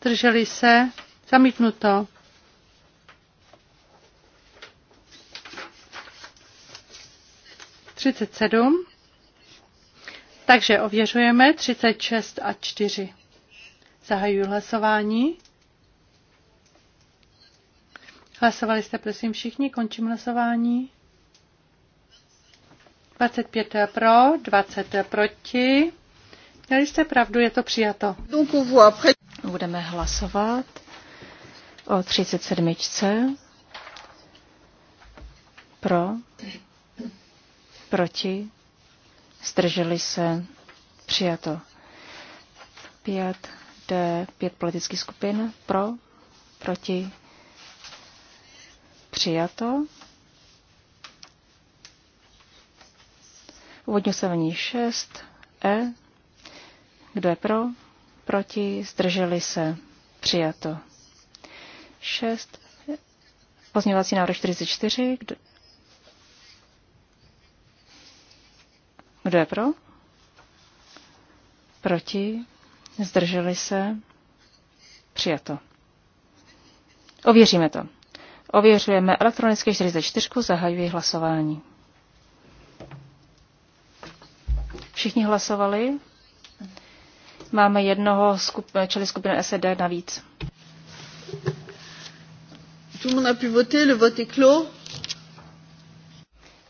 Drželi se? Zamítnuto. Třicet sedm. Takže ověřujeme 36 a 4. Zahajuji hlasování. Hlasovali jste prosím všichni, končím hlasování. 25 pro, 20 proti. Měli jste pravdu, je to přijato. Budeme hlasovat o 37. Pro, proti, zdrželi se, přijato. 5 D, Pět politických skupin, pro, proti, přijato. ní 6, E, kdo je pro? Proti? Zdrželi se? Přijato. 6. Pozměňovací návrh 44. Kdo, Kdo je pro? Proti? Zdrželi se? Přijato. Ověříme to. Ověřujeme elektronické 44, zahajuji hlasování. Všichni hlasovali? Máme jednoho skup, čili skupiny SED navíc. Tout le monde a pu voter, le vote est clos.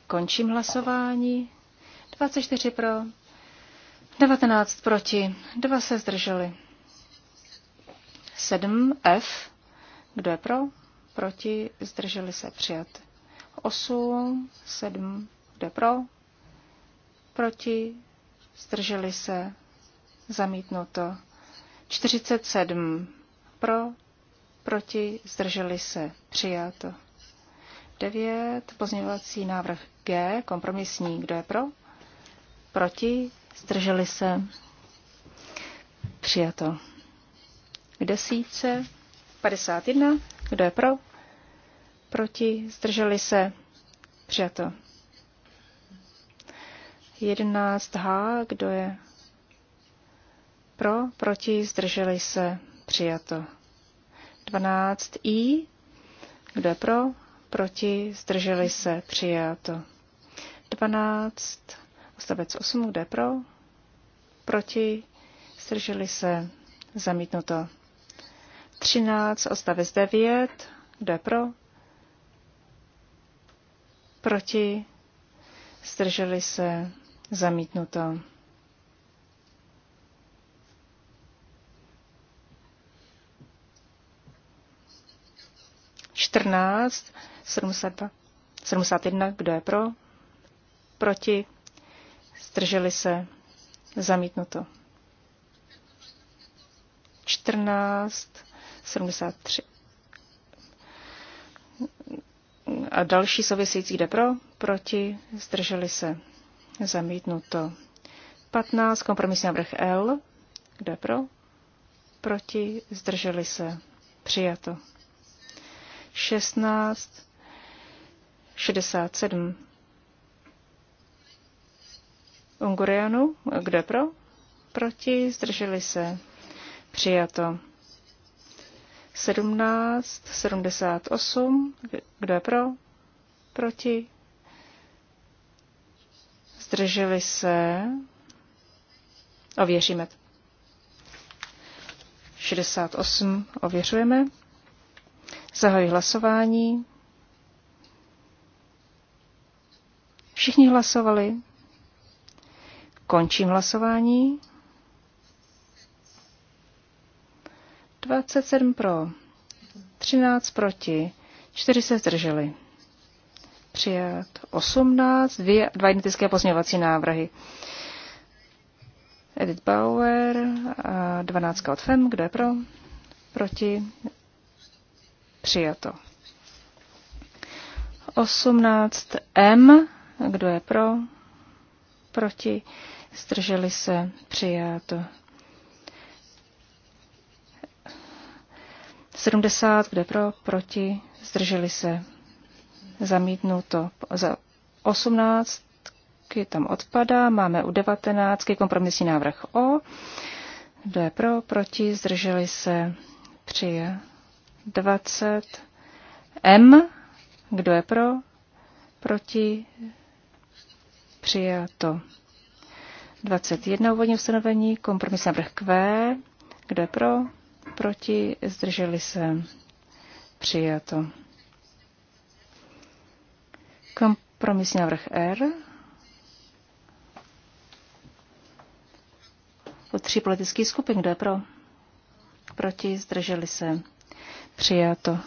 Končím hlasování. 24 pro, 19 proti, 2 se zdrželi. 7 F, kdo je pro, proti, zdrželi se přijat. 8, 7, kdo je pro, proti, zdrželi se Zamítnuto. 47 pro, proti, zdrželi se, přijato. 9, pozměňovací návrh G, kompromisní, kdo je pro, proti, zdrželi se, přijato. K desíce, 51, kdo je pro, proti, zdrželi se, přijato. 11H, kdo je pro, proti, zdrželi se, přijato. 12 i, kdo je pro, proti, zdrželi se, přijato. 12, Ostavec 8, kdo je pro, proti, zdrželi se, zamítnuto. 13, Ostavec 9, kdo je pro, proti, zdrželi se, zamítnuto. 14, 72, 71, kdo je pro, proti, zdrželi se, zamítnuto. 14, 73. A další související jde pro, proti, zdrželi se, zamítnuto. 15, kompromisní návrh L, kde pro, proti, zdrželi se, přijato. 16, 67. Ungurianu, kde pro? Proti, zdrželi se. Přijato. 17, 78, kdo pro? Proti. Zdrželi se. Ověříme. 68 ověřujeme. Zahajuji hlasování. Všichni hlasovali. Končím hlasování. 27 pro, 13 proti, 4 se zdrželi. Přijat 18, dvě, dva identické pozměňovací návrhy. Edith Bauer, 12 od FEM, kdo je pro? Proti, Přijato. 18M, kdo je pro? Proti? Zdrželi se? Přijato. 70, kde pro? Proti? Zdrželi se? Zamítnuto. Za 18 tam odpadá. Máme u 19 kompromisní návrh O. Kdo je pro? Proti? Zdrželi se? Přijato. 20 M. Kdo je pro? Proti? Přijato. 21 úvodní ustanovení, kompromis návrh Q. Kdo je pro? Proti? Zdrželi se? Přijato. Kompromisní návrh R. Od tří politických skupin. Kdo je pro? Proti? Zdrželi se? Přijato.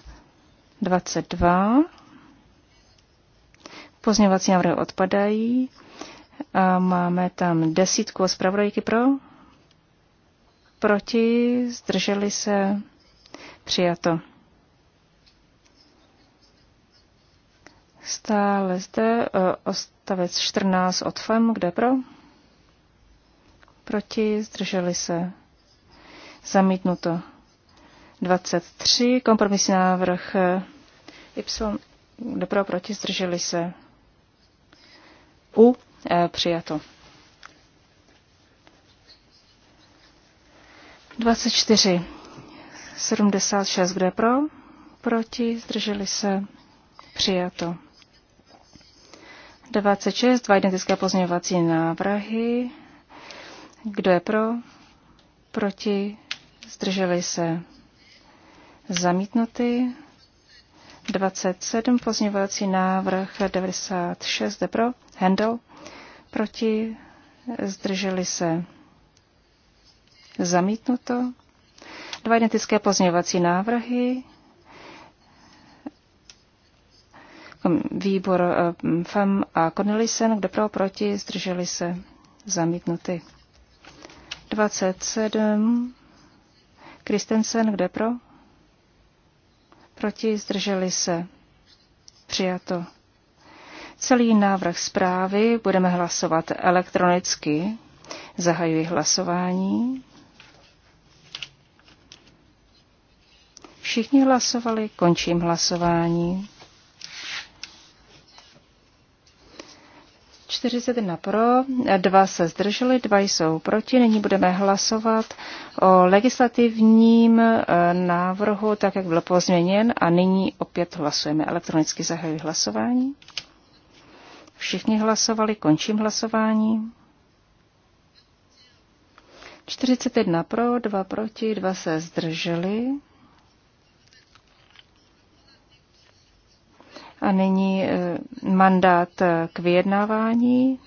22. Pozměňovací návrhy odpadají. A máme tam desítku zpravodajky pro. Proti. Zdrželi se. Přijato. Stále zde e, ostavec 14 od FEM, kde pro? Proti, zdrželi se. Zamítnuto. 23, kompromisní návrh eh, Y, pro proti, zdrželi se. U, e, přijato. 24, 76, kde pro, proti, zdrželi se, přijato. 26, dva identické pozměňovací návrhy. Kdo je pro? Proti? Zdrželi se? zamítnuty. 27 pozměňovací návrh 96 pro, Handel proti, zdrželi se zamítnuto. Dva identické pozměňovací návrhy. Výbor eh, FEM a Cornelisen, kdo pro, proti, zdrželi se zamítnuty. 27 Kristensen, kde pro? proti, zdrželi se, přijato. Celý návrh zprávy budeme hlasovat elektronicky. Zahajuji hlasování. Všichni hlasovali, končím hlasování. 41 pro, dva se zdrželi, dva jsou proti. Nyní budeme hlasovat o legislativním e, návrhu, tak jak byl pozměněn. A nyní opět hlasujeme elektronicky. Zahajuji hlasování. Všichni hlasovali, končím hlasování. 41 pro, 2 proti, 2 se zdrželi. a nyní eh, mandát eh, k vyjednávání.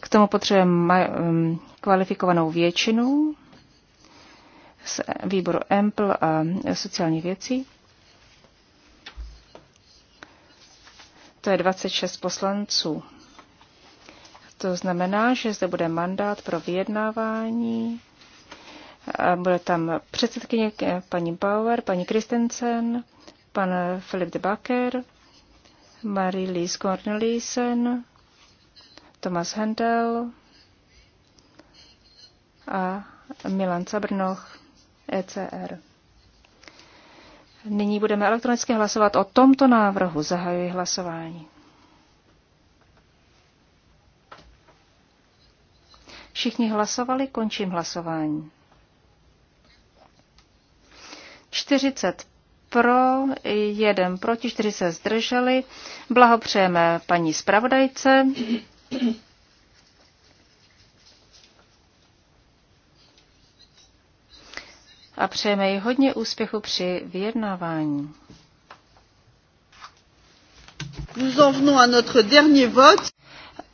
K tomu potřebujeme mm, kvalifikovanou většinu z výboru EMPL a sociální věcí. To je 26 poslanců. To znamená, že zde bude mandát pro vyjednávání. Bude tam předsedkyně eh, paní Bauer, paní Kristensen, pan Filip de Baker, Marie-Lise Cornelissen, Thomas Hendel a Milan Cabrnoch, ECR. Nyní budeme elektronicky hlasovat o tomto návrhu. Zahajuji hlasování. Všichni hlasovali, končím hlasování. 40 pro, jeden proti, čtyři se zdrželi. Blahopřejeme paní zpravodajce. A přejeme jí hodně úspěchu při vyjednávání. Nous en venons à notre dernier vote.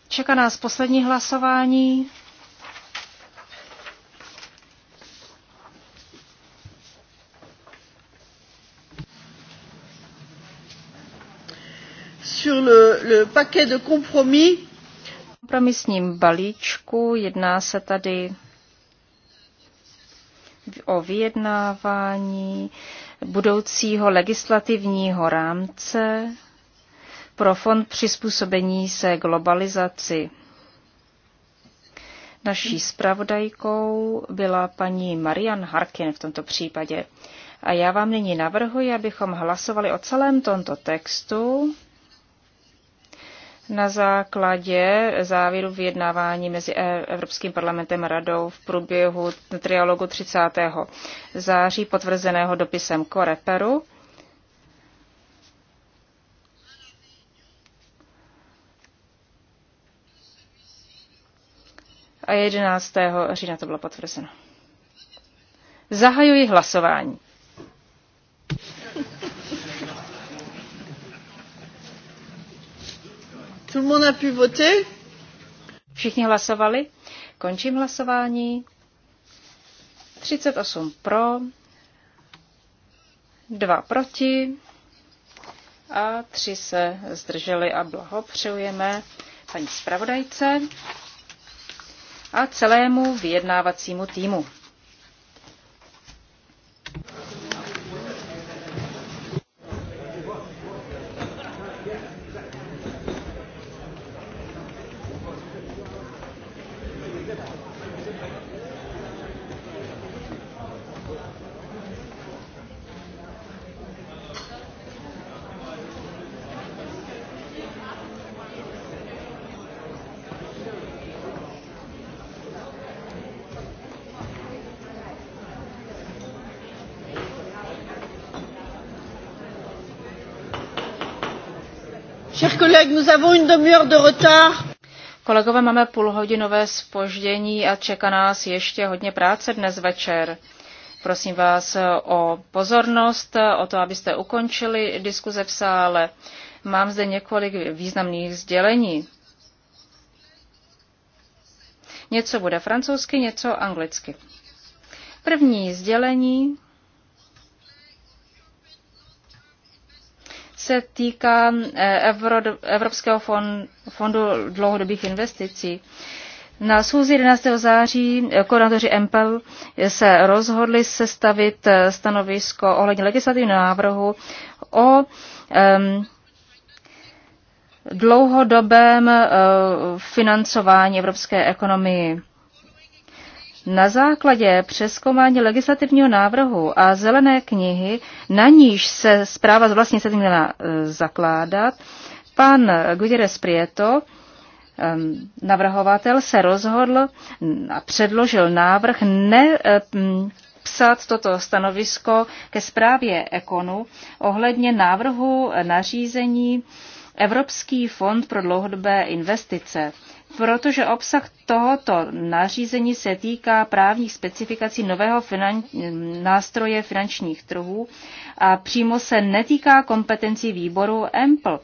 Čeká nás poslední hlasování. Kompromisním balíčku jedná se tady o vyjednávání budoucího legislativního rámce pro fond přizpůsobení se globalizaci. Naší zpravodajkou byla paní Marian Harkin v tomto případě. A já vám nyní navrhuji, abychom hlasovali o celém tomto textu na základě závěru vyjednávání mezi e- Evropským parlamentem a radou v průběhu trialogu 30. září potvrzeného dopisem Koreperu. A 11. října to bylo potvrzeno. Zahajuji hlasování. Tout le monde a pu voter? Všichni hlasovali. Končím hlasování. 38 pro, 2 proti a 3 se zdrželi a blahopřejujeme paní zpravodajce a celému vyjednávacímu týmu. chers collègues, nous avons une demi-heure de retard. Kolegové, máme půlhodinové spoždění a čeká nás ještě hodně práce dnes večer. Prosím vás o pozornost, o to, abyste ukončili diskuze v sále. Mám zde několik významných sdělení. Něco bude francouzsky, něco anglicky. První sdělení se týká eh, Evro, Evropského fondu dlouhodobých investicí. Na schůzi 11. září eh, koordinátoři MPL e se rozhodli sestavit eh, stanovisko ohledně legislativního návrhu o um, dlouhodobém uh, financování evropské ekonomii. Na základě přeskoumání legislativního návrhu a zelené knihy, na níž se zpráva z vlastní se měla e, zakládat, pan Guterres Prieto, e, navrhovatel, se rozhodl a předložil návrh ne e, psat toto stanovisko ke zprávě Ekonu ohledně návrhu nařízení Evropský fond pro dlouhodobé investice protože obsah tohoto nařízení se týká právních specifikací nového finan... nástroje finančních trhů a přímo se netýká kompetencí výboru EMPL.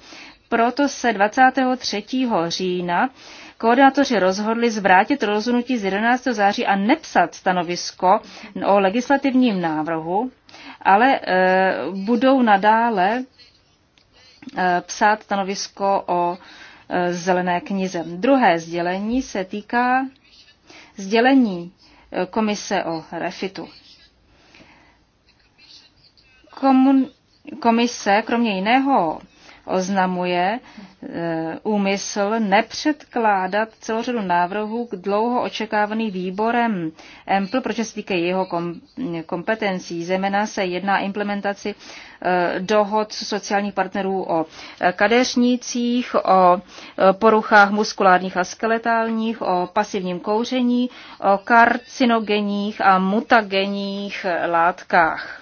Proto se 23. října koordinátoři rozhodli zvrátit rozhodnutí z 11. září a nepsat stanovisko o legislativním návrhu, ale e, budou nadále e, psát stanovisko o e, Eh, zelené knize. Druhé sdělení se týká sdělení eh, komise o refitu. Komun- komise kromě jiného oznamuje e, úmysl nepředkládat celou řadu návrhů k dlouho očekávaný výborem EMPL, protože se týkají jeho kompetencí. Zejména se jedná implementaci e, dohod sociálních partnerů o e, kadeřnících, o poruchách muskulárních a skeletálních, o pasivním kouření, o karcinogenních a mutagenních látkách.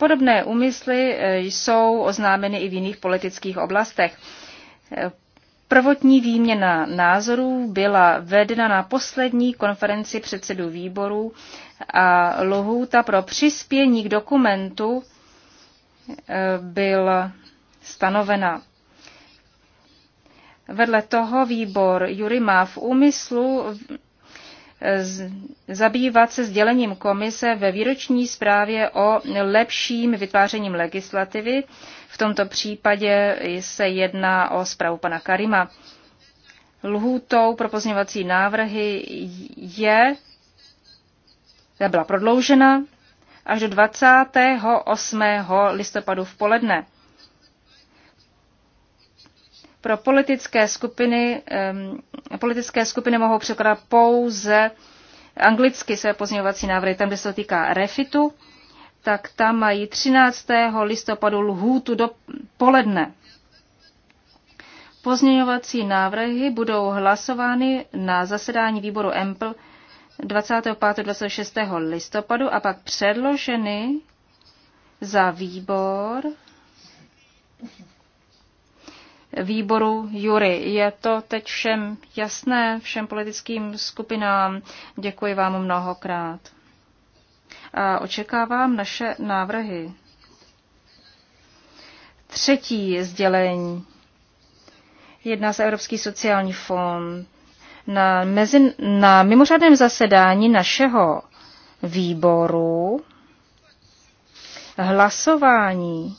Podobné úmysly eh, jsou oznámeny i v jiných politických oblastech. Eh, prvotní výměna názorů byla vedena na poslední konferenci předsedů výborů a lhůta pro přispění k dokumentu eh, byl stanovena. Vedle toho výbor Jury má v úmyslu zabývat se sdělením komise ve výroční zprávě o lepším vytvářením legislativy. V tomto případě se jedná o zprávu pana Karima. Lhůtou pro pozměňovací návrhy je, byla prodloužena až do 28. listopadu v poledne. Pro politické skupiny, politické skupiny mohou překladat pouze anglicky své pozměňovací návrhy. Tam, kde se to týká refitu, tak tam mají 13. listopadu lhůtu do poledne. Pozměňovací návrhy budou hlasovány na zasedání výboru EMPL 25. 26. listopadu a pak předloženy za výbor výboru Jury. Je to teď všem jasné, všem politickým skupinám. Děkuji vám mnohokrát. A očekávám naše návrhy. Třetí sdělení. Jedná se Evropský sociální fond. Na, mezi, na mimořádném zasedání našeho výboru hlasování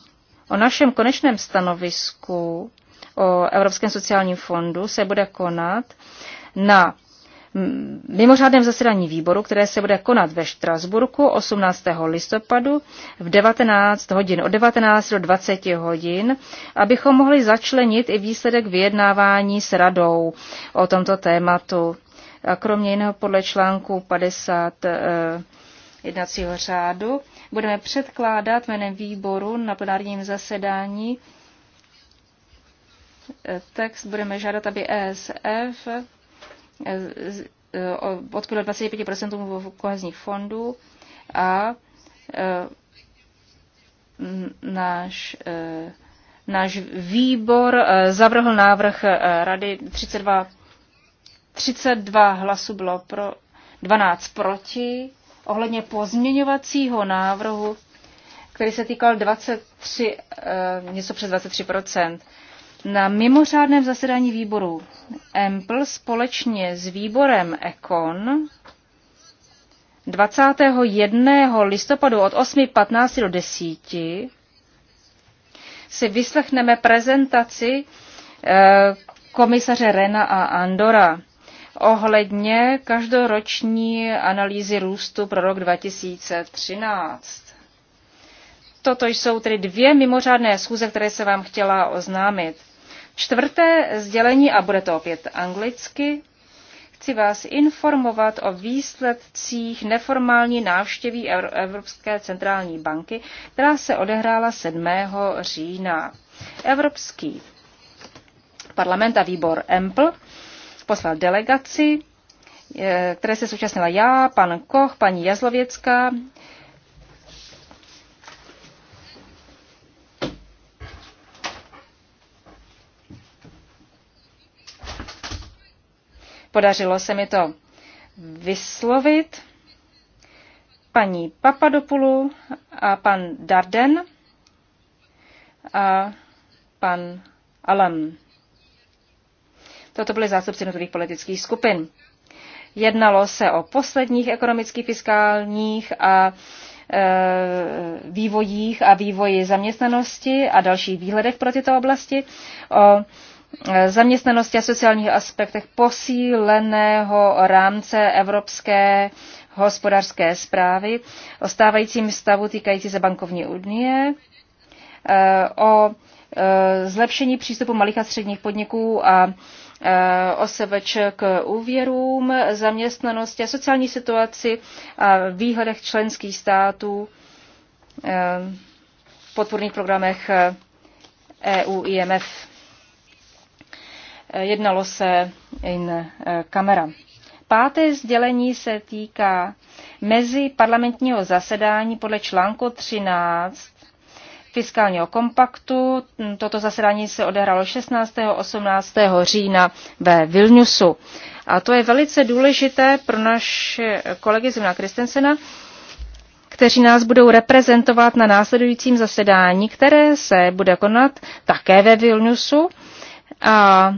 o našem konečném stanovisku o Evropském sociálním fondu se bude konat na mimořádném zasedání výboru, které se bude konat ve Štrasburku 18. listopadu v 19 hodin, od 19 do 20 hodin, abychom mohli začlenit i výsledek vyjednávání s radou o tomto tématu. A kromě jiného podle článku 50 eh, jednacího řádu budeme předkládat jménem výboru na plenárním zasedání text budeme žádat, aby ESF odpověděl 25% kohezních fondů a e, náš, e, náš výbor e, zavrhl návrh rady 32, 32 hlasů bylo pro, 12 proti ohledně pozměňovacího návrhu, který se týkal 23, něco přes 23 na mimořádném zasedání výboru EMPL společně s výborem ECON 21. listopadu od 8.15 do 10 si vyslechneme prezentaci eh, komisaře Rena a Andora ohledně každoroční analýzy růstu pro rok 2013. Toto jsou tedy dvě mimořádné schůze, které se vám chtěla oznámit. Čtvrté sdělení, a bude to opět anglicky, chci vás informovat o výsledcích neformální návštěvy Evropské centrální banky, která se odehrála 7. října. Evropský parlament a výbor EMPL poslal delegaci, eh, které se současnila já, pan Koch, paní Jazlověcká, Podařilo se mi to vyslovit. Paní Papadopoulou a pan Darden a pan Alam. Toto byly zástupci jednotlivých politických skupin. Jednalo se o posledních ekonomických, fiskálních a e, vývojích a vývoji zaměstnanosti a dalších výhledech pro tyto oblasti, o Eh, zaměstnanosti a sociálních aspektech posíleného rámce evropské hospodářské zprávy o stávajícím stavu týkající se bankovní unie, eh, o eh, zlepšení přístupu malých a středních podniků a OSVČ k úvěrům, zaměstnanosti a sociální situaci a výhledech členských států v podporných programech EU e IMF. Jednalo se in kamera. Eh, Páté sdělení se týká mezi parlamentního zasedání podle článku 13 fiskálního kompaktu. Toto zasedání se odehrálo 16. a 18. října ve Vilniusu. A to je velice důležité pro naše kolegy Zimna Kristensena, kteří nás budou reprezentovat na následujícím zasedání, které se bude konat také ve Vilniusu. A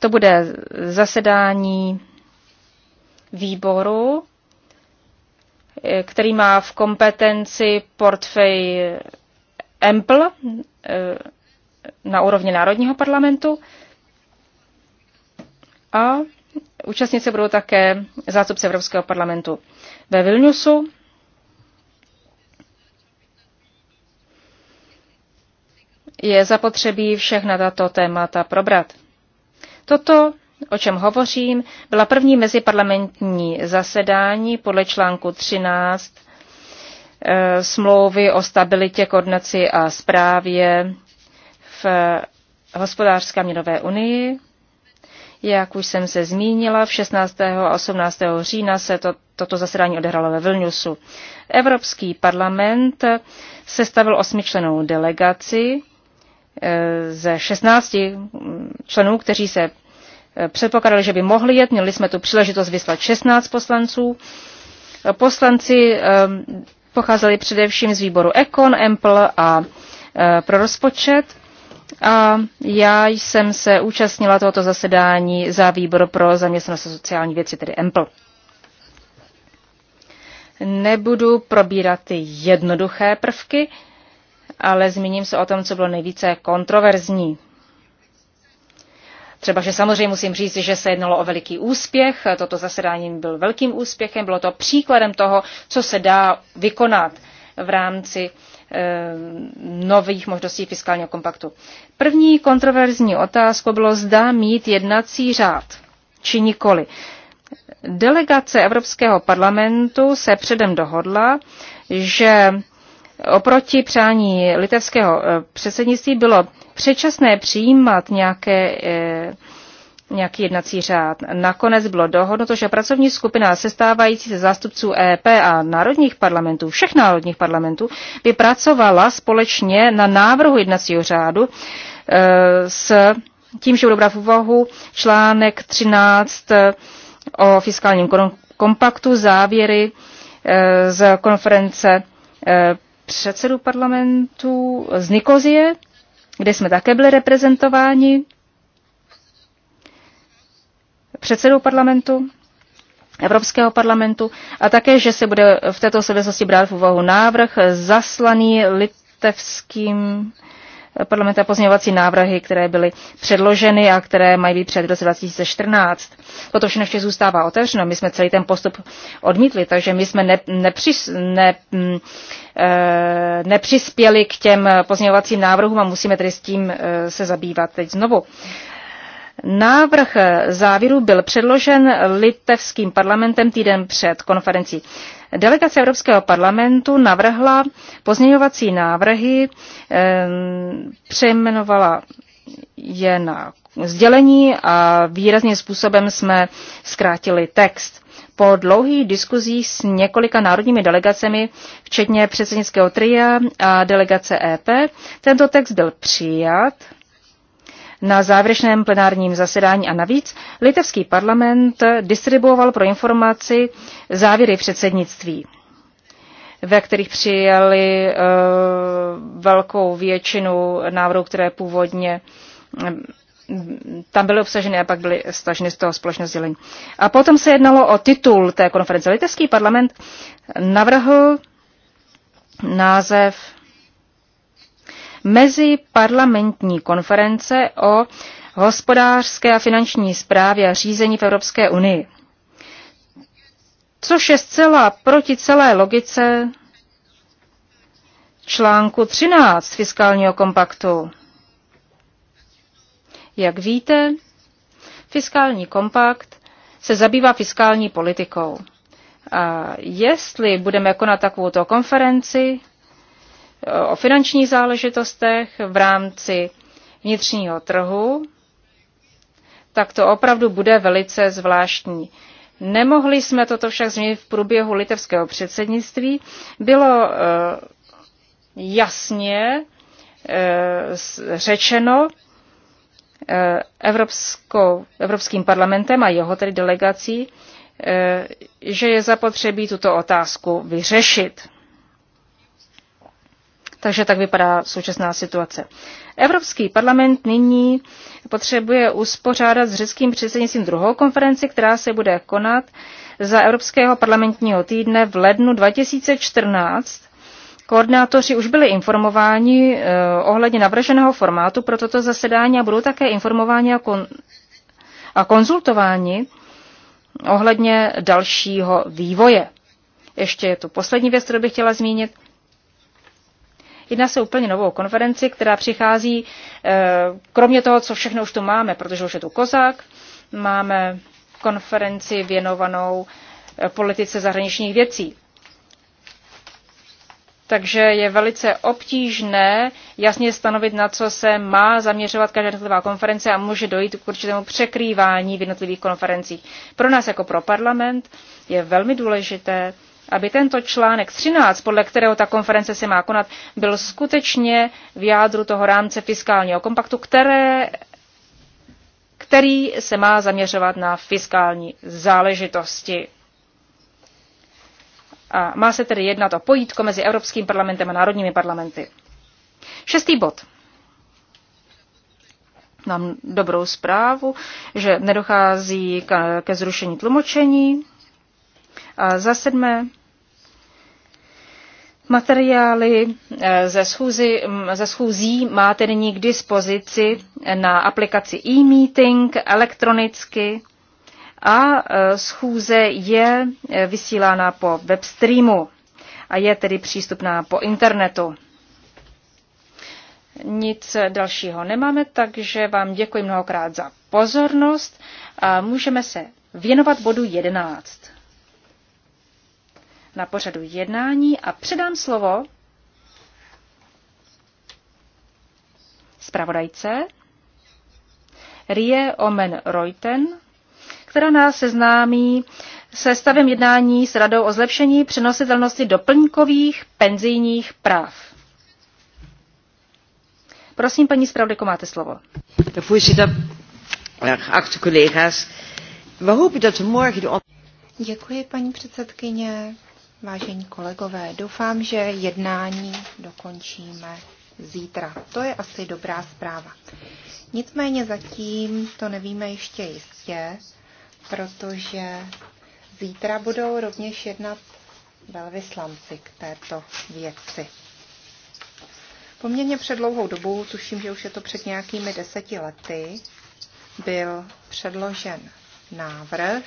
to bude zasedání výboru, eh, který má v kompetenci portfej EMPL eh, na úrovni Národního parlamentu. A účastnice budou také zástupci Evropského parlamentu ve Vilniusu. Je zapotřebí všechna tato témata probrat. Toto, o čem hovořím, byla první meziparlamentní zasedání podle článku 13 eh, smlouvy o stabilitě, koordinaci a správě v hospodářské měnové unii. Jak už jsem se zmínila, v 16. a 18. října se to, toto zasedání odehrálo ve Vilniusu. Evropský parlament sestavil osmičlenou delegaci, Eh, ze 16 mm, členů, kteří se eh, předpokládali, že by mohli jet. Měli jsme tu příležitost vyslat 16 poslanců. Eh, poslanci pocházeli především z výboru Econ, Empl a pro rozpočet. A já jsem se účastnila tohoto zasedání za výbor pro zaměstnanost a sociální věci, tedy Empl. Nebudu probírat ty jednoduché prvky, ale zmíním se o tom, co bylo nejvíce kontroverzní. Třeba, že samozřejmě musím říct, že se jednalo o veliký úspěch, toto zasedání byl velkým úspěchem, bylo to příkladem toho, co se dá vykonat v rámci eh, nových možností fiskálního kompaktu. První kontroverzní otázkou bylo, zda mít jednací řád, či nikoli. Delegace Evropského parlamentu se předem dohodla, že oproti přání litevského eh, předsednictví bylo předčasné přijímat nějaké, eh, nějaký jednací řád. Nakonec bylo dohodnuto, že pracovní skupina sestávající se zástupců EP a národních parlamentů, všech národních parlamentů, by pracovala společně na návrhu jednacího řádu eh, s tím, že budou brát v úvahu článek 13 o fiskálním kompaktu, závěry z konference předsedu parlamentu z Nikozie, kde jsme také byli reprezentováni předsedou parlamentu, Evropského parlamentu a také, že se bude v této souvislosti brát v úvahu návrh zaslaný litevským parlamenta pozměňovací návrhy, které byly předloženy a které mají být před roce 2014. Toto všechno ještě zůstává otevřeno. My jsme celý ten postup odmítli, takže my jsme ne, nepřis, ne, mm, eh, nepřispěli k těm pozměňovacím návrhům a musíme tedy s tím eh, se zabývat teď znovu. Návrh závěru byl předložen litevským parlamentem týden před konferencí Delegace Evropského parlamentu navrhla pozměňovací návrhy, přejmenovala je na sdělení a výrazným způsobem jsme zkrátili text. Po dlouhých diskuzích s několika národními delegacemi, včetně předsednického tria a delegace EP, tento text byl přijat na závěrečném plenárním zasedání a navíc litevský parlament distribuoval pro informaci závěry předsednictví ve kterých přijali eh, velkou většinu návrhů, které původně eh, tam byly obsaženy a pak byly staženy z toho společného sdělení. A potom se jednalo o titul té konference. Litevský parlament navrhl název mezi parlamentní konference o hospodářské a finanční správě a řízení v Evropské unii. Což je zcela proti celé logice článku 13 fiskálního kompaktu. Jak víte, fiskální kompakt se zabývá fiskální politikou. A jestli budeme konat takovouto konferenci, o finančních záležitostech v rámci vnitřního trhu, tak to opravdu bude velice zvláštní. Nemohli jsme toto však změnit v průběhu litevského předsednictví. Bylo eh, jasně eh, řečeno eh, Evropskou, Evropským parlamentem a jeho tedy delegací, že je zapotřebí tuto otázku vyřešit. Takže tak vypadá současná situace. Evropský parlament nyní potřebuje uspořádat s řeckým předsednictvím druhou konferenci, která se bude konat za Evropského parlamentního týdne v lednu 2014. Koordinátoři už byli informováni eh, ohledně navrženého formátu pro toto zasedání a budou také informováni a, kon- a konzultováni ohledně dalšího vývoje. Ještě je to poslední věc, kterou bych chtěla zmínit. Jedná se úplně novou konferenci, která přichází eh, kromě toho, co všechno už tu máme, protože už je tu Kozák, máme konferenci věnovanou eh, politice zahraničních věcí. Takže je velice obtížné jasně stanovit, na co se má zaměřovat každá jednotlivá konference a může dojít k určitému překrývání v jednotlivých konferencích. Pro nás jako pro parlament je velmi důležité aby tento článek 13, podle kterého ta konference se má konat, byl skutečně v jádru toho rámce fiskálního kompaktu, které, který se má zaměřovat na fiskální záležitosti. A má se tedy jednat o pojítko mezi Evropským parlamentem a národními parlamenty. Šestý bod. Mám dobrou zprávu, že nedochází ke zrušení tlumočení a za sedmé, Materiály eh, ze, schůzi, ze schůzí máte nyní k dispozici na aplikaci e-meeting elektronicky a eh, schůze je eh, vysílána po webstreamu a je tedy přístupná po internetu. Nic dalšího nemáme, takže vám děkuji mnohokrát za pozornost a můžeme se věnovat bodu 11 na pořadu jednání a předám slovo zpravodajce Rie Omen Reuten, která nás seznámí se stavem jednání s Radou o zlepšení přenositelnosti doplňkových penzijních práv. Prosím, paní zpravodajko, máte slovo. Děkuji, paní předsedkyně vážení kolegové, doufám, že jednání dokončíme zítra. To je asi dobrá zpráva. Nicméně zatím to nevíme ještě jistě, protože zítra budou rovněž jednat velvyslanci k této věci. Poměrně před dlouhou dobou, tuším, že už je to před nějakými deseti lety, byl předložen návrh,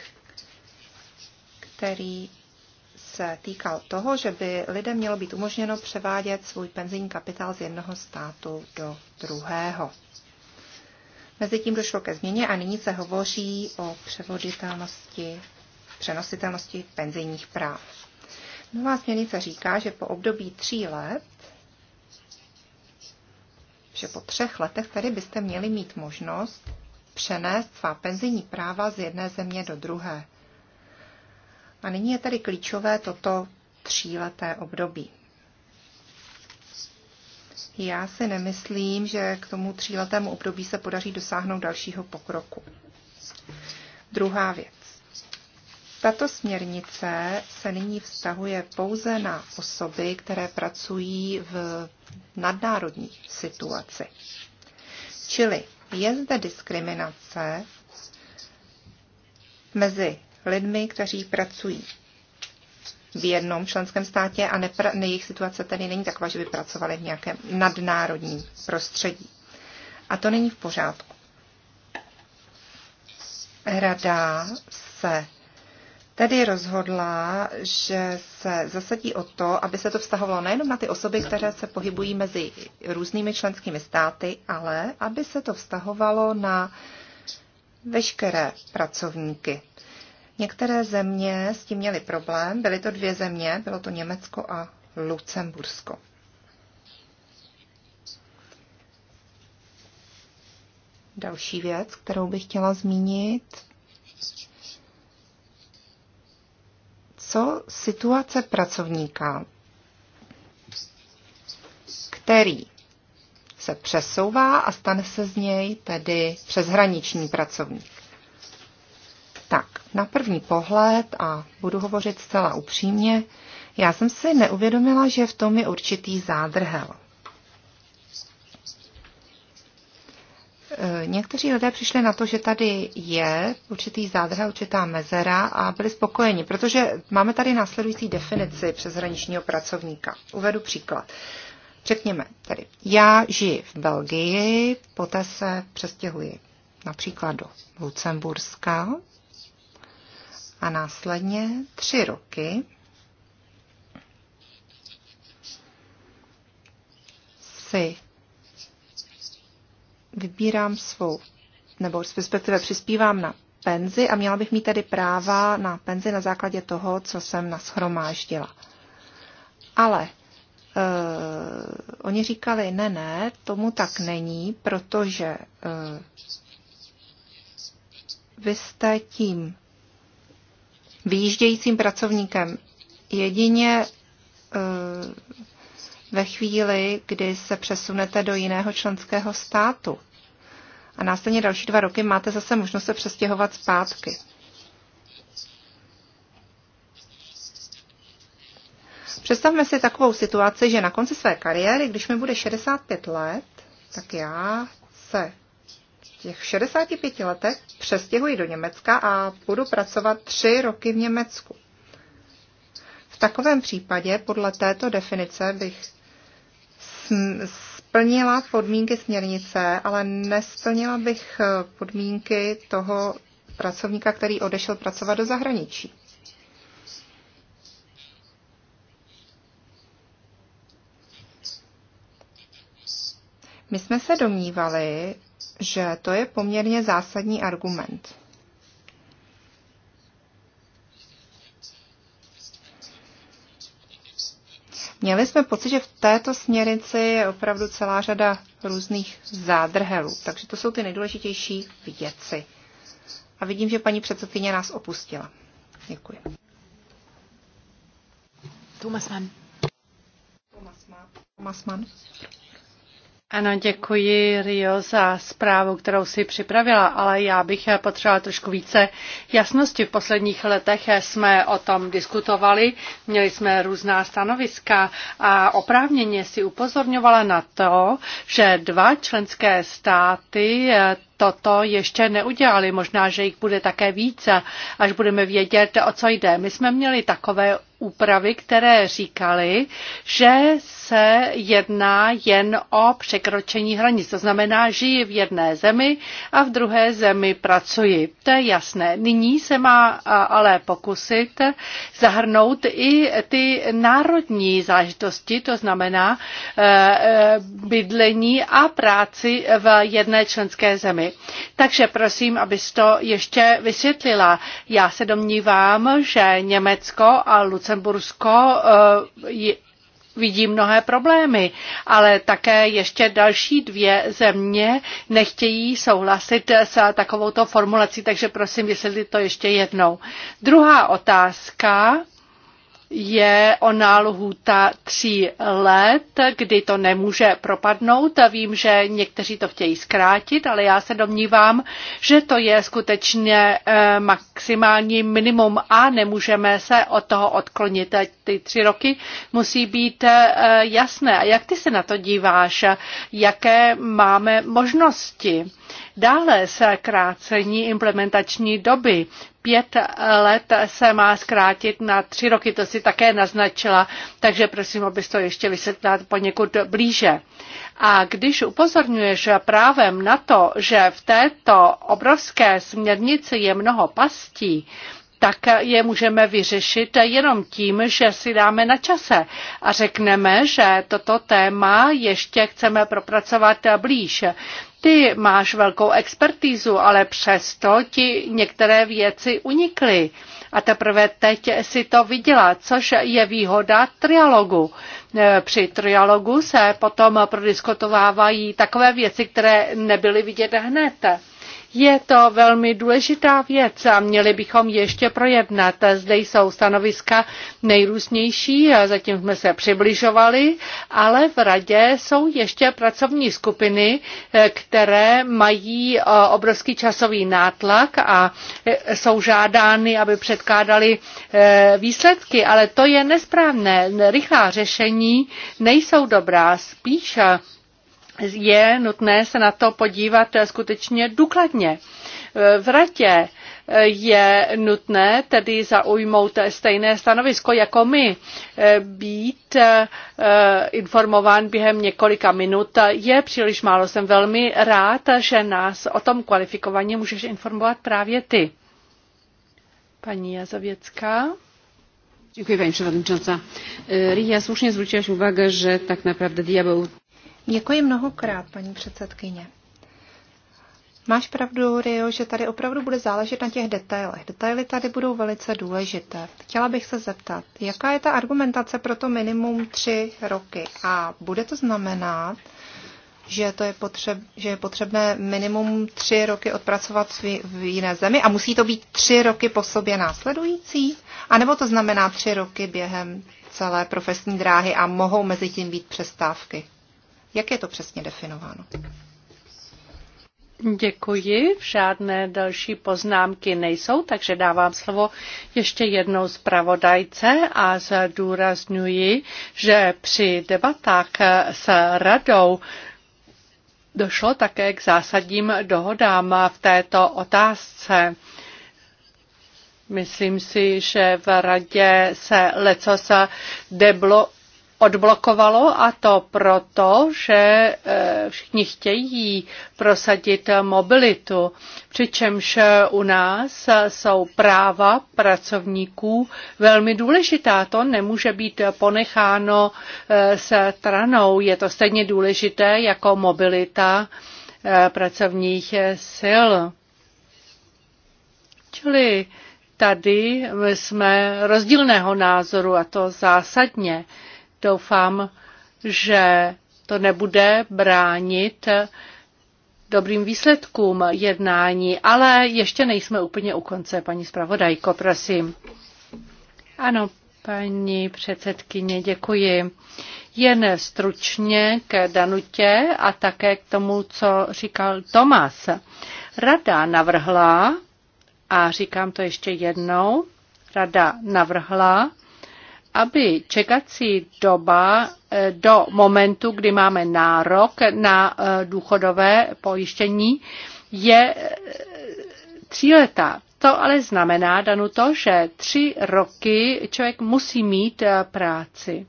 který se týkal toho, že by lidem mělo být umožněno převádět svůj penzijní kapitál z jednoho státu do druhého. Mezitím došlo ke změně a nyní se hovoří o převoditelnosti, přenositelnosti penzijních práv. Nová směrnice říká, že po období tří let, že po třech letech tady byste měli mít možnost přenést svá penzijní práva z jedné země do druhé. A nyní je tady klíčové toto tříleté období. Já si nemyslím, že k tomu tříletému období se podaří dosáhnout dalšího pokroku. Druhá věc. Tato směrnice se nyní vztahuje pouze na osoby, které pracují v nadnárodní situaci. Čili je zde diskriminace mezi lidmi, kteří pracují v jednom členském státě a nepra- jejich situace tedy není taková, že by pracovali v nějakém nadnárodním prostředí. A to není v pořádku. Rada se tedy rozhodla, že se zasadí o to, aby se to vztahovalo nejenom na ty osoby, které se pohybují mezi různými členskými státy, ale aby se to vztahovalo na veškeré pracovníky Některé země s tím měly problém, byly to dvě země, bylo to Německo a Lucembursko. Další věc, kterou bych chtěla zmínit, co situace pracovníka, který se přesouvá a stane se z něj tedy přeshraniční pracovník. Na první pohled, a budu hovořit zcela upřímně, já jsem si neuvědomila, že v tom je určitý zádrhel. E, někteří lidé přišli na to, že tady je určitý zádrhel, určitá mezera a byli spokojeni, protože máme tady následující definici přeshraničního pracovníka. Uvedu příklad. Řekněme tady, já žiji v Belgii, poté se přestěhuji například do Lucemburska, a následně tři roky si vybírám svou, nebo respektive přispívám na penzi a měla bych mít tedy práva na penzi na základě toho, co jsem nashromáždila. Ale uh, oni říkali, ne, ne, tomu tak není, protože uh, vy jste tím výjíždějícím pracovníkem. Jedině eh, ve chvíli, kdy se přesunete do jiného členského státu. A následně další dva roky máte zase možnost se přestěhovat zpátky. Představme si takovou situaci, že na konci své kariéry, když mi bude 65 let, tak já se těch 65 letech přestěhuji do Německa a budu pracovat tři roky v Německu. V takovém případě podle této definice bych splnila podmínky směrnice, ale nesplnila bych eh, podmínky toho pracovníka, který odešel pracovat do zahraničí. My jsme se domnívali, že to je poměrně zásadní argument. Měli jsme pocit, že v této směrnici je opravdu celá řada různých zádrhelů, takže to jsou ty nejdůležitější věci. A vidím, že paní předsedkyně nás opustila. Děkuji. Thomas Mann. Thomas Mann. Thomas Mann. Ano, děkuji Rio za zprávu, kterou si připravila, ale já bych potřebovala trošku více jasnosti. V posledních letech jsme o tom diskutovali, měli jsme různá stanoviska a oprávněně si upozorňovala na to, že dva členské státy toto ještě neudělali. Možná, že jich bude také více, až budeme vědět, o co jde. My jsme měli takové úpravy, které říkaly, že se jedná jen o překročení hranic. To znamená, žijí v jedné zemi a v druhé zemi pracuji. To je jasné. Nyní se má ale pokusit zahrnout i ty národní zážitosti, to znamená e, e, bydlení a práci v jedné členské zemi. Takže prosím, abys to ještě vysvětlila. Já se domnívám, že Německo a Lucembursko eh, vidí mnohé problémy, ale také ještě další dvě země nechtějí souhlasit s takovouto formulací, takže prosím, vysvětli to ještě jednou. Druhá otázka je ona lhůta tří let, kdy to nemůže propadnout. Vím, že někteří to chtějí zkrátit, ale já se domnívám, že to je skutečně eh, maximální minimum a nemůžeme se od toho odklonit. Ty tři roky musí být eh, jasné. A jak ty se na to díváš? Jaké máme možnosti? Dále se krácení implementační doby pět eh, let se má zkrátit na tři roky, to si také naznačila, takže prosím, abys to ještě vysvětlila poněkud blíže. A když upozorňuješ právem na to, že v této obrovské směrnici je mnoho pastí, tak je můžeme vyřešit jenom tím, že si dáme na čase a řekneme, že toto téma ještě chceme propracovat blíž. Ty máš velkou expertízu, ale přesto ti některé věci unikly. A teprve teď si to viděla, což je výhoda trialogu. E, při trialogu se potom prodiskutovávají takové věci, které nebyly vidět hned. Je to velmi důležitá věc a měli bychom ještě projednat. Zde jsou stanoviska nejrůznější, zatím jsme se přibližovali, ale v radě jsou ještě pracovní skupiny, které mají eh, obrovský časový nátlak a eh, jsou žádány, aby předkádali eh, výsledky, ale to je nesprávné. Rychlá řešení nejsou dobrá, spíš je nutné se na to podívat eh, skutečně důkladně. Eh, v Radě eh, je nutné tedy zaujmout stejné stanovisko jako my. Být informován během několika minut je příliš málo. Jsem velmi rád, že nás o tom kvalifikovaně můžeš informovat právě ty. Paní Jazověcká. Děkuji, paní předsedající. Ria slušně zwróciłaś uwagę, že tak naprawdę diabeł Děkuji mnohokrát, paní předsedkyně. Máš pravdu, Rio, že tady opravdu bude záležet na těch detailech. Detaily tady budou velice důležité. Chtěla bych se zeptat, jaká je ta argumentace pro to minimum tři roky? A bude to znamenat, že, to je, potřeb, že je potřebné minimum tři roky odpracovat svý, v jiné zemi a musí to být tři roky po sobě následující? A nebo to znamená tři roky během celé profesní dráhy a mohou mezi tím být přestávky? Jak je to přesně definováno? Děkuji. Žádné další poznámky nejsou, takže dávám slovo ještě jednou zpravodajce a zdůraznuji, že při debatách s radou došlo také k zásadním dohodám v této otázce. Myslím si, že v radě se leco se deblo, odblokovalo a to proto, že e, všichni chtějí prosadit mobilitu, přičemž u nás jsou práva pracovníků velmi důležitá. To nemůže být ponecháno e, tranou. Je to stejně důležité jako mobilita e, pracovních sil. Čili tady jsme rozdílného názoru a to zásadně. Doufám, že to nebude bránit dobrým výsledkům jednání, ale ještě nejsme úplně u konce, paní zpravodajko, prosím. Ano, paní předsedkyně, děkuji. Jen stručně k Danutě a také k tomu, co říkal Tomas. Rada navrhla, a říkám to ještě jednou, rada navrhla, aby čekací doba eh, do momentu, kdy máme nárok na eh, důchodové pojištění, je eh, leta. To ale znamená, Danu, to, že tři roky člověk musí mít práci.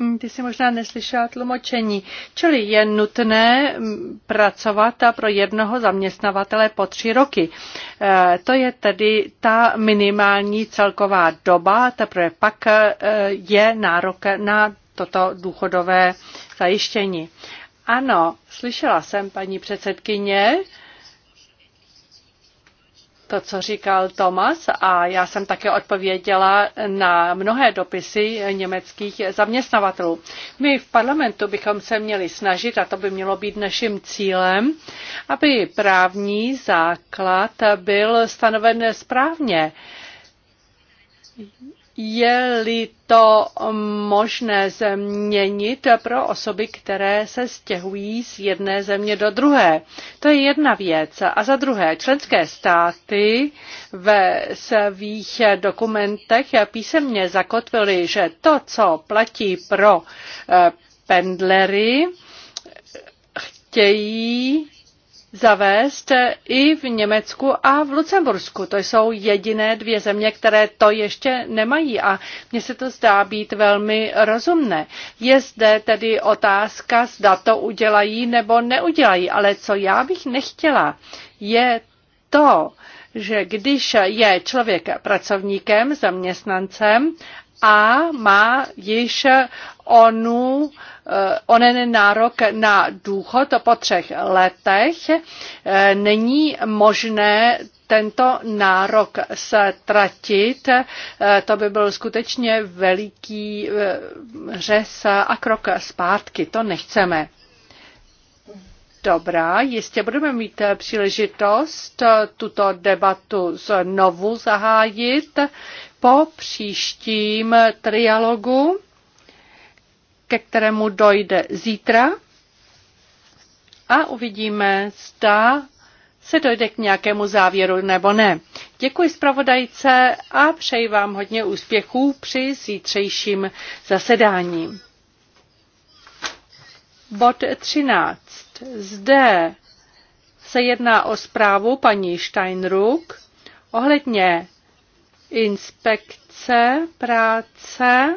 Hm, ty si možná neslyšela tlumočení. Čili je nutné hm, pracovat pro jednoho zaměstnavatele po tři roky. Eh, to je tedy ta minimální celková doba, teprve pak eh, je nárok na toto důchodové zajištění. Ano, slyšela jsem paní předsedkyně, to, co říkal Tomas a já jsem také odpověděla na mnohé dopisy německých zaměstnavatelů. My v parlamentu bychom se měli snažit, a to by mělo být naším cílem, aby právní základ byl stanoven správně je-li to možné změnit pro osoby, které se stěhují z jedné země do druhé? To je jedna věc. A za druhé, členské státy ve svých dokumentech písemně zakotvily, že to, co platí pro eh, pendlery, chtějí zavést i v Německu a v Lucembursku. To jsou jediné dvě země, které to ještě nemají a mně se to zdá být velmi rozumné. Je zde tedy otázka, zda to udělají nebo neudělají, ale co já bych nechtěla, je to, že když je člověk pracovníkem, zaměstnancem a má již onu, eh, onen nárok na důchod po třech letech. Eh, není možné tento nárok ztratit. Eh, to by byl skutečně veliký řez a krok zpátky. To nechceme. Dobrá, jistě budeme mít příležitost tuto debatu znovu zahájit po příštím trialogu ke kterému dojde zítra a uvidíme, zda se dojde k nějakému závěru nebo ne. Děkuji zpravodajce a přeji vám hodně úspěchů při zítřejším zasedání. Bod 13. Zde se jedná o zprávu paní Steinruck ohledně inspekce práce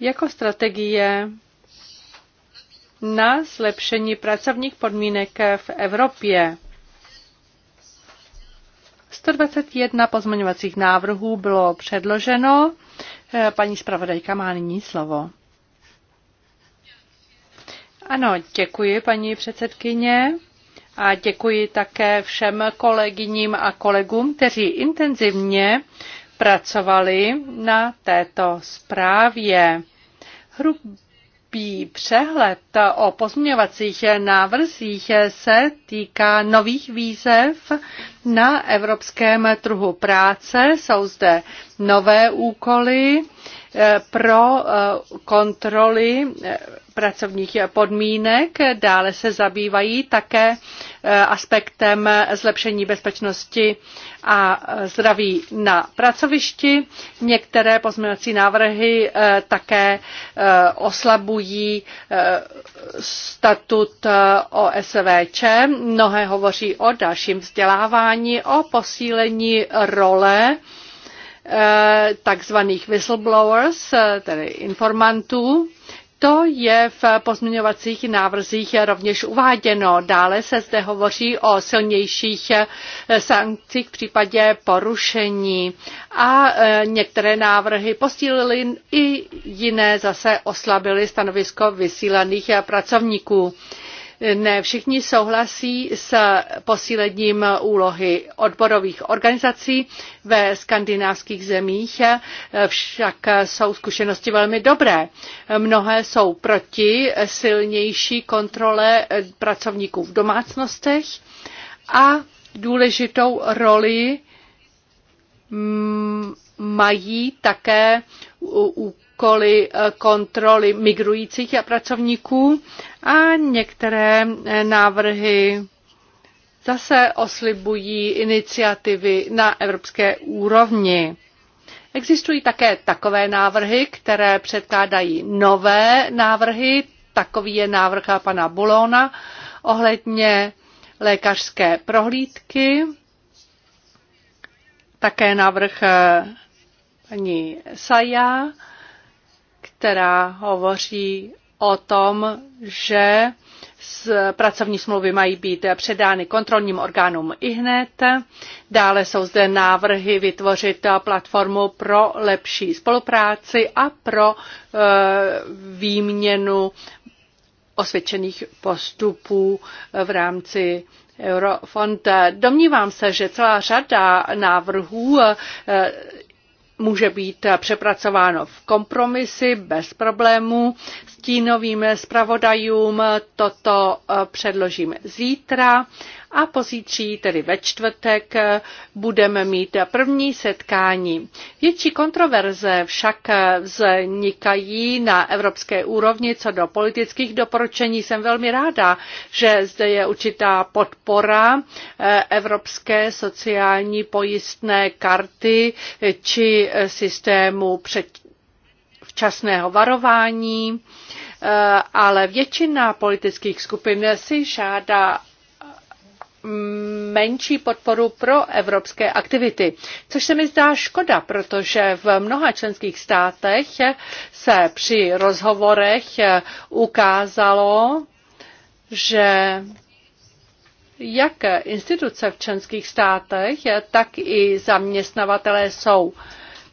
jako strategie na zlepšení pracovních podmínek v Evropě. 121 pozměňovacích návrhů bylo předloženo. Paní zpravodajka má nyní slovo. Ano, děkuji, paní předsedkyně. A děkuji také všem kolegyním a kolegům, kteří intenzivně pracovali na této zprávě. Hrubý přehled o pozměňovacích návrzích se týká nových výzev na evropském trhu práce. Jsou zde nové úkoly eh, pro eh, kontroly eh, pracovních podmínek. Dále se zabývají také e, aspektem zlepšení bezpečnosti a zdraví na pracovišti. Některé pozměňovací návrhy e, také e, oslabují statut OSVČ. Mnohé hovoří o dalším vzdělávání, o posílení role takzvaných whistleblowers, tedy informantů. To je v pozměňovacích návrzích rovněž uváděno. Dále se zde hovoří o silnějších sankcích v případě porušení a e, některé návrhy posílily i jiné zase oslabily stanovisko vysílaných pracovníků. Ne všichni souhlasí s posílením úlohy odborových organizací ve skandinávských zemích, však jsou zkušenosti velmi dobré. Mnohé jsou proti silnější kontrole pracovníků v domácnostech a důležitou roli mají také úkoly eh, kontroly migrujících a pracovníků a některé eh, návrhy zase oslibují iniciativy na evropské úrovni. Existují také takové návrhy, které předkládají nové návrhy. Takový je návrh pana Bulona ohledně lékařské prohlídky. Také návrh eh, paní Saja která hovoří o tom, že pracovní smlouvy mají být předány kontrolním orgánům i hned. Dále jsou zde návrhy vytvořit platformu pro lepší spolupráci a pro e, výměnu osvědčených postupů v rámci Eurofond. Domnívám se, že celá řada návrhů e, může být přepracováno v kompromisy bez problémů. Stínovým zpravodajům toto eh, předložím zítra a pozítří, tedy ve čtvrtek, budeme mít první setkání. Větší kontroverze však vznikají na evropské úrovni co do politických doporučení. Jsem velmi ráda, že zde je určitá podpora eh, evropské sociální pojistné karty či systému před včasného varování eh, ale většina politických skupin si žádá menší podporu pro evropské aktivity, což se mi zdá škoda, protože v mnoha členských státech se při rozhovorech ukázalo, že jak instituce v členských státech, tak i zaměstnavatelé jsou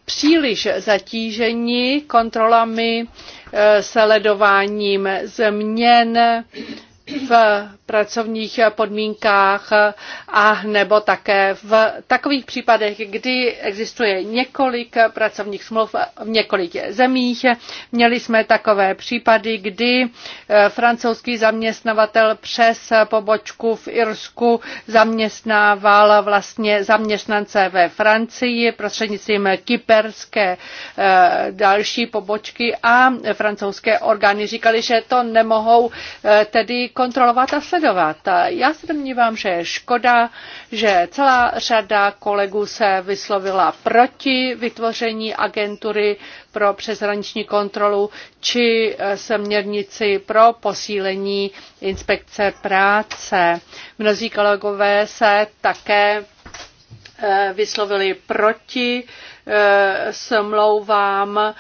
příliš zatíženi kontrolami, eh, sledováním změn v pracovních podmínkách a nebo také v takových případech, kdy existuje několik pracovních smluv v několik zemích. Měli jsme takové případy, kdy eh, francouzský zaměstnavatel přes pobočku v Irsku zaměstnával vlastně zaměstnance ve Francii prostřednictvím kyperské eh, další pobočky a francouzské orgány říkali, že to nemohou eh, tedy kontrolovat a sledovat. Já se domnívám, že je škoda, že celá řada kolegů se vyslovila proti vytvoření agentury pro přeshraniční kontrolu či směrnici pro posílení inspekce práce. Mnozí kolegové se také eh, vyslovili proti smlouvám,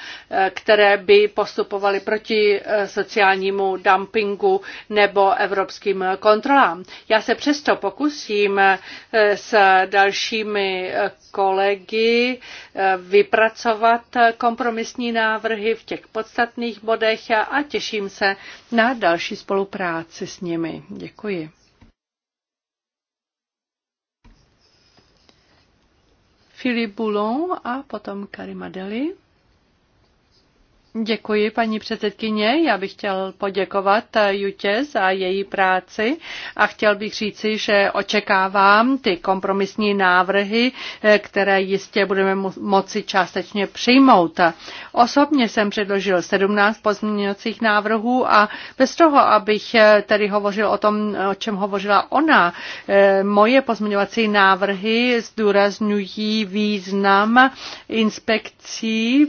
které by postupovaly proti eh, sociálnímu dumpingu nebo evropským kontrolám. Já se přesto pokusím eh, s dalšími eh, kolegy vypracovat kompromisní návrhy v těch podstatných bodech a těším se na další spolupráci s nimi. Děkuji. Filip Boulon a potom Karima Deli. Děkuji, paní předsedkyně. Já bych chtěl poděkovat eh, Jutě za její práci a chtěl bych říci, že očekávám ty kompromisní návrhy, eh, které jistě budeme moci částečně přijmout. Osobně jsem předložil 17 pozměňovacích návrhů a bez toho, abych eh, tedy hovořil o tom, o čem hovořila ona, moje pozměňovací návrhy zdůrazňují význam inspekcí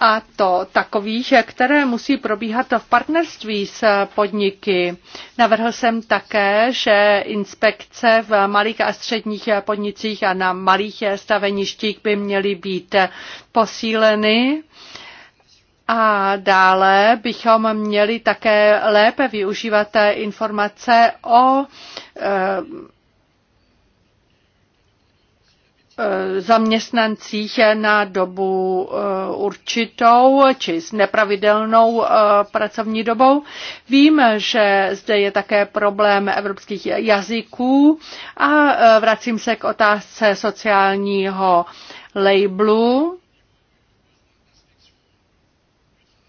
a to takových, které musí probíhat v partnerství s podniky. Navrhl jsem také, že inspekce v malých a středních podnicích a na malých staveništích by měly být posíleny. A dále bychom měli také lépe využívat informace o eh, Eh, zaměstnancích na dobu eh, určitou či s nepravidelnou eh, pracovní dobou. Vím, že zde je také problém evropských jazyků a vracím se k otázce sociálního labelu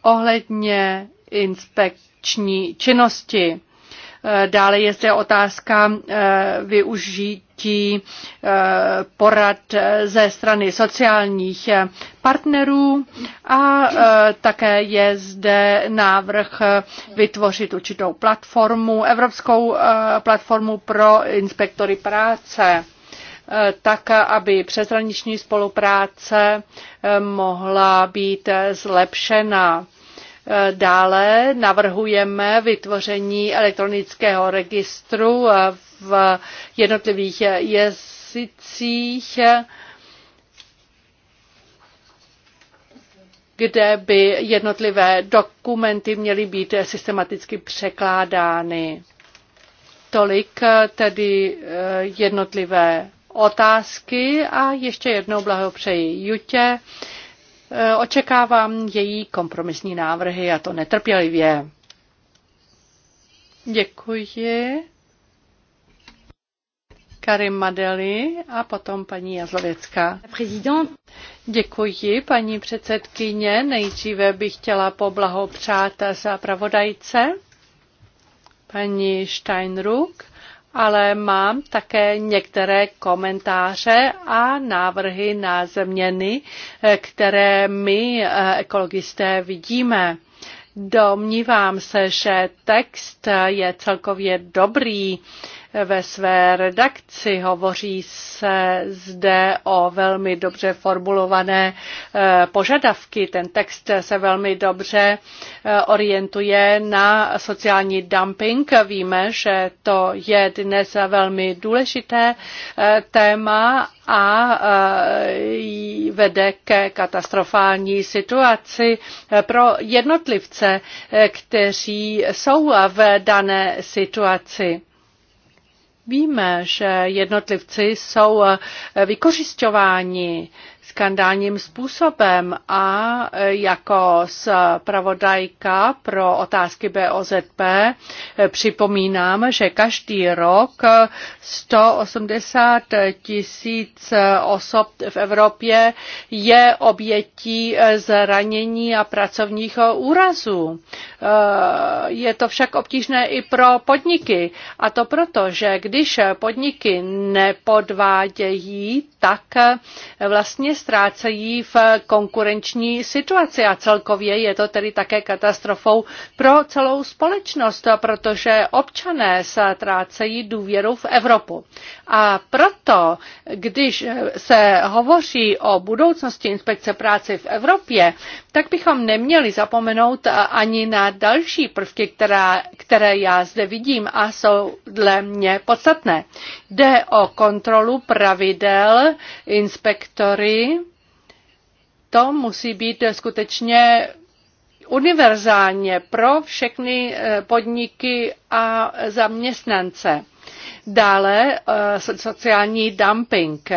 ohledně inspekční činnosti. Dále je zde otázka využít využití eh, porad eh, ze strany sociálních eh, partnerů a také je zde návrh vytvořit určitou platformu, evropskou platformu pro inspektory práce tak, aby přeshraniční spolupráce mohla být zlepšena. Dále navrhujeme vytvoření elektronického registru v jednotlivých jazycích, kde by jednotlivé dokumenty měly být systematicky překládány. Tolik tedy eh, jednotlivé otázky a ještě jednou blahopřeji Jutě E, očekávám její kompromisní návrhy a to netrpělivě. Děkuji. Karim Madeli a potom paní Jazlověcká. Děkuji, paní předsedkyně. Nejdříve bych chtěla poblahopřát za pravodajce paní Steinruck ale mám také některé komentáře a návrhy na změny, eh, které my eh, ekologisté vidíme. Domnívám se, že text eh, je celkově dobrý ve své redakci. Hovoří se zde o velmi dobře formulované eh, požadavky. Ten text se velmi dobře eh, orientuje na sociální dumping. Víme, že to je dnes velmi důležité eh, téma a vede ke katastrofální situaci pro jednotlivce, kteří jsou v dané situaci. Víme, že jednotlivci jsou eh, vykořišťováni skandálním způsobem a e, jako zpravodajka pro otázky BOZP e, připomínám, že každý rok 180 tisíc osob v Evropě je obětí zranění a pracovních úrazů. E, je to však obtížné i pro podniky a to proto, že když podniky nepodvádějí, tak vlastně ztrácejí v konkurenční situaci a celkově je to tedy také katastrofou pro celou společnost, protože občané ztrácejí důvěru v Evropu. A proto, když se hovoří o budoucnosti inspekce práce v Evropě, tak bychom neměli zapomenout ani na další prvky, která, které já zde vidím a jsou dle mě podstatné. Jde o kontrolu pravidel inspektory to musí být skutečně univerzálně pro všechny eh, podniky a zaměstnance. Dále eh, sociální dumping.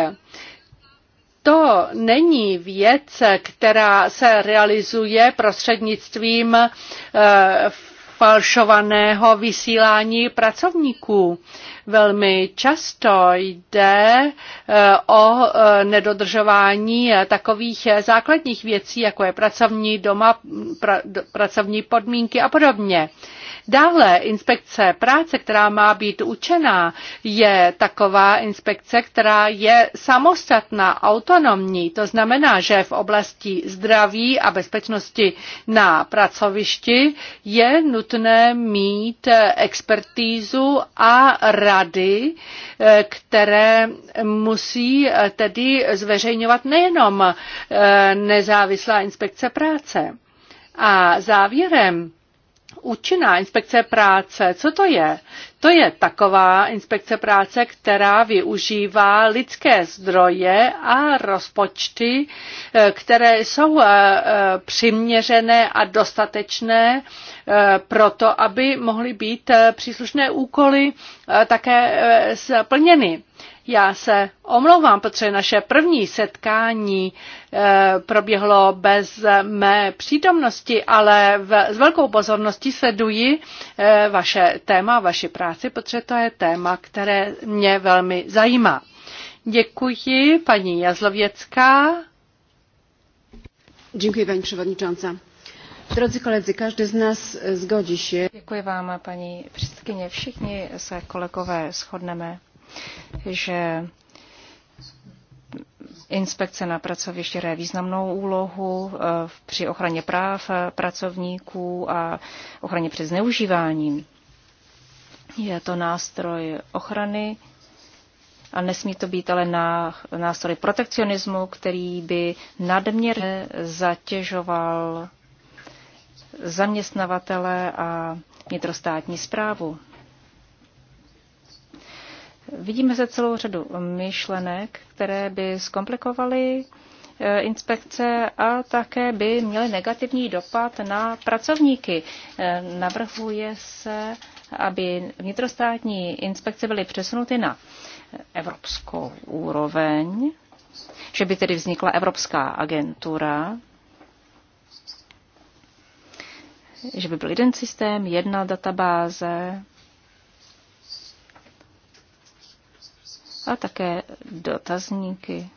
To není věc, která se realizuje prostřednictvím eh, falšovaného vysílání pracovníků. Velmi často jde eh, o eh, nedodržování eh, takových základních věcí, jako je pracovní doma, pra, pracovní podmínky a podobně. Dále inspekce práce, která má být učená, je taková inspekce, která je samostatná, autonomní. To znamená, že v oblasti zdraví a bezpečnosti na pracovišti je nutné mít expertízu a rád rady, eh, které musí eh, tedy zveřejňovat nejenom eh, nezávislá inspekce práce. A závěrem Účinná inspekce práce, co to je? To je taková inspekce práce, která využívá lidské zdroje a rozpočty, eh, které jsou eh, eh, přiměřené a dostatečné pro to, aby mohly být příslušné úkoly také splněny. Já se omlouvám, protože naše první setkání Eh, proběhlo bez mé přítomnosti, ale v, s velkou pozorností sleduji eh, vaše téma, vaši práci, protože to je téma, které mě velmi zajímá. Děkuji, paní Jazlověcká. Děkuji paní Przewodnicząca. Drodzy koledzy, každý z nás e, zgodí se. Děkuji vám, paní předsedkyně. Všichni se kolegové shodneme, že Inspekce na pracovišti hraje významnou úlohu eh, při ochraně práv eh, pracovníků a ochraně před zneužíváním. Je to nástroj ochrany a nesmí to být ale na nástroj protekcionismu, který by nadměrně zatěžoval zaměstnavatele a vnitrostátní zprávu. Vidíme se celou řadu myšlenek, které by zkomplikovaly eh, inspekce a také by měly negativní dopad na pracovníky. Eh, navrhuje se, aby vnitrostátní inspekce byly přesunuty na evropskou úroveň, že by tedy vznikla Evropská agentura, že by byl jeden systém, jedna databáze, a také dotazníky.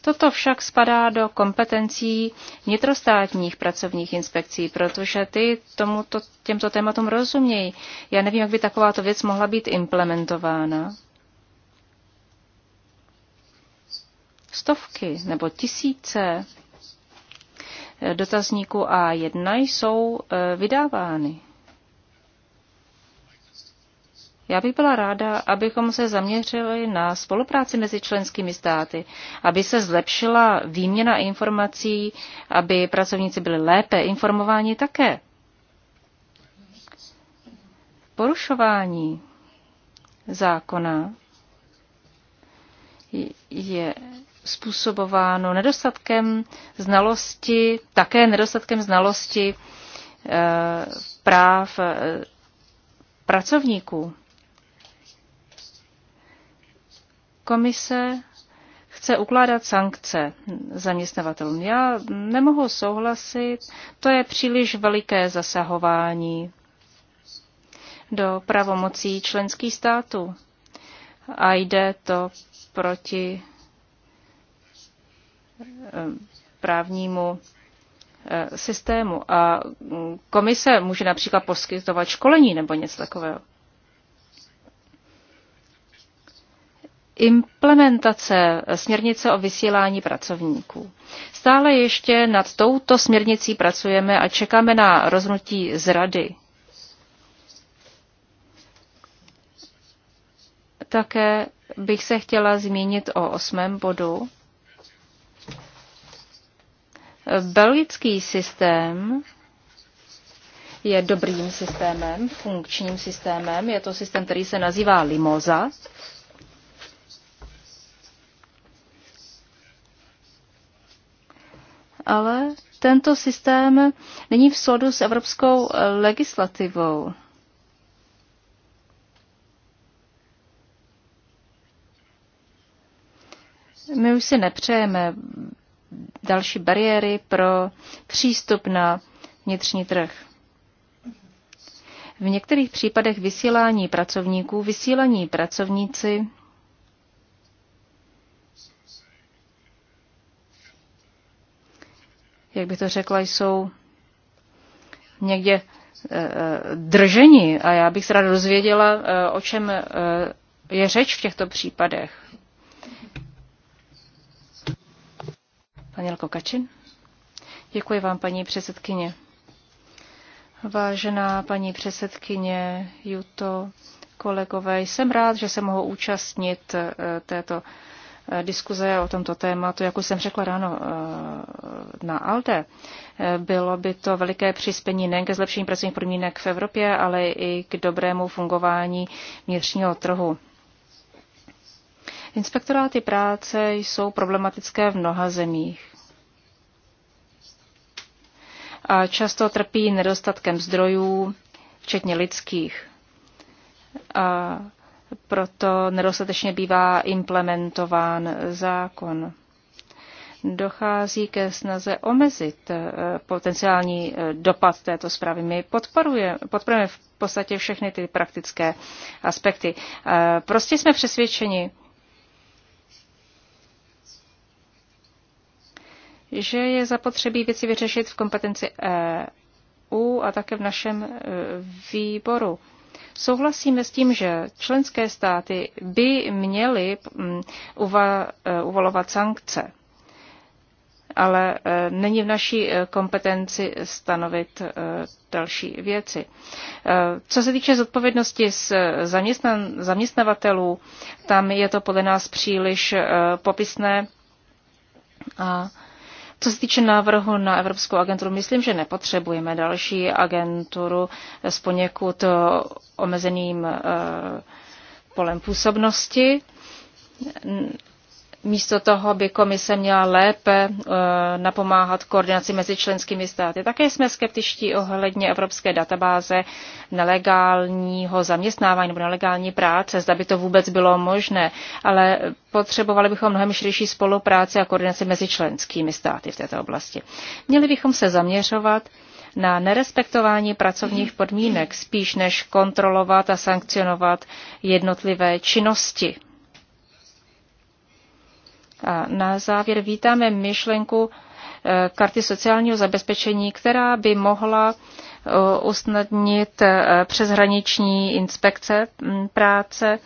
Toto však spadá do kompetencí vnitrostátních pracovních inspekcí, protože ty tomuto, těmto tématům rozumějí. Já nevím, jak by takováto věc mohla být implementována. Stovky nebo tisíce dotazníků A1 jsou e, vydávány. Já bych byla ráda, abychom se zaměřili na spolupráci mezi členskými státy, aby se zlepšila výměna informací, aby pracovníci byli lépe informováni také. Porušování zákona je způsobováno nedostatkem znalosti, také nedostatkem znalosti eh, práv eh, pracovníků. Komise chce ukládat sankce zaměstnavatelům. Já nemohu souhlasit, to je příliš veliké zasahování do pravomocí členských států. A jde to proti eh, právnímu eh, systému. A mm, komise může například poskytovat školení nebo něco takového. implementace směrnice o vysílání pracovníků. Stále ještě nad touto směrnicí pracujeme a čekáme na rozhodnutí z rady. Také bych se chtěla zmínit o osmém bodu. Belgický systém je dobrým systémem, funkčním systémem. Je to systém, který se nazývá limoza. ale tento systém není v sodu s evropskou eh, legislativou. My už si nepřejeme další bariéry pro přístup na vnitřní trh. V některých případech vysílání pracovníků, vysílaní pracovníci jak bych to řekla, jsou někde eh, eh, drženi a já bych se ráda dozvěděla, eh, o čem je řeč v těchto případech. Panělko Kačin. Děkuji vám, paní předsedkyně. Vážená paní předsedkyně Juto, kolegové, jsem rád, že se mohu účastnit této Eh, diskuze o tomto tématu, jak už jsem řekla ráno eh, na ALDE, eh, bylo by to veliké přispění nejen ke zlepšení pracovních podmínek v Evropě, ale i k dobrému fungování vnitřního trhu. Inspektoráty práce jsou problematické v mnoha zemích. A často trpí nedostatkem zdrojů, včetně lidských. A proto nedostatečně bývá implementován zákon. Dochází ke snaze omezit eh, potenciální eh, dopad této zprávy. My podporujeme, podporujeme v podstatě všechny ty praktické aspekty. Eh, prostě jsme přesvědčeni, že je zapotřebí věci vyřešit v kompetenci EU a také v našem výboru. Souhlasíme s tím, že členské státy by měly mm, e, uvalovat sankce, ale e, není v naší e, kompetenci stanovit další věci. Co se týče zodpovědnosti z zaměstnan- zaměstnavatelů, tam je to podle nás příliš popisné a co se týče návrhu na Evropskou agenturu, myslím, že nepotřebujeme další agenturu s poněkud eh, omezeným eh, polem působnosti Místo toho by komise měla lépe eh, napomáhat koordinaci mezi členskými státy. Také jsme skeptičtí ohledně evropské databáze nelegálního zaměstnávání nebo nelegální práce, zda by to vůbec bylo možné, ale potřebovali bychom mnohem širší spolupráci a koordinaci mezi členskými státy v této oblasti. Měli bychom se zaměřovat na nerespektování pracovních podmínek spíš než kontrolovat a sankcionovat jednotlivé činnosti a na závěr vítáme myšlenku e, karty sociálního zabezpečení, která by mohla e, usnadnit e, přeshraniční inspekce práce.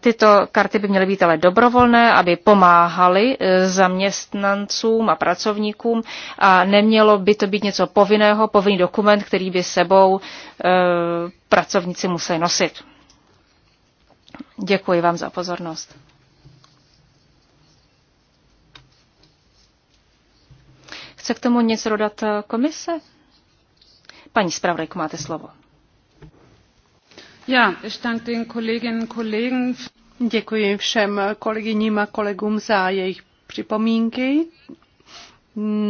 Tyto karty by měly být ale dobrovolné, aby pomáhaly zaměstnancům a pracovníkům a nemělo by to být něco povinného, povinný dokument, který by sebou pracovníci museli nosit. Děkuji vám za pozornost. Chce k tomu něco dodat eh, komise? Paní zpravodajko, máte slovo. Já, ich danke den Kolleginnen Kollegen. Děkuji všem kolegyním a kolegům za jejich připomínky.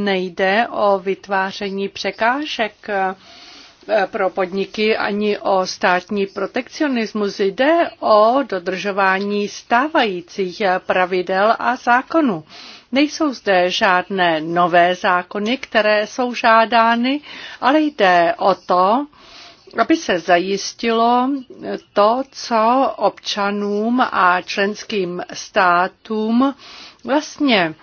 Nejde o vytváření překážek eh, pro podniky ani o státní protekcionismus. Jde o dodržování stávajících eh, pravidel a zákonů. Nejsou zde žádné nové zákony, které jsou žádány, ale jde o to, aby se zajistilo to, co občanům a členským státům vlastně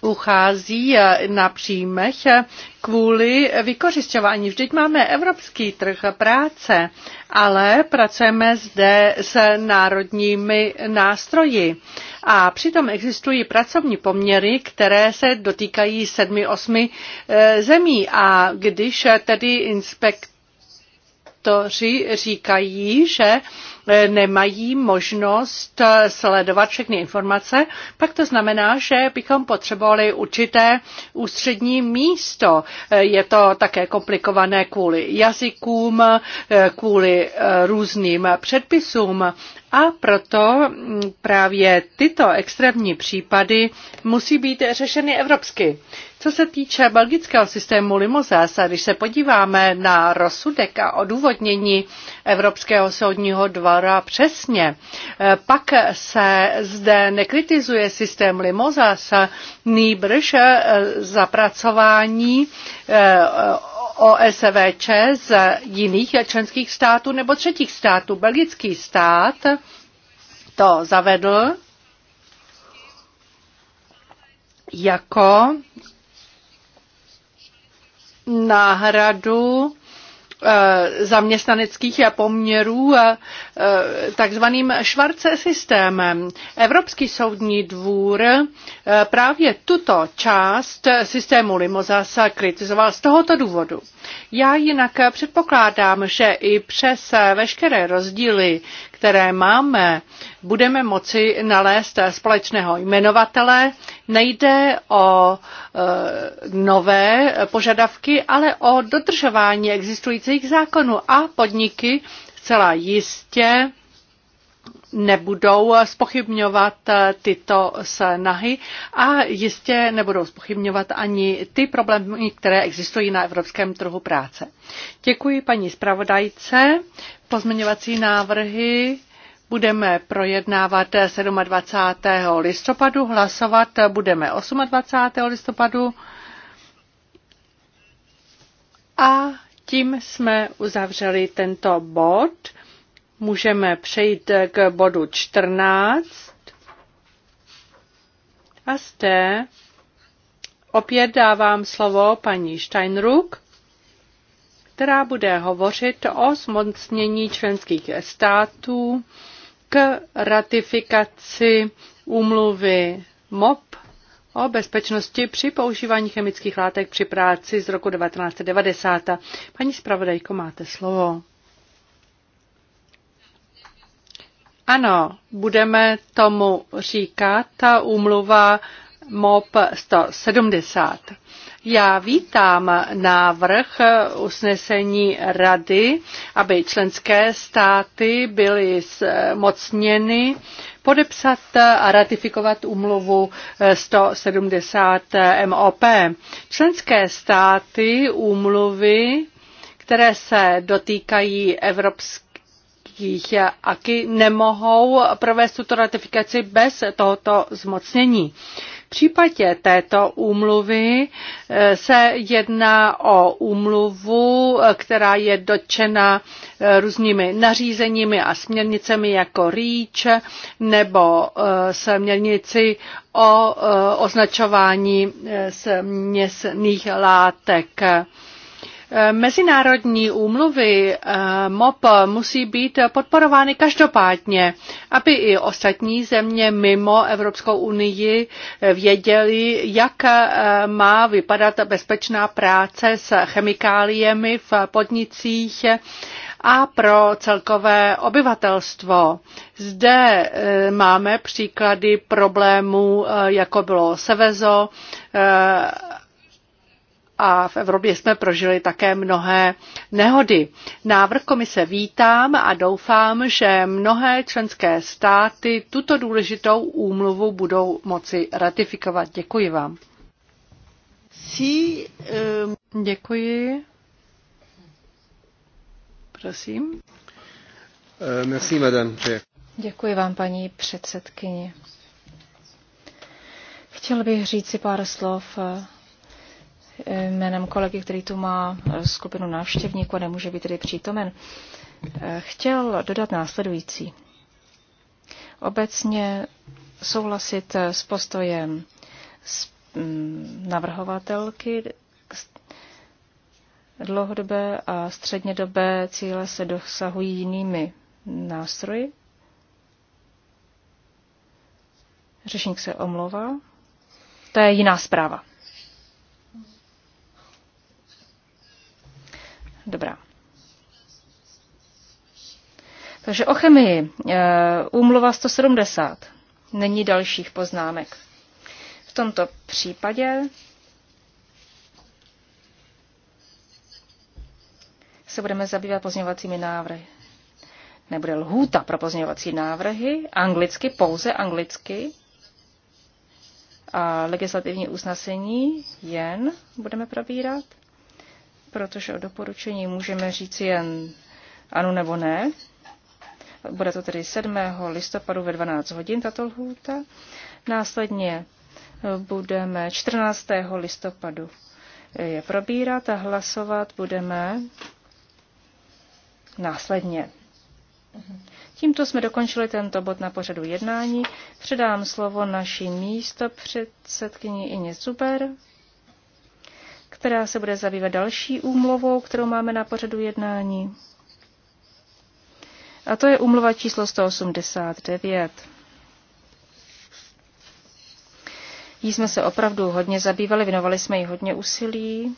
uchází eh, na příjmech eh, kvůli vykořišťování. Vždyť máme evropský trh práce, ale pracujeme zde s národními nástroji. A přitom existují pracovní poměry, které se dotýkají sedmi, osmi eh, zemí. A když tedy inspektor říkají, že E, nemají možnost e, sledovat všechny informace, pak to znamená, že bychom potřebovali určité ústřední místo. E, je to také komplikované kvůli jazykům, kvůli různým předpisům a proto právě tyto extrémní případy musí být řešeny evropsky. Co se týče belgického systému Limozes, když se podíváme na rozsudek a odůvodnění Evropského soudního dvora přesně, eh, pak se zde nekritizuje systém Limozes, nýbrž eh, zapracování eh, OSVČ z jiných členských států nebo třetích států. Belgický stát to zavedl jako náhradu eh, zaměstnaneckých poměrů eh, eh, takzvaným švarce systémem. Evropský soudní dvůr právě tuto část systému Limozasa kritizoval z tohoto důvodu. Já jinak předpokládám, že i přes veškeré rozdíly, které máme, budeme moci nalézt společného jmenovatele. Nejde o e, nové požadavky, ale o dodržování existujících zákonů a podniky zcela jistě nebudou spochybňovat eh, tyto snahy a jistě nebudou spochybňovat ani ty problémy, které existují na evropském trhu práce. Děkuji paní zpravodajce. Pozměňovací návrhy budeme projednávat 27. listopadu, hlasovat budeme 28. listopadu a tím jsme uzavřeli tento bod. Můžeme přejít k bodu 14. A zde opět dávám slovo paní Steinruck, která bude hovořit o zmocnění členských států k ratifikaci úmluvy MOP o bezpečnosti při používání chemických látek při práci z roku 1990. Paní zpravodajko, máte slovo. Ano, budeme tomu říkat úmluva MOP 170. Já vítám návrh usnesení Rady, aby členské státy byly zmocněny podepsat a ratifikovat úmluvu 170 MOP. Členské státy úmluvy které se dotýkají evropské a aky nemohou provést tuto ratifikaci bez tohoto zmocnění. V případě této úmluvy eh, se jedná o úmluvu, eh, která je dotčena eh, různými nařízeními a směrnicemi jako REACH nebo směrnici o označování směsných látek. Eh, mezinárodní úmluvy eh, MOP musí být podporovány každopádně, aby i ostatní země mimo Evropskou unii věděly, jak eh, má vypadat bezpečná práce s chemikáliemi v podnicích a pro celkové obyvatelstvo. Zde máme příklady problémů, jako bylo Sevezo, a v Evropě jsme prožili také mnohé nehody. Návrh komise vítám a doufám, že mnohé členské státy tuto důležitou úmluvu budou moci ratifikovat. Děkuji vám. Sí, um... Eh, Děkuji. Prosím. Uh, merci, madame. Děkuji vám, paní předsedkyně. Chtěl bych říct si pár slov eh, jménem kolegy, který tu má eh, skupinu návštěvníků a nemůže být tedy přítomen, eh, chtěl dodat následující. Obecně souhlasit eh, s postojem s mm, navrhovatelky dlouhodobé a střednědobé cíle se dosahují jinými nástroji. Řešník se omlouvá. To je jiná zpráva. Dobrá. Takže o chemii. Eh, úmluva 170. Není dalších poznámek. V tomto případě se budeme zabývat pozměňovacími návrhy. Nebude lhůta pro pozměňovací návrhy, anglicky, pouze anglicky. A legislativní usnesení jen budeme probírat protože o doporučení můžeme říci jen ano nebo ne. Bude to tedy 7. listopadu ve 12 hodin tato lhůta. Následně budeme 14. listopadu je probírat a hlasovat budeme následně. Tímto jsme dokončili tento bod na pořadu jednání. Předám slovo naší místo předsedkyni Ině Zuber která se bude zabývat další úmluvou, kterou máme na pořadu jednání. A to je úmluva číslo 189. Jí jsme se opravdu hodně zabývali, věnovali jsme jí hodně úsilí.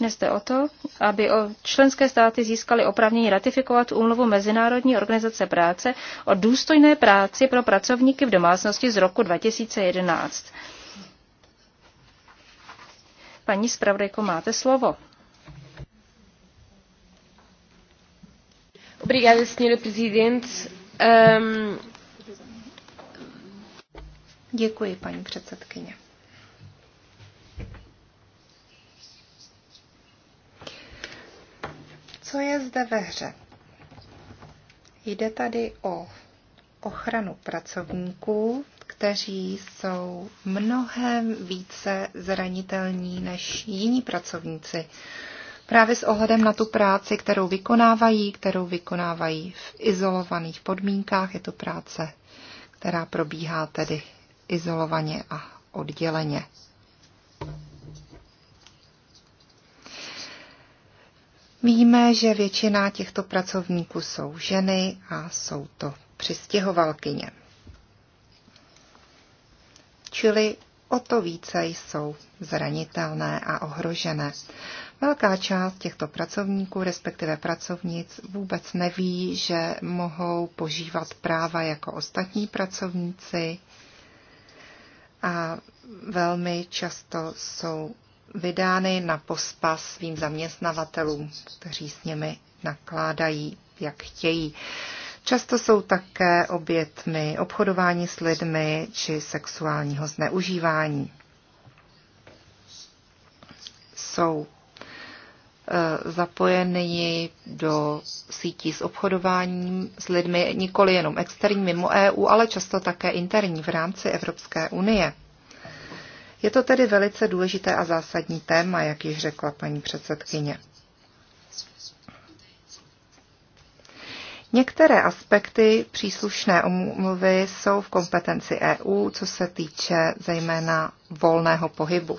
Dnes jde o to, aby o členské státy získaly oprávnění ratifikovat úmluvu Mezinárodní organizace práce o důstojné práci pro pracovníky v domácnosti z roku 2011. Paní zpravodajko, máte slovo. Obrigada, senhora presidente. Um... Děkuji, paní předsedkyně. Co je zde ve hře? Jde tady o ochranu pracovníků kteří jsou mnohem více zranitelní než jiní pracovníci. Právě s ohledem na tu práci, kterou vykonávají, kterou vykonávají v izolovaných podmínkách, je to práce, která probíhá tedy izolovaně a odděleně. Víme, že většina těchto pracovníků jsou ženy a jsou to přistěhovalkyně čili o to více jsou zranitelné a ohrožené. Velká část těchto pracovníků, respektive pracovnic, vůbec neví, že mohou požívat práva jako ostatní pracovníci a velmi často jsou vydány na pospas svým zaměstnavatelům, kteří s nimi nakládají, jak chtějí. Často jsou také obětmi obchodování s lidmi či sexuálního zneužívání. Jsou e, zapojeni do sítí s obchodováním s lidmi nikoli jenom externí mimo EU, ale často také interní v rámci Evropské unie. Je to tedy velice důležité a zásadní téma, jak již řekla paní předsedkyně. Některé aspekty příslušné omluvy jsou v kompetenci EU, co se týče zejména volného pohybu.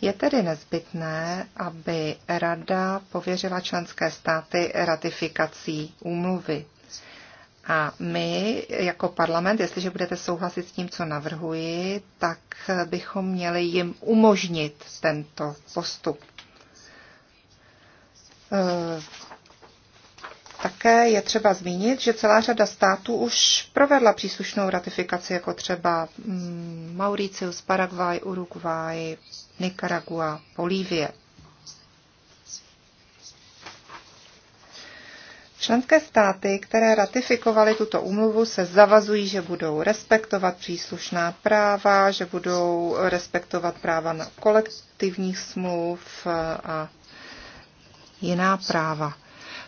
Je tedy nezbytné, aby Rada pověřila členské státy ratifikací úmluvy. A my jako parlament, jestliže budete souhlasit s tím, co navrhuji, tak bychom měli jim umožnit tento postup. Také je třeba zmínit, že celá řada států už provedla příslušnou ratifikaci, jako třeba mm, Mauricius, Paraguay, Uruguay, Nicaragua, Bolívie. Členské státy, které ratifikovaly tuto úmluvu, se zavazují, že budou respektovat příslušná práva, že budou respektovat práva na kolektivních smluv a jiná práva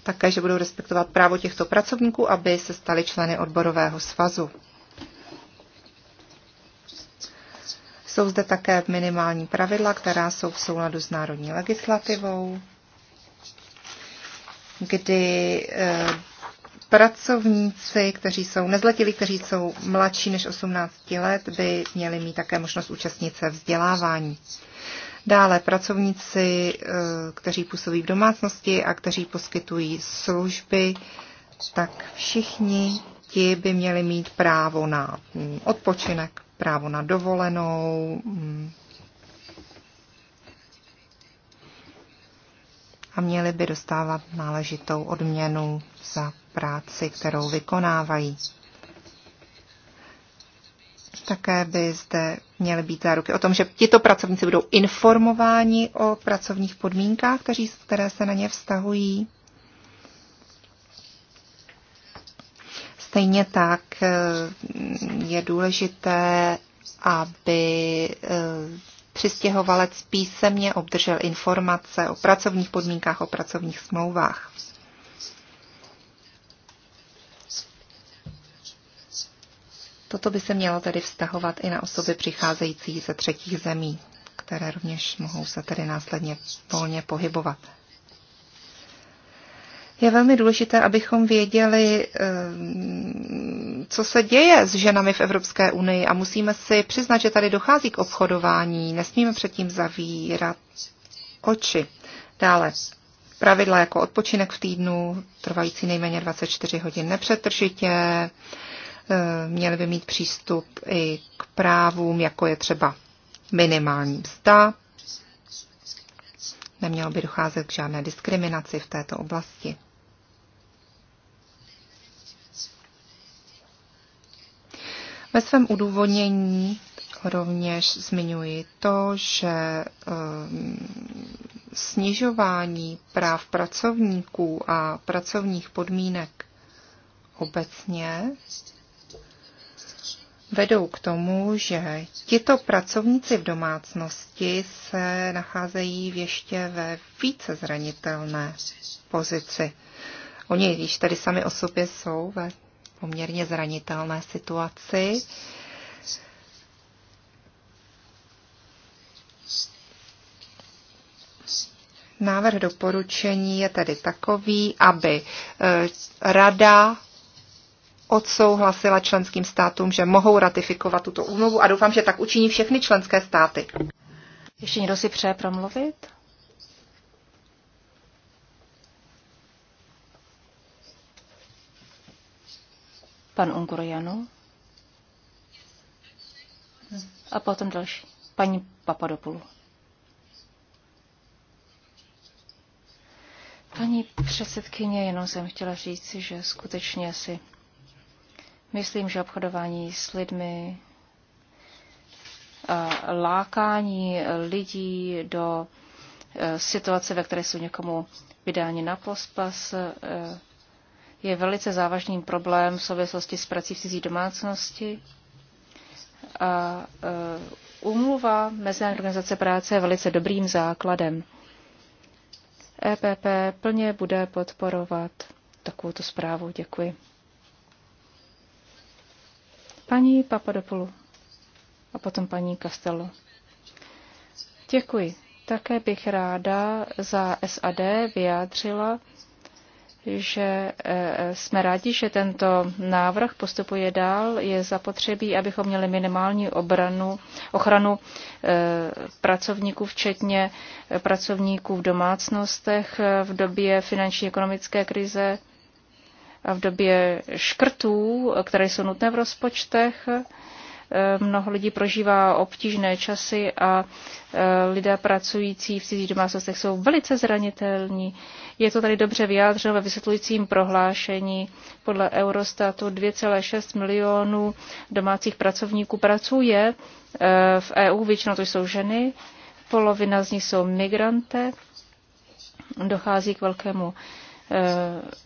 také, že budou respektovat právo těchto pracovníků, aby se stali členy odborového svazu. Jsou zde také minimální pravidla, která jsou v souladu s národní legislativou, kdy eh, pracovníci, kteří jsou nezletili, kteří jsou mladší než 18 let, by měli mít také možnost účastnit se vzdělávání. Dále pracovníci, eh, kteří působí v domácnosti a kteří poskytují služby, tak všichni ti by měli mít právo na mm, odpočinek, právo na dovolenou, mm, a měli by dostávat náležitou odměnu za práci, kterou vykonávají. Také by zde měly být záruky o tom, že tito pracovníci budou informováni o pracovních podmínkách, které se na ně vztahují. Stejně tak eh, je důležité, aby eh, přistěhovalec písemně obdržel informace o pracovních podmínkách, o pracovních smlouvách. Toto by se mělo tedy vztahovat i na osoby přicházející ze třetích zemí, které rovněž mohou se tedy následně volně pohybovat je velmi důležité, abychom věděli, ehm, co se děje s ženami v Evropské unii a musíme si přiznat, že tady dochází k obchodování, nesmíme předtím zavírat oči. Dále, pravidla jako odpočinek v týdnu, trvající nejméně 24 hodin nepřetržitě, ehm, měli by mít přístup i k právům, jako je třeba minimální mzda, Nemělo by docházet k žádné diskriminaci v této oblasti. Ve svém udůvodnění rovněž zmiňuji to, že eh, snižování práv pracovníků a pracovních podmínek obecně vedou k tomu, že tito pracovníci v domácnosti se nacházejí v ještě ve více zranitelné pozici. Oni již tady sami o sobě jsou ve poměrně zranitelné situaci. Návrh doporučení je tedy takový, aby eh, Rada odsouhlasila členským státům, že mohou ratifikovat tuto úmluvu a doufám, že tak učiní všechny členské státy. Ještě někdo si přeje promluvit? Pan Ungurojanu. A potom další. Paní Papadopoulou. Paní předsedkyně, jenom jsem chtěla říct, že skutečně si myslím, že obchodování s lidmi a lákání lidí do e, situace, ve které jsou někomu vydáni na pospas, e, je velice závažným problém v souvislosti s prací v cizí domácnosti. A e, úmluva Mezinárodní organizace práce je velice dobrým základem. EPP plně bude podporovat takovouto zprávu. Děkuji. Paní Papadopoulou a potom paní Castello. Děkuji. Také bych ráda za SAD vyjádřila že e, jsme rádi, že tento návrh postupuje dál. Je zapotřebí, abychom měli minimální obranu, ochranu e, pracovníků, včetně e, pracovníků v domácnostech v době finanční ekonomické krize a v době škrtů, které jsou nutné v rozpočtech Eh, mnoho lidí prožívá obtížné časy a eh, lidé pracující v cizích domácnostech jsou velice zranitelní. Je to tady dobře vyjádřeno ve vysvětlujícím prohlášení. Podle Eurostatu 2,6 milionů domácích pracovníků pracuje eh, v EU, většinou to jsou ženy, polovina z nich jsou migrante, dochází k velkému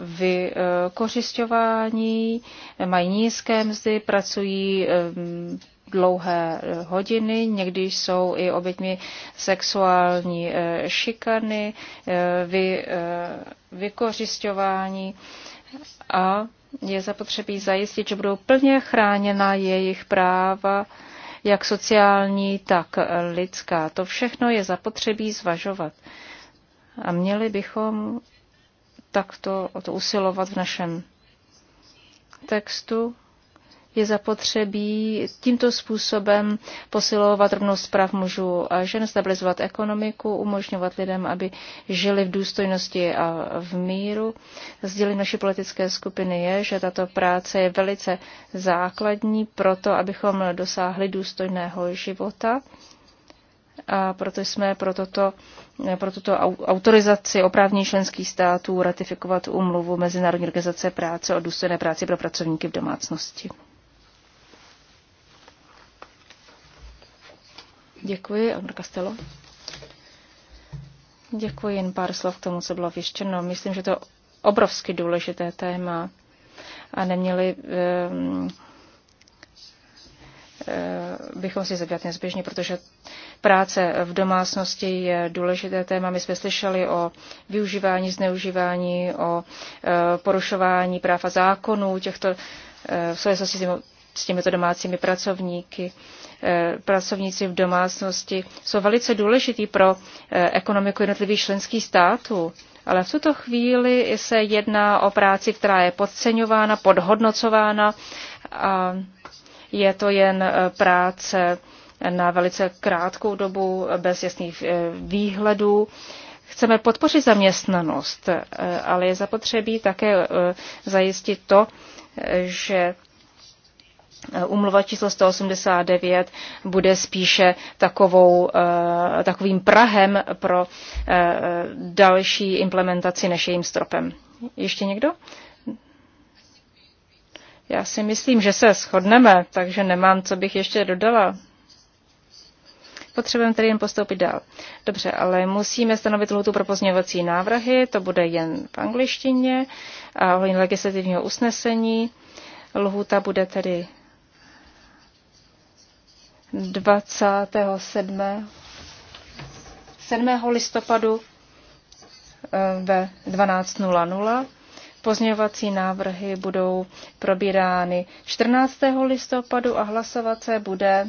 vykořišťování, mají nízké mzdy, pracují eh, dlouhé hodiny, někdy jsou i oběťmi sexuální eh, šikany, eh, vy, vykořišťování a je zapotřebí zajistit, že budou plně chráněna jejich práva, jak sociální, tak lidská. To všechno je zapotřebí zvažovat. A měli bychom takto o to usilovat v našem textu. Je zapotřebí tímto způsobem posilovat rovnost práv mužů a žen, stabilizovat ekonomiku, umožňovat lidem, aby žili v důstojnosti a v míru. Zdělí naší politické skupiny je, že tato práce je velice základní pro to, abychom dosáhli důstojného života a proto jsme pro, toto, pro tuto autorizaci oprávní členských států ratifikovat umluvu Mezinárodní organizace práce o důstojné práci pro pracovníky v domácnosti. Děkuji, Andr Castello. Děkuji, jen pár slov k tomu, co bylo vyštěno. Myslím, že to obrovsky důležité téma a neměli um, Eh, bychom si zabývat nezběžně, protože práce v domácnosti je důležité téma. My jsme slyšeli o využívání, zneužívání, o eh, porušování práv a zákonů těchto eh, v souvislosti s těmito domácími pracovníky. Pracovníci v domácnosti jsou velice důležitý pro ekonomiku jednotlivých členských států. Ale v tuto chvíli se jedná o práci, která je podceňována, podhodnocována a je to jen eh, práce na velice krátkou dobu, bez jasných eh, výhledů. Chceme podpořit zaměstnanost, eh, ale je zapotřebí také zajistit to, že Umluva číslo 189 bude spíše takovou, takovým prahem pro další implementaci než jejím stropem. Ještě někdo? Já si myslím, že se shodneme, takže nemám, co bych ještě dodala. Potřebujeme tedy jen postoupit dál. Dobře, ale musíme stanovit lhutu pro pozměňovací návrhy, to bude jen v angličtině a ohledně legislativního usnesení. Lhuta bude tedy 27. 7. listopadu eh, ve 12.00 Pozměňovací návrhy budou probírány 14. listopadu a hlasovat se bude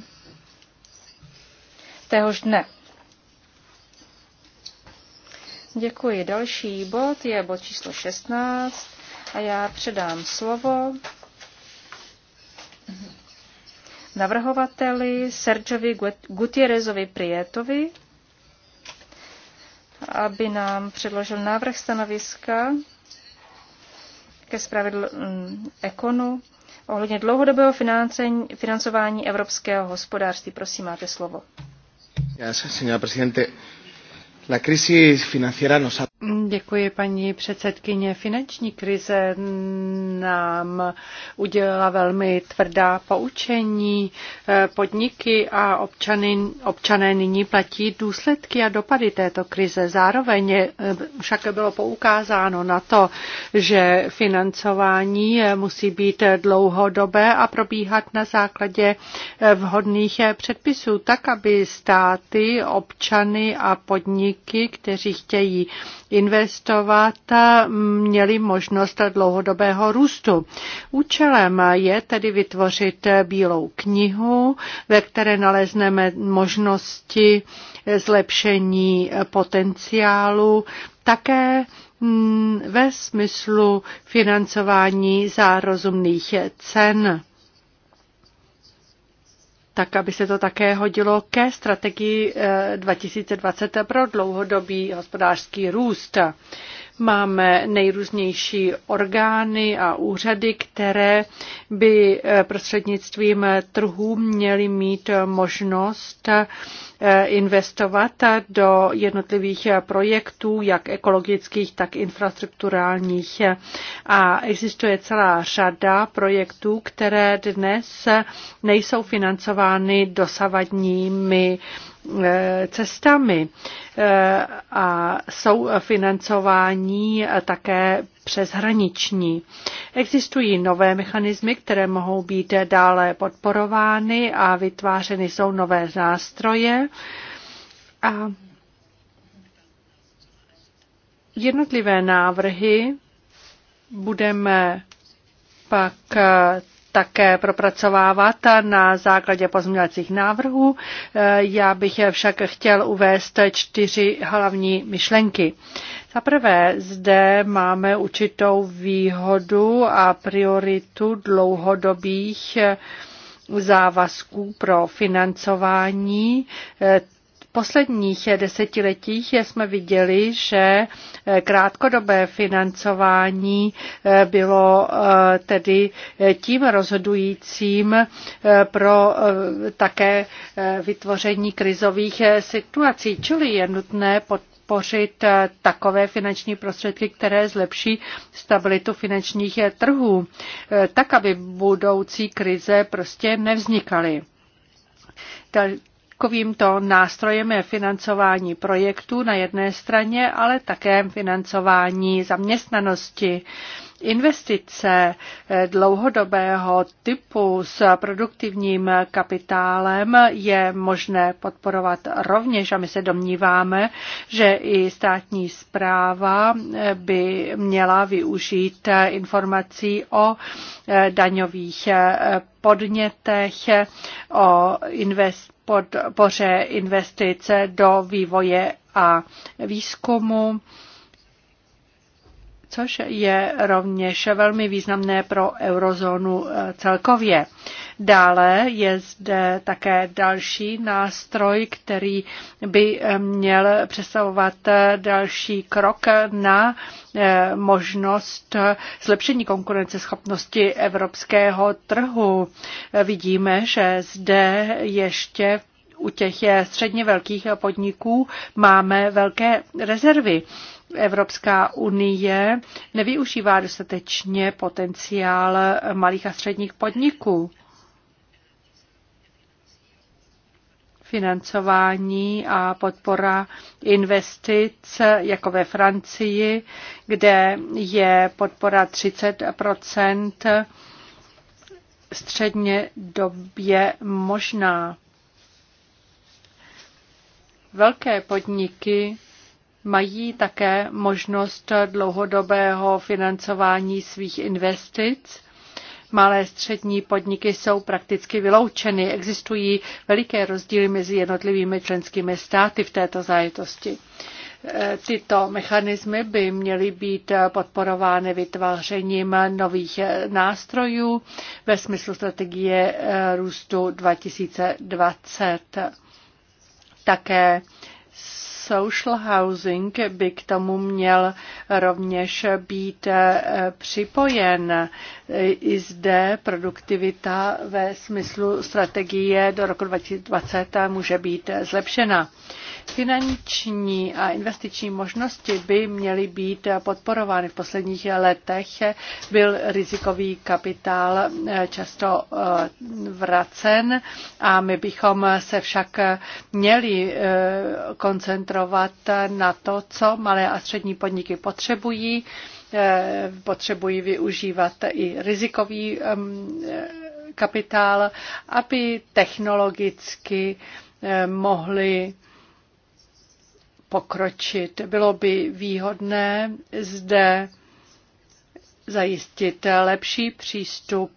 téhož dne. Děkuji. Další bod je bod číslo 16 a já předám slovo navrhovateli Sergiovi Gutierrezovi Prietovi, aby nám předložil návrh stanoviska ke spravedl mm, ekonu ohledně dlouhodobého financování evropského hospodářství. Prosím, máte slovo. Děkuji, paní předsedkyně. Finanční krize nám udělala velmi tvrdá poučení. Podniky a občany, občané nyní platí důsledky a dopady této krize. Zároveň však bylo poukázáno na to, že financování musí být dlouhodobé a probíhat na základě vhodných předpisů, tak aby státy, občany a podniky, kteří chtějí investovat, investovat, měli možnost dlouhodobého růstu. Účelem je tedy vytvořit bílou knihu, ve které nalezneme možnosti zlepšení potenciálu, také mm, ve smyslu financování za rozumných cen tak aby se to také hodilo ke strategii eh, 2020 pro dlouhodobý hospodářský růst. Máme nejrůznější orgány a úřady, které by eh, prostřednictvím trhů měly mít možnost eh, investovat do jednotlivých projektů, jak ekologických, tak infrastrukturálních. A existuje celá řada projektů, které dnes nejsou financovány dosavadními Eh, cestami eh, a jsou financování také přeshraniční. Existují nové mechanismy, které mohou být dále podporovány a vytvářeny jsou nové nástroje. A jednotlivé návrhy budeme pak také propracovávat na základě pozměňovacích návrhů. Já bych však chtěl uvést čtyři hlavní myšlenky. Za prvé, zde máme určitou výhodu a prioritu dlouhodobých závazků pro financování posledních desetiletích jsme viděli, že eh, krátkodobé financování eh, bylo eh, tedy tím rozhodujícím pro také vytvoření krizových situací, čili je nutné pod podpořit takové finanční prostředky, které zlepší stabilitu finančních trhů, tak aby budoucí krize prostě nevznikaly Takovýmto nástrojem je financování projektů na jedné straně, ale také financování zaměstnanosti. Investice eh, dlouhodobého typu s produktivním kapitálem je možné podporovat rovněž a my se domníváme, že i státní zpráva eh, by měla využít eh, informací o daňových podnětech, o invest podpoře investice do vývoje a výzkumu což je rovněž velmi významné pro eurozónu eh, celkově. Dále je zde také další nástroj, který by eh, měl představovat eh, další krok na možnost zlepšení konkurenceschopnosti evropského trhu. Vidíme, že zde ještě u těch středně velkých podniků máme velké rezervy. Evropská unie nevyužívá dostatečně potenciál malých a středních podniků. financování a podpora investic, jako ve Francii, kde je podpora 30 středně době možná. Velké podniky mají také možnost dlouhodobého financování svých investic. Malé střední podniky jsou prakticky vyloučeny. Existují veliké rozdíly mezi jednotlivými členskými státy v této zájetosti. E, tyto mechanismy by měly být podporovány vytvářením nových nástrojů ve smyslu strategie e, růstu 2020. Také Social housing by k tomu měl rovněž být eh, připojen. Eh, I zde produktivita ve smyslu strategie do roku 2020 eh, může být zlepšena. Finanční a investiční možnosti by měly být podporovány. V posledních letech byl rizikový kapitál často vracen a my bychom se však měli koncentrovat koncentrovat na to, co malé a střední podniky potřebují. Eh, potřebují využívat i rizikový eh, kapitál, aby technologicky eh, mohli pokročit. Bylo by výhodné zde zajistit lepší přístup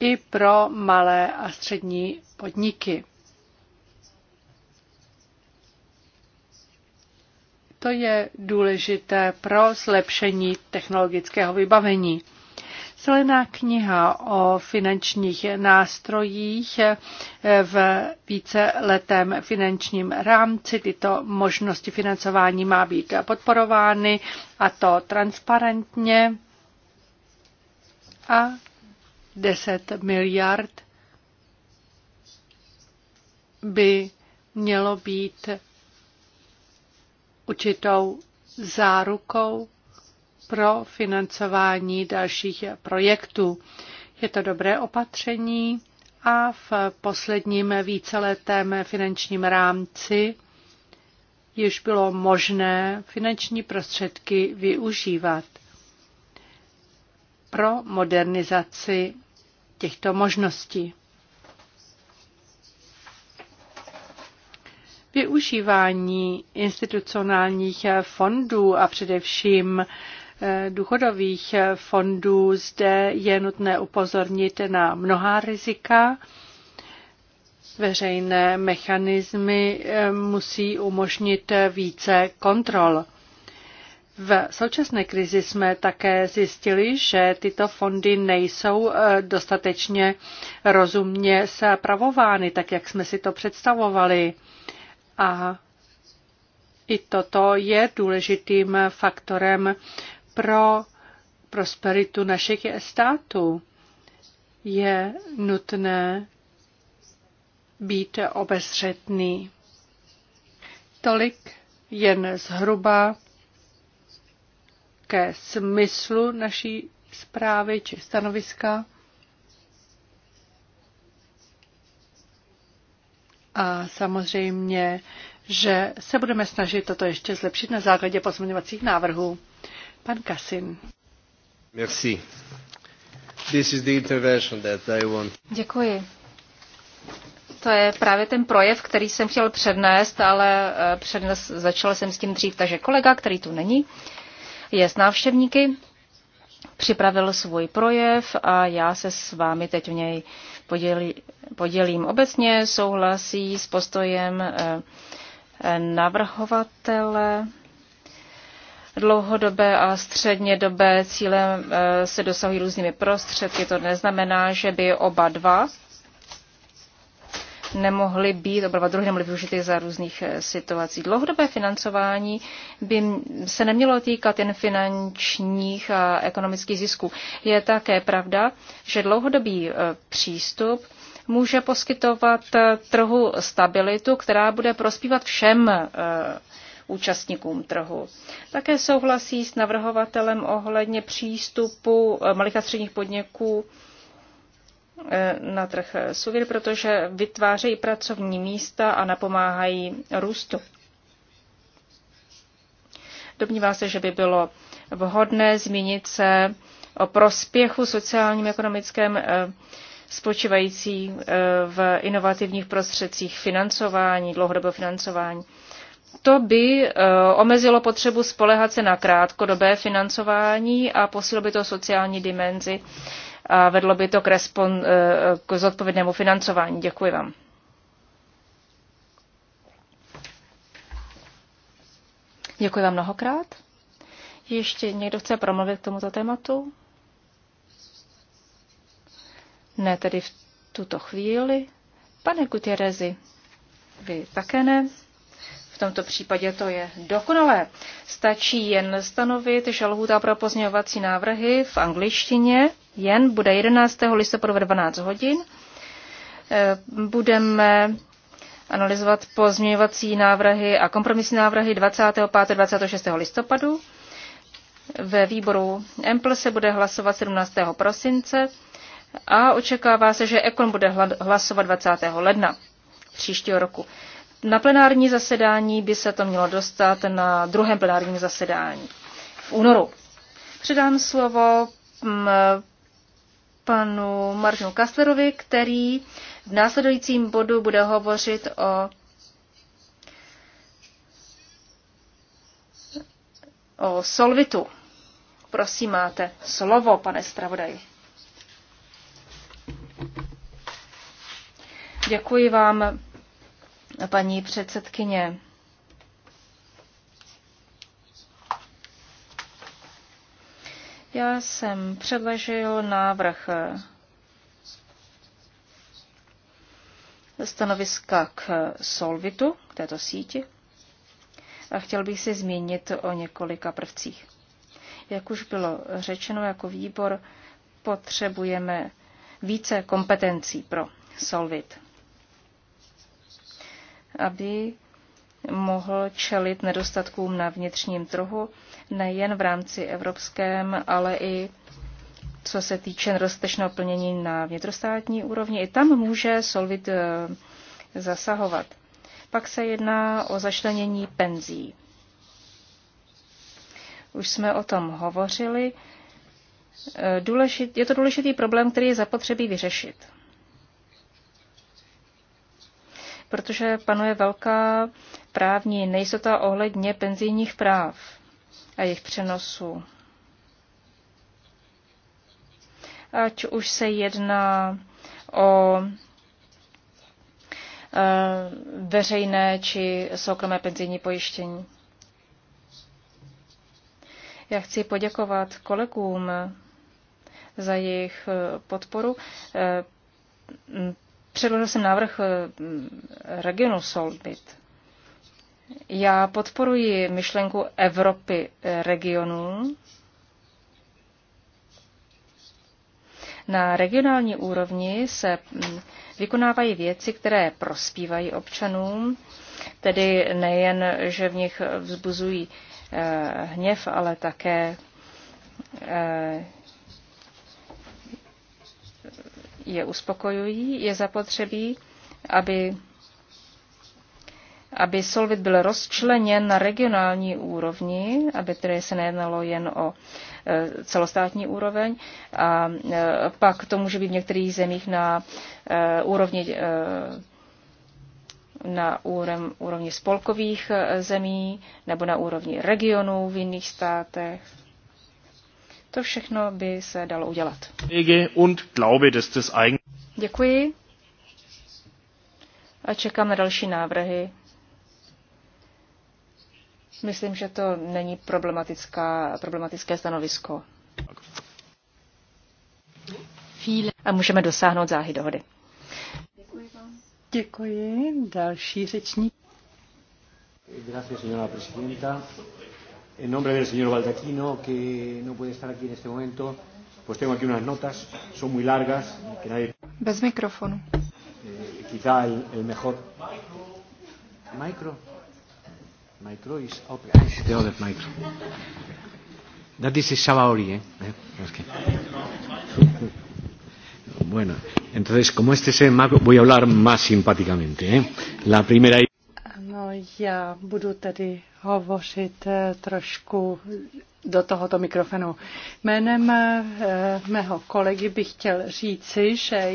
i pro malé a střední podniky. To je důležité pro zlepšení technologického vybavení. Zelená kniha o finančních nástrojích v víceletém finančním rámci. Tyto možnosti financování má být podporovány a to transparentně a 10 miliard by mělo být určitou zárukou pro financování dalších projektů. Je to dobré opatření a v posledním víceletém finančním rámci již bylo možné finanční prostředky využívat pro modernizaci těchto možností. Využívání institucionálních fondů a především eh, důchodových fondů zde je nutné upozornit na mnohá rizika. Veřejné mechanismy eh, musí umožnit více kontrol. V současné krizi jsme také zjistili, že tyto fondy nejsou eh, dostatečně rozumně zpravovány, tak jak jsme si to představovali. A i toto je důležitým faktorem pro prosperitu našich států. Je nutné být obezřetný. Tolik jen zhruba ke smyslu naší zprávy či stanoviska. A samozřejmě, že se budeme snažit toto ještě zlepšit na základě pozměňovacích návrhů. Pan Kasin. Merci. This is the intervention that I want. Děkuji. To je právě ten projev, který jsem chtěl přednést, ale eh, přednes, začal jsem s tím dřív, takže kolega, který tu není, je s návštěvníky, připravil svůj projev a já se s vámi teď v něj uh, podělí, podělím. Obecně souhlasí s postojem eh, navrhovatele. Dlouhodobé a střednědobé cíle eh, se dosahují různými prostředky. To neznamená, že by oba dva nemohly být, oba druhy nemohly využity za různých eh, situací. Dlouhodobé financování by se nemělo týkat jen finančních a ekonomických zisků. Je také pravda, že dlouhodobý eh, přístup může poskytovat eh, trhu stabilitu, která bude prospívat všem účastníkům trhu. Také souhlasí s navrhovatelem ohledně přístupu malých a středních podniků Eh, na trh suvěr, protože vytvářejí pracovní místa a napomáhají růstu. Domnívá se, že by bylo vhodné zmínit se o prospěchu sociálním ekonomickém eh, spočívající eh, v inovativních prostředcích financování, dlouhodobého financování. To by omezilo potřebu spolehat se na krátkodobé financování a posílilo by to sociální dimenzi a vedlo by to k, respon, e, k zodpovědnému financování. Děkuji vám. Děkuji vám mnohokrát. Ještě někdo chce promluvit k tomuto tématu? Ne, tedy v tuto chvíli. Pane Gutierrezi, vy také ne tomto případě to je dokonalé. Stačí jen stanovit, že lhůta pro pozměňovací návrhy v angličtině jen bude 11. listopadu ve 12 hodin. Eh, budeme analyzovat pozměňovací návrhy a kompromisní návrhy 25. 26. listopadu. Ve výboru EMPL se bude hlasovat 17. prosince a očekává se, že EKON bude hlasovat 20. ledna příštího roku. Na plenární zasedání by se to mělo dostat na druhém plenárním zasedání v únoru. Předám slovo mm, panu Martinu Kastlerovi, který v následujícím bodu bude hovořit o o Solvitu. Prosím, máte slovo, pane zpravodaji. Děkuji vám, paní předsedkyně. Já jsem předložil návrh stanoviska k Solvitu, k této síti, a chtěl bych se zmínit o několika prvcích. Jak už bylo řečeno, jako výbor potřebujeme více kompetencí pro Solvit aby mohl čelit nedostatkům na vnitřním trhu, nejen v rámci evropském, ale i co se týče nedostatečného plnění na vnitrostátní úrovni. I tam může Solvit eh, zasahovat. Pak se jedná o začlenění penzí. Už jsme o tom hovořili. Eh, je to důležitý problém, který je zapotřebí vyřešit. protože panuje velká právní nejistota ohledně penzijních práv a jejich přenosu. Ať už se jedná o eh, veřejné či soukromé penzijní pojištění. Já chci poděkovat kolegům za jejich eh, podporu. Eh, Předložil jsem návrh eh, regionu Solbit. Já podporuji myšlenku Evropy eh, regionů. Na regionální úrovni se mm, vykonávají věci, které prospívají občanům, tedy nejen, že v nich vzbuzují eh, hněv, ale také je uspokojují, je zapotřebí, aby, aby Solvit byl rozčleněn na regionální úrovni, aby tedy se nejednalo jen o e, celostátní úroveň a e, pak to může být v některých zemích na e, úrovni na úrovni spolkových zemí nebo na úrovni regionů v jiných státech. To všechno by se dalo udělat. Děkuji a čekám na další návrhy. Myslím, že to není problematická, problematické stanovisko. A můžeme dosáhnout záhy dohody. Děkuji vám. Děkuji. Další řečník. Gracias, señora presidenta en nombre del señor Baldaquino, que no puede estar aquí en este momento, pues tengo aquí unas notas, son muy largas. Que nadie... Ves micrófono. Eh, quizá el, el mejor. Micro. Micro is up. the other micro. That is Shabaori, ¿eh? eh? Es que... bueno, entonces, como este es el macro, voy a hablar más simpáticamente. ¿eh? La primera. No, já budu tedy hovořit eh, trošku do tohoto mikrofonu. Jménem eh, mého kolegy bych chtěl říci, že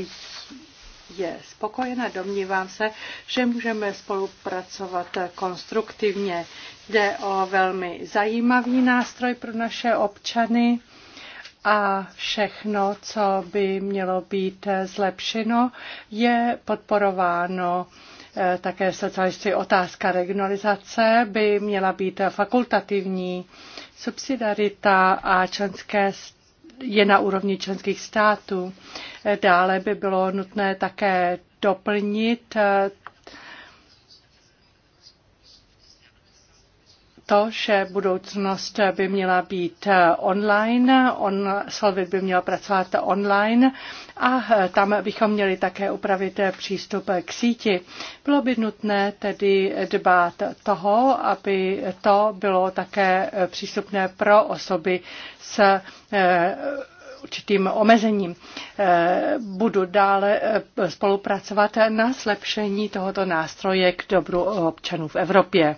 je spokojena, domnívám se, že můžeme spolupracovat konstruktivně. Jde o velmi zajímavý nástroj pro naše občany a všechno, co by mělo být zlepšeno, je podporováno Eh, také socialisty. otázka regionalizace by měla být fakultativní. Subsidiarita a členské je na úrovni členských států. Eh, dále by bylo nutné také doplnit eh, to, že budoucnost by měla být online, on, Solvit by měl pracovat online a tam bychom měli také upravit přístup k síti. Bylo by nutné tedy dbát toho, aby to bylo také přístupné pro osoby s eh, určitým omezením. Eh, budu dále eh, spolupracovat na zlepšení tohoto nástroje k dobru občanů v Evropě.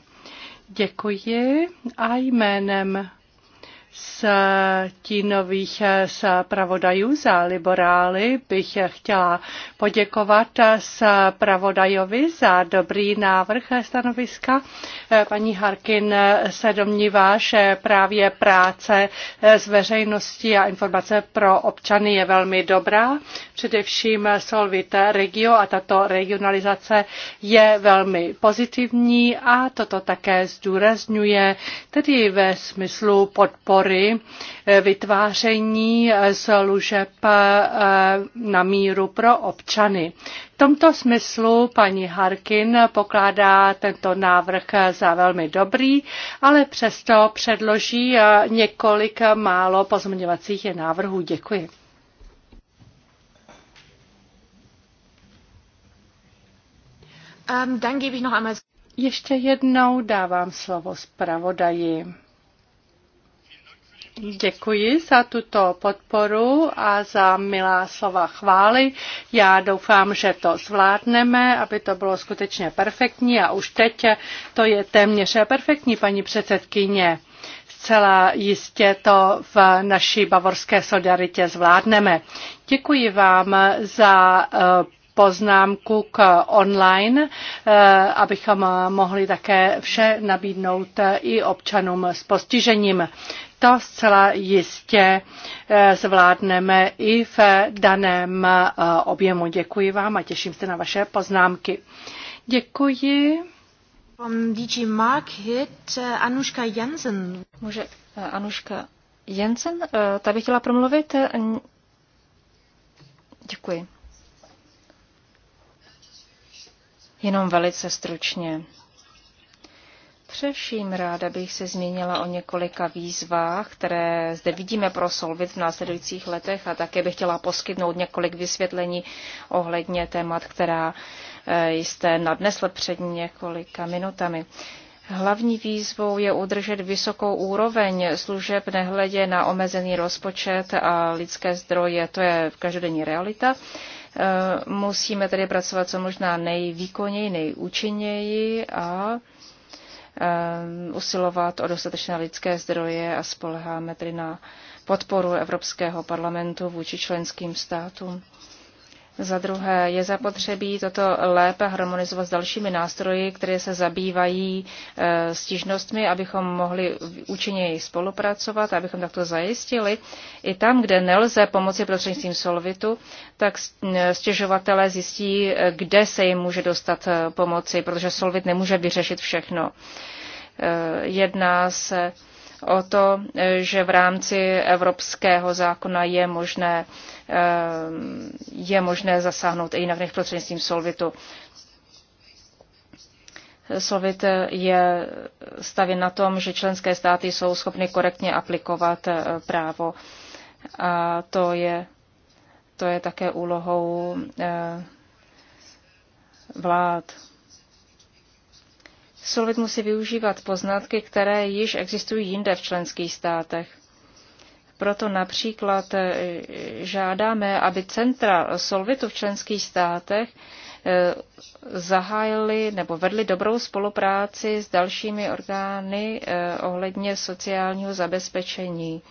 Děkuji a jménem stínových zpravodajů za liberály bych chtěla poděkovat zpravodajovi za dobrý návrh stanoviska. Paní Harkin se domnívá, že právě práce s veřejností a informace pro občany je velmi dobrá. Především Solvit Regio a tato regionalizace je velmi pozitivní a toto také zdůrazňuje, tedy ve smyslu podpory podpory eh, vytváření eh, služeb eh, na míru pro občany. V tomto smyslu paní Harkin pokládá tento návrh za velmi dobrý, ale přesto předloží několik málo pozměňovacích návrhů. Děkuji. Um, Ještě jednou dávám slovo zpravodaji. Děkuji za tuto podporu a za milá slova chvály. Já doufám, že to zvládneme, aby to bylo skutečně perfektní a už teď to je téměř perfektní, paní předsedkyně. Zcela jistě to v naší bavorské solidaritě zvládneme. Děkuji vám za eh, poznámku k online, eh, abychom mohli také vše nabídnout eh, i občanům s postižením to zcela jistě eh, zvládneme i v daném eh, objemu. Děkuji vám a těším se na vaše poznámky. Děkuji. From DG Market, eh, Anuška Jensen. Může Anuška Jensen, ta by chtěla promluvit. Děkuji. Jenom velice stručně. Především ráda bych se zmínila o několika výzvách, které zde vidíme pro Solvit v následujících letech a také bych chtěla poskytnout několik vysvětlení ohledně témat, která eh, jste nadnesl před několika minutami. Hlavní výzvou je udržet vysokou úroveň služeb nehledě na omezený rozpočet a lidské zdroje. To je každodenní realita. Eh, musíme tedy pracovat co možná nejvýkonněji, nejúčinněji a Eh, usilovat o dostatečné lidské zdroje a spoleháme tedy na podporu Evropského parlamentu vůči členským státům. Za druhé, je zapotřebí toto lépe harmonizovat s dalšími nástroji, které se zabývají eh, stížnostmi, abychom mohli účinněji spolupracovat, abychom takto zajistili. I tam, kde nelze pomoci prostřednictvím solvitu, tak stěžovatelé zjistí, eh, kde se jim může dostat eh, pomoci, protože solvit nemůže vyřešit všechno. Jedná se o to, že v rámci evropského zákona je možné, eh, je možné zasáhnout i jinak než prostřednictvím Solvitu. Solvit je stavěn na tom, že členské státy jsou schopny korektně aplikovat eh, právo. A to je, to je také úlohou eh, vlád. Solvit musí využívat poznatky, které již existují jinde v členských státech. Proto například e, žádáme, aby centra Solvitu v členských státech e, zahájili nebo vedli dobrou spolupráci s dalšími orgány e, ohledně sociálního zabezpečení.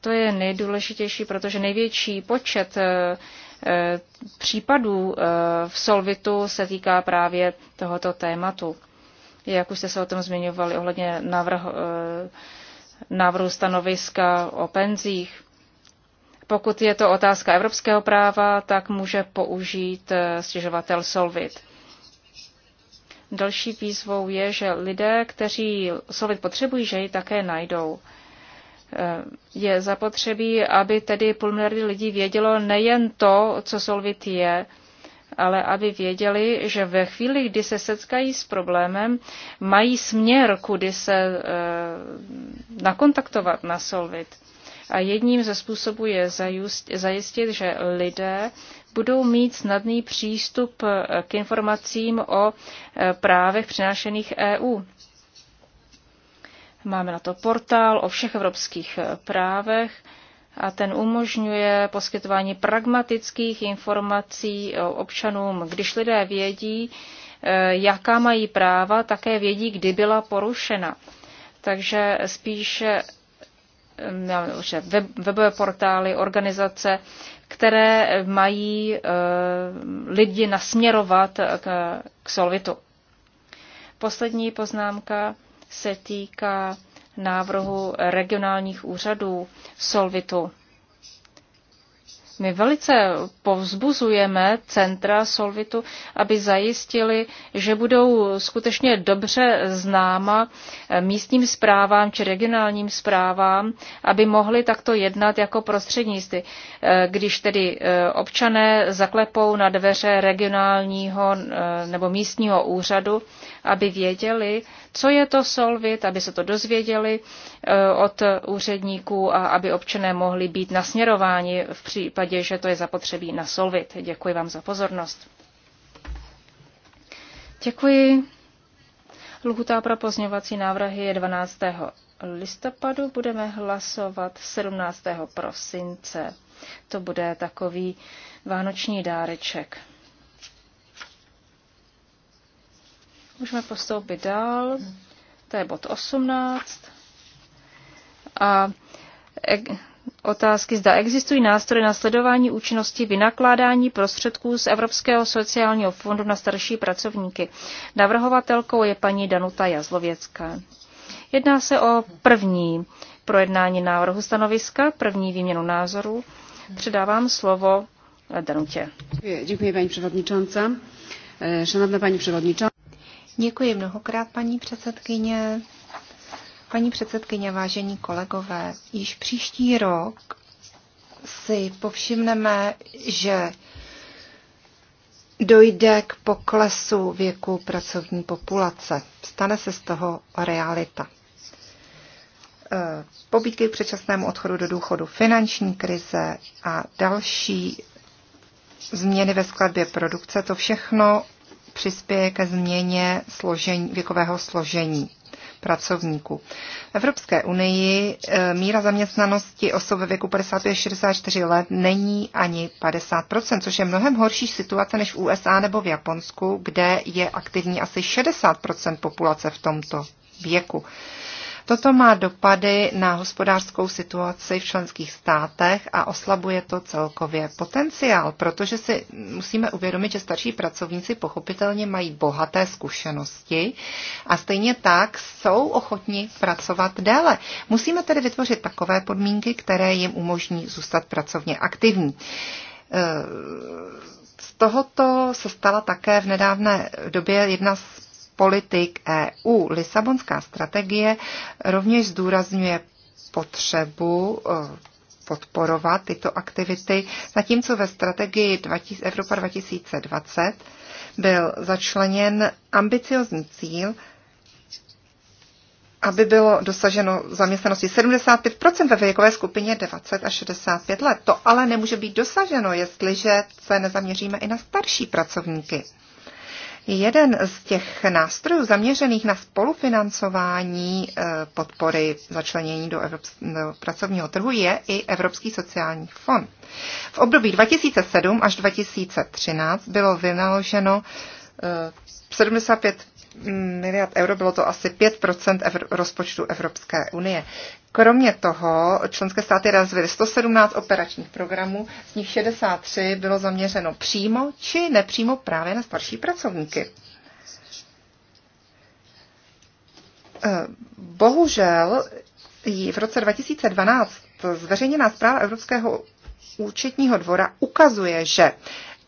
To je nejdůležitější, protože největší počet případů v Solvitu se týká právě tohoto tématu jak už jste se o tom zmiňovali, ohledně návrh, eh, návrhu stanoviska o penzích. Pokud je to otázka evropského práva, tak může použít eh, stěžovatel Solvit. Další výzvou je, že lidé, kteří Solvit potřebují, že ji také najdou eh, je zapotřebí, aby tedy půl miliardy lidí vědělo nejen to, co Solvit je, ale aby věděli, že ve chvíli, kdy se setkají s problémem, mají směr, kudy se e, nakontaktovat nasolvit. A jedním ze způsobů je zajistit, že lidé budou mít snadný přístup eh, k informacím o eh, právech přinášených EU. Máme na to portál o všech evropských právech, a ten umožňuje poskytování pragmatických informací občanům. Když lidé vědí, eh, jaká mají práva, také vědí, kdy byla porušena. Takže spíše eh, webové portály, organizace, které mají eh, lidi nasměrovat k, k solvitu. Poslední poznámka se týká návrhu regionálních úřadů Solvitu. My velice povzbuzujeme centra Solvitu, aby zajistili, že budou skutečně dobře známa místním zprávám či regionálním zprávám, aby mohli takto jednat jako prostředníci. Když tedy e, občané zaklepou na dveře regionálního e, nebo místního úřadu, aby věděli, co je to Solvit, aby se to dozvěděli eh, od úředníků a aby občané mohli být nasměrováni v případě, že to je zapotřebí na Solvit. Děkuji vám za pozornost. Děkuji. Lhutá pro pozměňovací návrhy je 12. listopadu. Budeme hlasovat 17. prosince. To bude takový vánoční dáreček. Můžeme postoupit dál. To je bod 18. A otázky, zda existují nástroje na sledování účinnosti vynakládání prostředků z Evropského sociálního fondu na starší pracovníky. Navrhovatelkou je paní Danuta Jazlověcká. Jedná se o první projednání návrhu stanoviska, první výměnu názoru. Předávám slovo eh, Danutě. Děkuji, paní předsedající. Szanowna paní Przewodnicząca. Děkuji mnohokrát, paní předsedkyně. Paní předsedkyně, vážení kolegové, již příští rok si povšimneme, že dojde k poklesu věku pracovní populace. Stane se z toho realita. E, pobídky k předčasnému odchodu do důchodu, finanční krize a další změny ve skladbě produkce, to všechno přispěje ke změně složení, věkového složení pracovníků. V Evropské unii e, míra zaměstnanosti osob ve věku 55-64 let není ani 50%, což je mnohem horší situace než v USA nebo v Japonsku, kde je aktivní asi 60% populace v tomto věku. Toto má dopady na hospodářskou situaci v členských státech a oslabuje to celkově potenciál, protože si musíme uvědomit, že starší pracovníci pochopitelně mají bohaté zkušenosti a stejně tak jsou ochotni pracovat déle. Musíme tedy vytvořit takové podmínky, které jim umožní zůstat pracovně aktivní. E, z tohoto se stala také v nedávné době jedna z politik EU. Lisabonská strategie rovněž zdůrazňuje potřebu eh, podporovat tyto aktivity, zatímco ve strategii 20, Evropa 2020 byl začleněn ambiciozní cíl, aby bylo dosaženo zaměstnanosti 75% ve věkové skupině 20 až 65 let. To ale nemůže být dosaženo, jestliže se nezaměříme i na starší pracovníky. Jeden z těch nástrojů zaměřených na spolufinancování e, podpory začlenění do, Evropsk- do pracovního trhu je i Evropský sociální fond. V období 2007 až 2013 bylo vynaloženo 75 e, miliard euro, bylo to asi 5 rozpočtu Evropské unie. Kromě toho členské státy razvily 117 operačních programů, z nich 63 bylo zaměřeno přímo či nepřímo právě na starší pracovníky. Eh, bohužel v roce 2012 zveřejněná zpráva Evropského účetního dvora ukazuje, že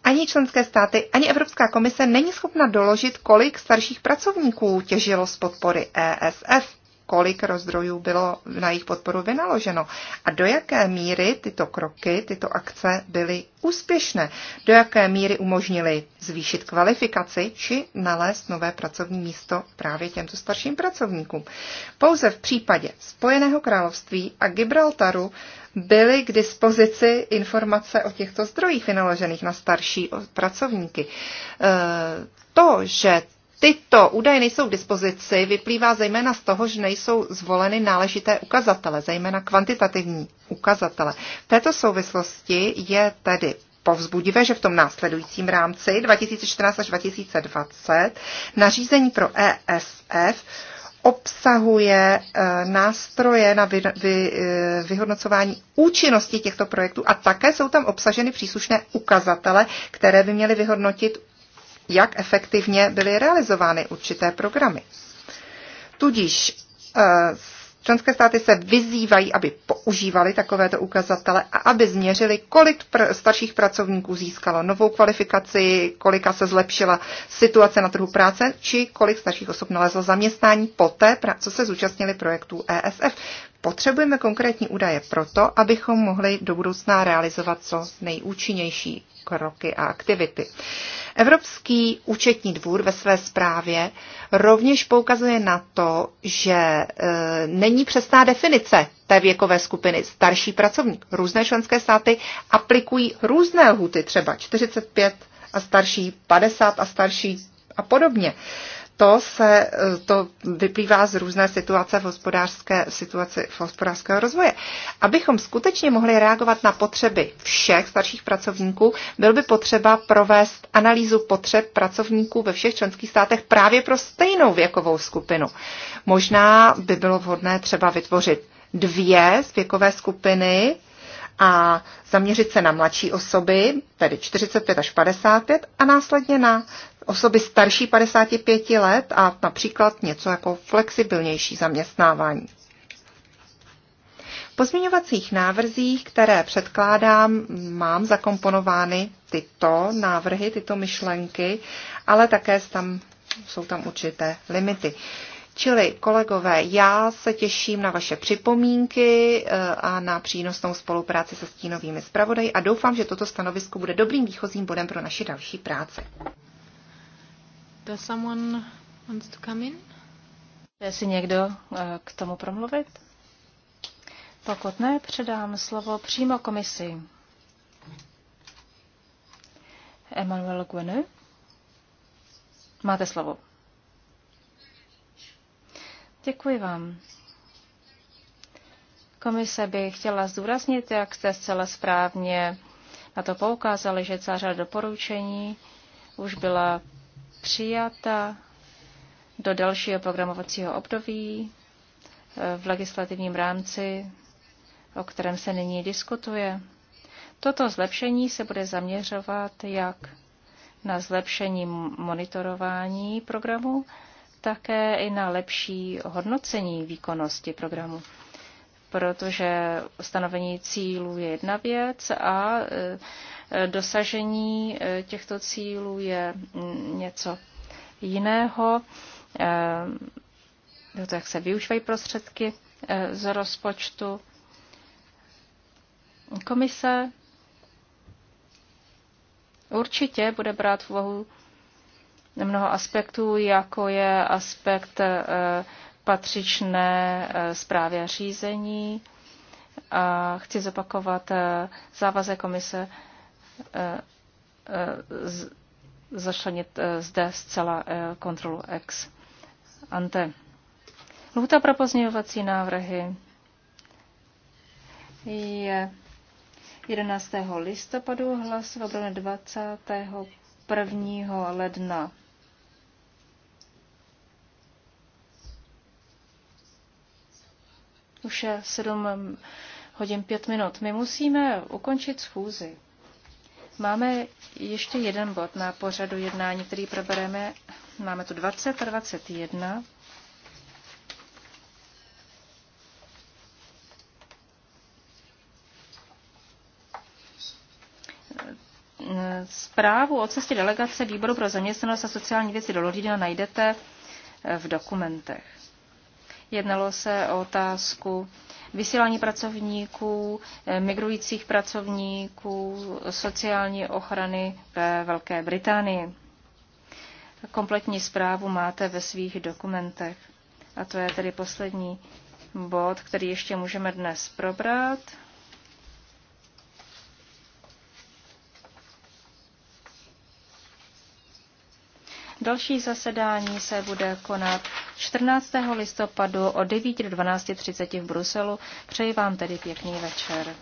ani členské státy, ani Evropská komise není schopna doložit, kolik starších pracovníků těžilo z podpory ESF kolik rozdrojů bylo na jejich podporu vynaloženo a do jaké míry tyto kroky, tyto akce byly úspěšné, do jaké míry umožnili zvýšit kvalifikaci či nalézt nové pracovní místo právě těmto starším pracovníkům. Pouze v případě Spojeného království a Gibraltaru byly k dispozici informace o těchto zdrojích vynaložených na starší pracovníky. E, to, že tyto údaje nejsou k dispozici, vyplývá zejména z toho, že nejsou zvoleny náležité ukazatele, zejména kvantitativní ukazatele. V této souvislosti je tedy povzbudivé, že v tom následujícím rámci 2014 až 2020 nařízení pro ESF obsahuje eh, nástroje na vy, vy, eh, vyhodnocování účinnosti těchto projektů a také jsou tam obsaženy příslušné ukazatele, které by měly vyhodnotit jak efektivně byly realizovány určité programy. Tudíž eh, členské státy se vyzývají, aby používali takovéto ukazatele a aby změřili, kolik pr- starších pracovníků získalo novou kvalifikaci, kolika se zlepšila situace na trhu práce, či kolik starších osob nalezlo zaměstnání poté, co se zúčastnili projektů ESF. Potřebujeme konkrétní údaje proto, abychom mohli do budoucna realizovat co nejúčinnější kroky a aktivity. Evropský účetní dvůr ve své zprávě rovněž poukazuje na to, že e, není přesná definice té věkové skupiny starší pracovník. Různé členské státy aplikují různé lhuty, třeba 45 a starší, 50 a starší a podobně to se to vyplývá z různé situace v hospodářské situaci v hospodářského rozvoje. Abychom skutečně mohli reagovat na potřeby všech starších pracovníků, byl by potřeba provést analýzu potřeb pracovníků ve všech členských státech právě pro stejnou věkovou skupinu. Možná by bylo vhodné třeba vytvořit dvě věkové skupiny, a zaměřit se na mladší osoby, tedy 45 až 55, a následně na osoby starší 55 let a například něco jako flexibilnější zaměstnávání. V pozměňovacích návrzích, které předkládám, mám zakomponovány tyto návrhy, tyto myšlenky, ale také tam, jsou tam určité limity. Čili, kolegové, já se těším na vaše připomínky eh, a na přínosnou spolupráci se stínovými zpravodaji a doufám, že toto stanovisko bude dobrým výchozím bodem pro naši další práce. Does someone wants to come in? Chce si někdo eh, k tomu promluvit? Pokud ne, předám slovo přímo komisi. Emmanuel Gwene, Máte slovo. Děkuji vám. Komise by chtěla zdůraznit, jak jste zcela správně na to poukázali, že celá řada doporučení už byla přijata do dalšího programovacího období eh, v legislativním rámci, o kterém se nyní diskutuje. Toto zlepšení se bude zaměřovat jak na zlepšení monitorování programu, také i na lepší hodnocení výkonnosti programu, protože stanovení cílů je jedna věc a e, dosažení e, těchto cílů je něco jiného. E, to, jak se využívají prostředky z rozpočtu. Komise určitě bude brát v úvahu mnoho aspektů, jako je aspekt eh, patřičné zprávy eh, a řízení. A chci zopakovat eh, závazek komise začlenit zde zcela kontrolu ex ante. Lhuta pro pozměňovací návrhy je 11. listopadu, hlas obrany 21. ledna. Už je 7 mm, hodin 5 minut. My musíme ukončit schůzi. Máme ještě jeden bod na pořadu jednání, který probereme. Máme tu 20 a 21. Zprávu o cestě delegace Výboru pro zaměstnanost a sociální věci do Lodina najdete v dokumentech. Jednalo se o otázku vysílání pracovníků, eh, migrujících pracovníků, sociální ochrany ve Velké Británii. Kompletní zprávu máte ve svých dokumentech. A to je tedy poslední bod, který ještě můžeme dnes probrat. Další zasedání se bude konat 14. listopadu o 9.12.30 v Bruselu. Přeji vám tedy pěkný večer.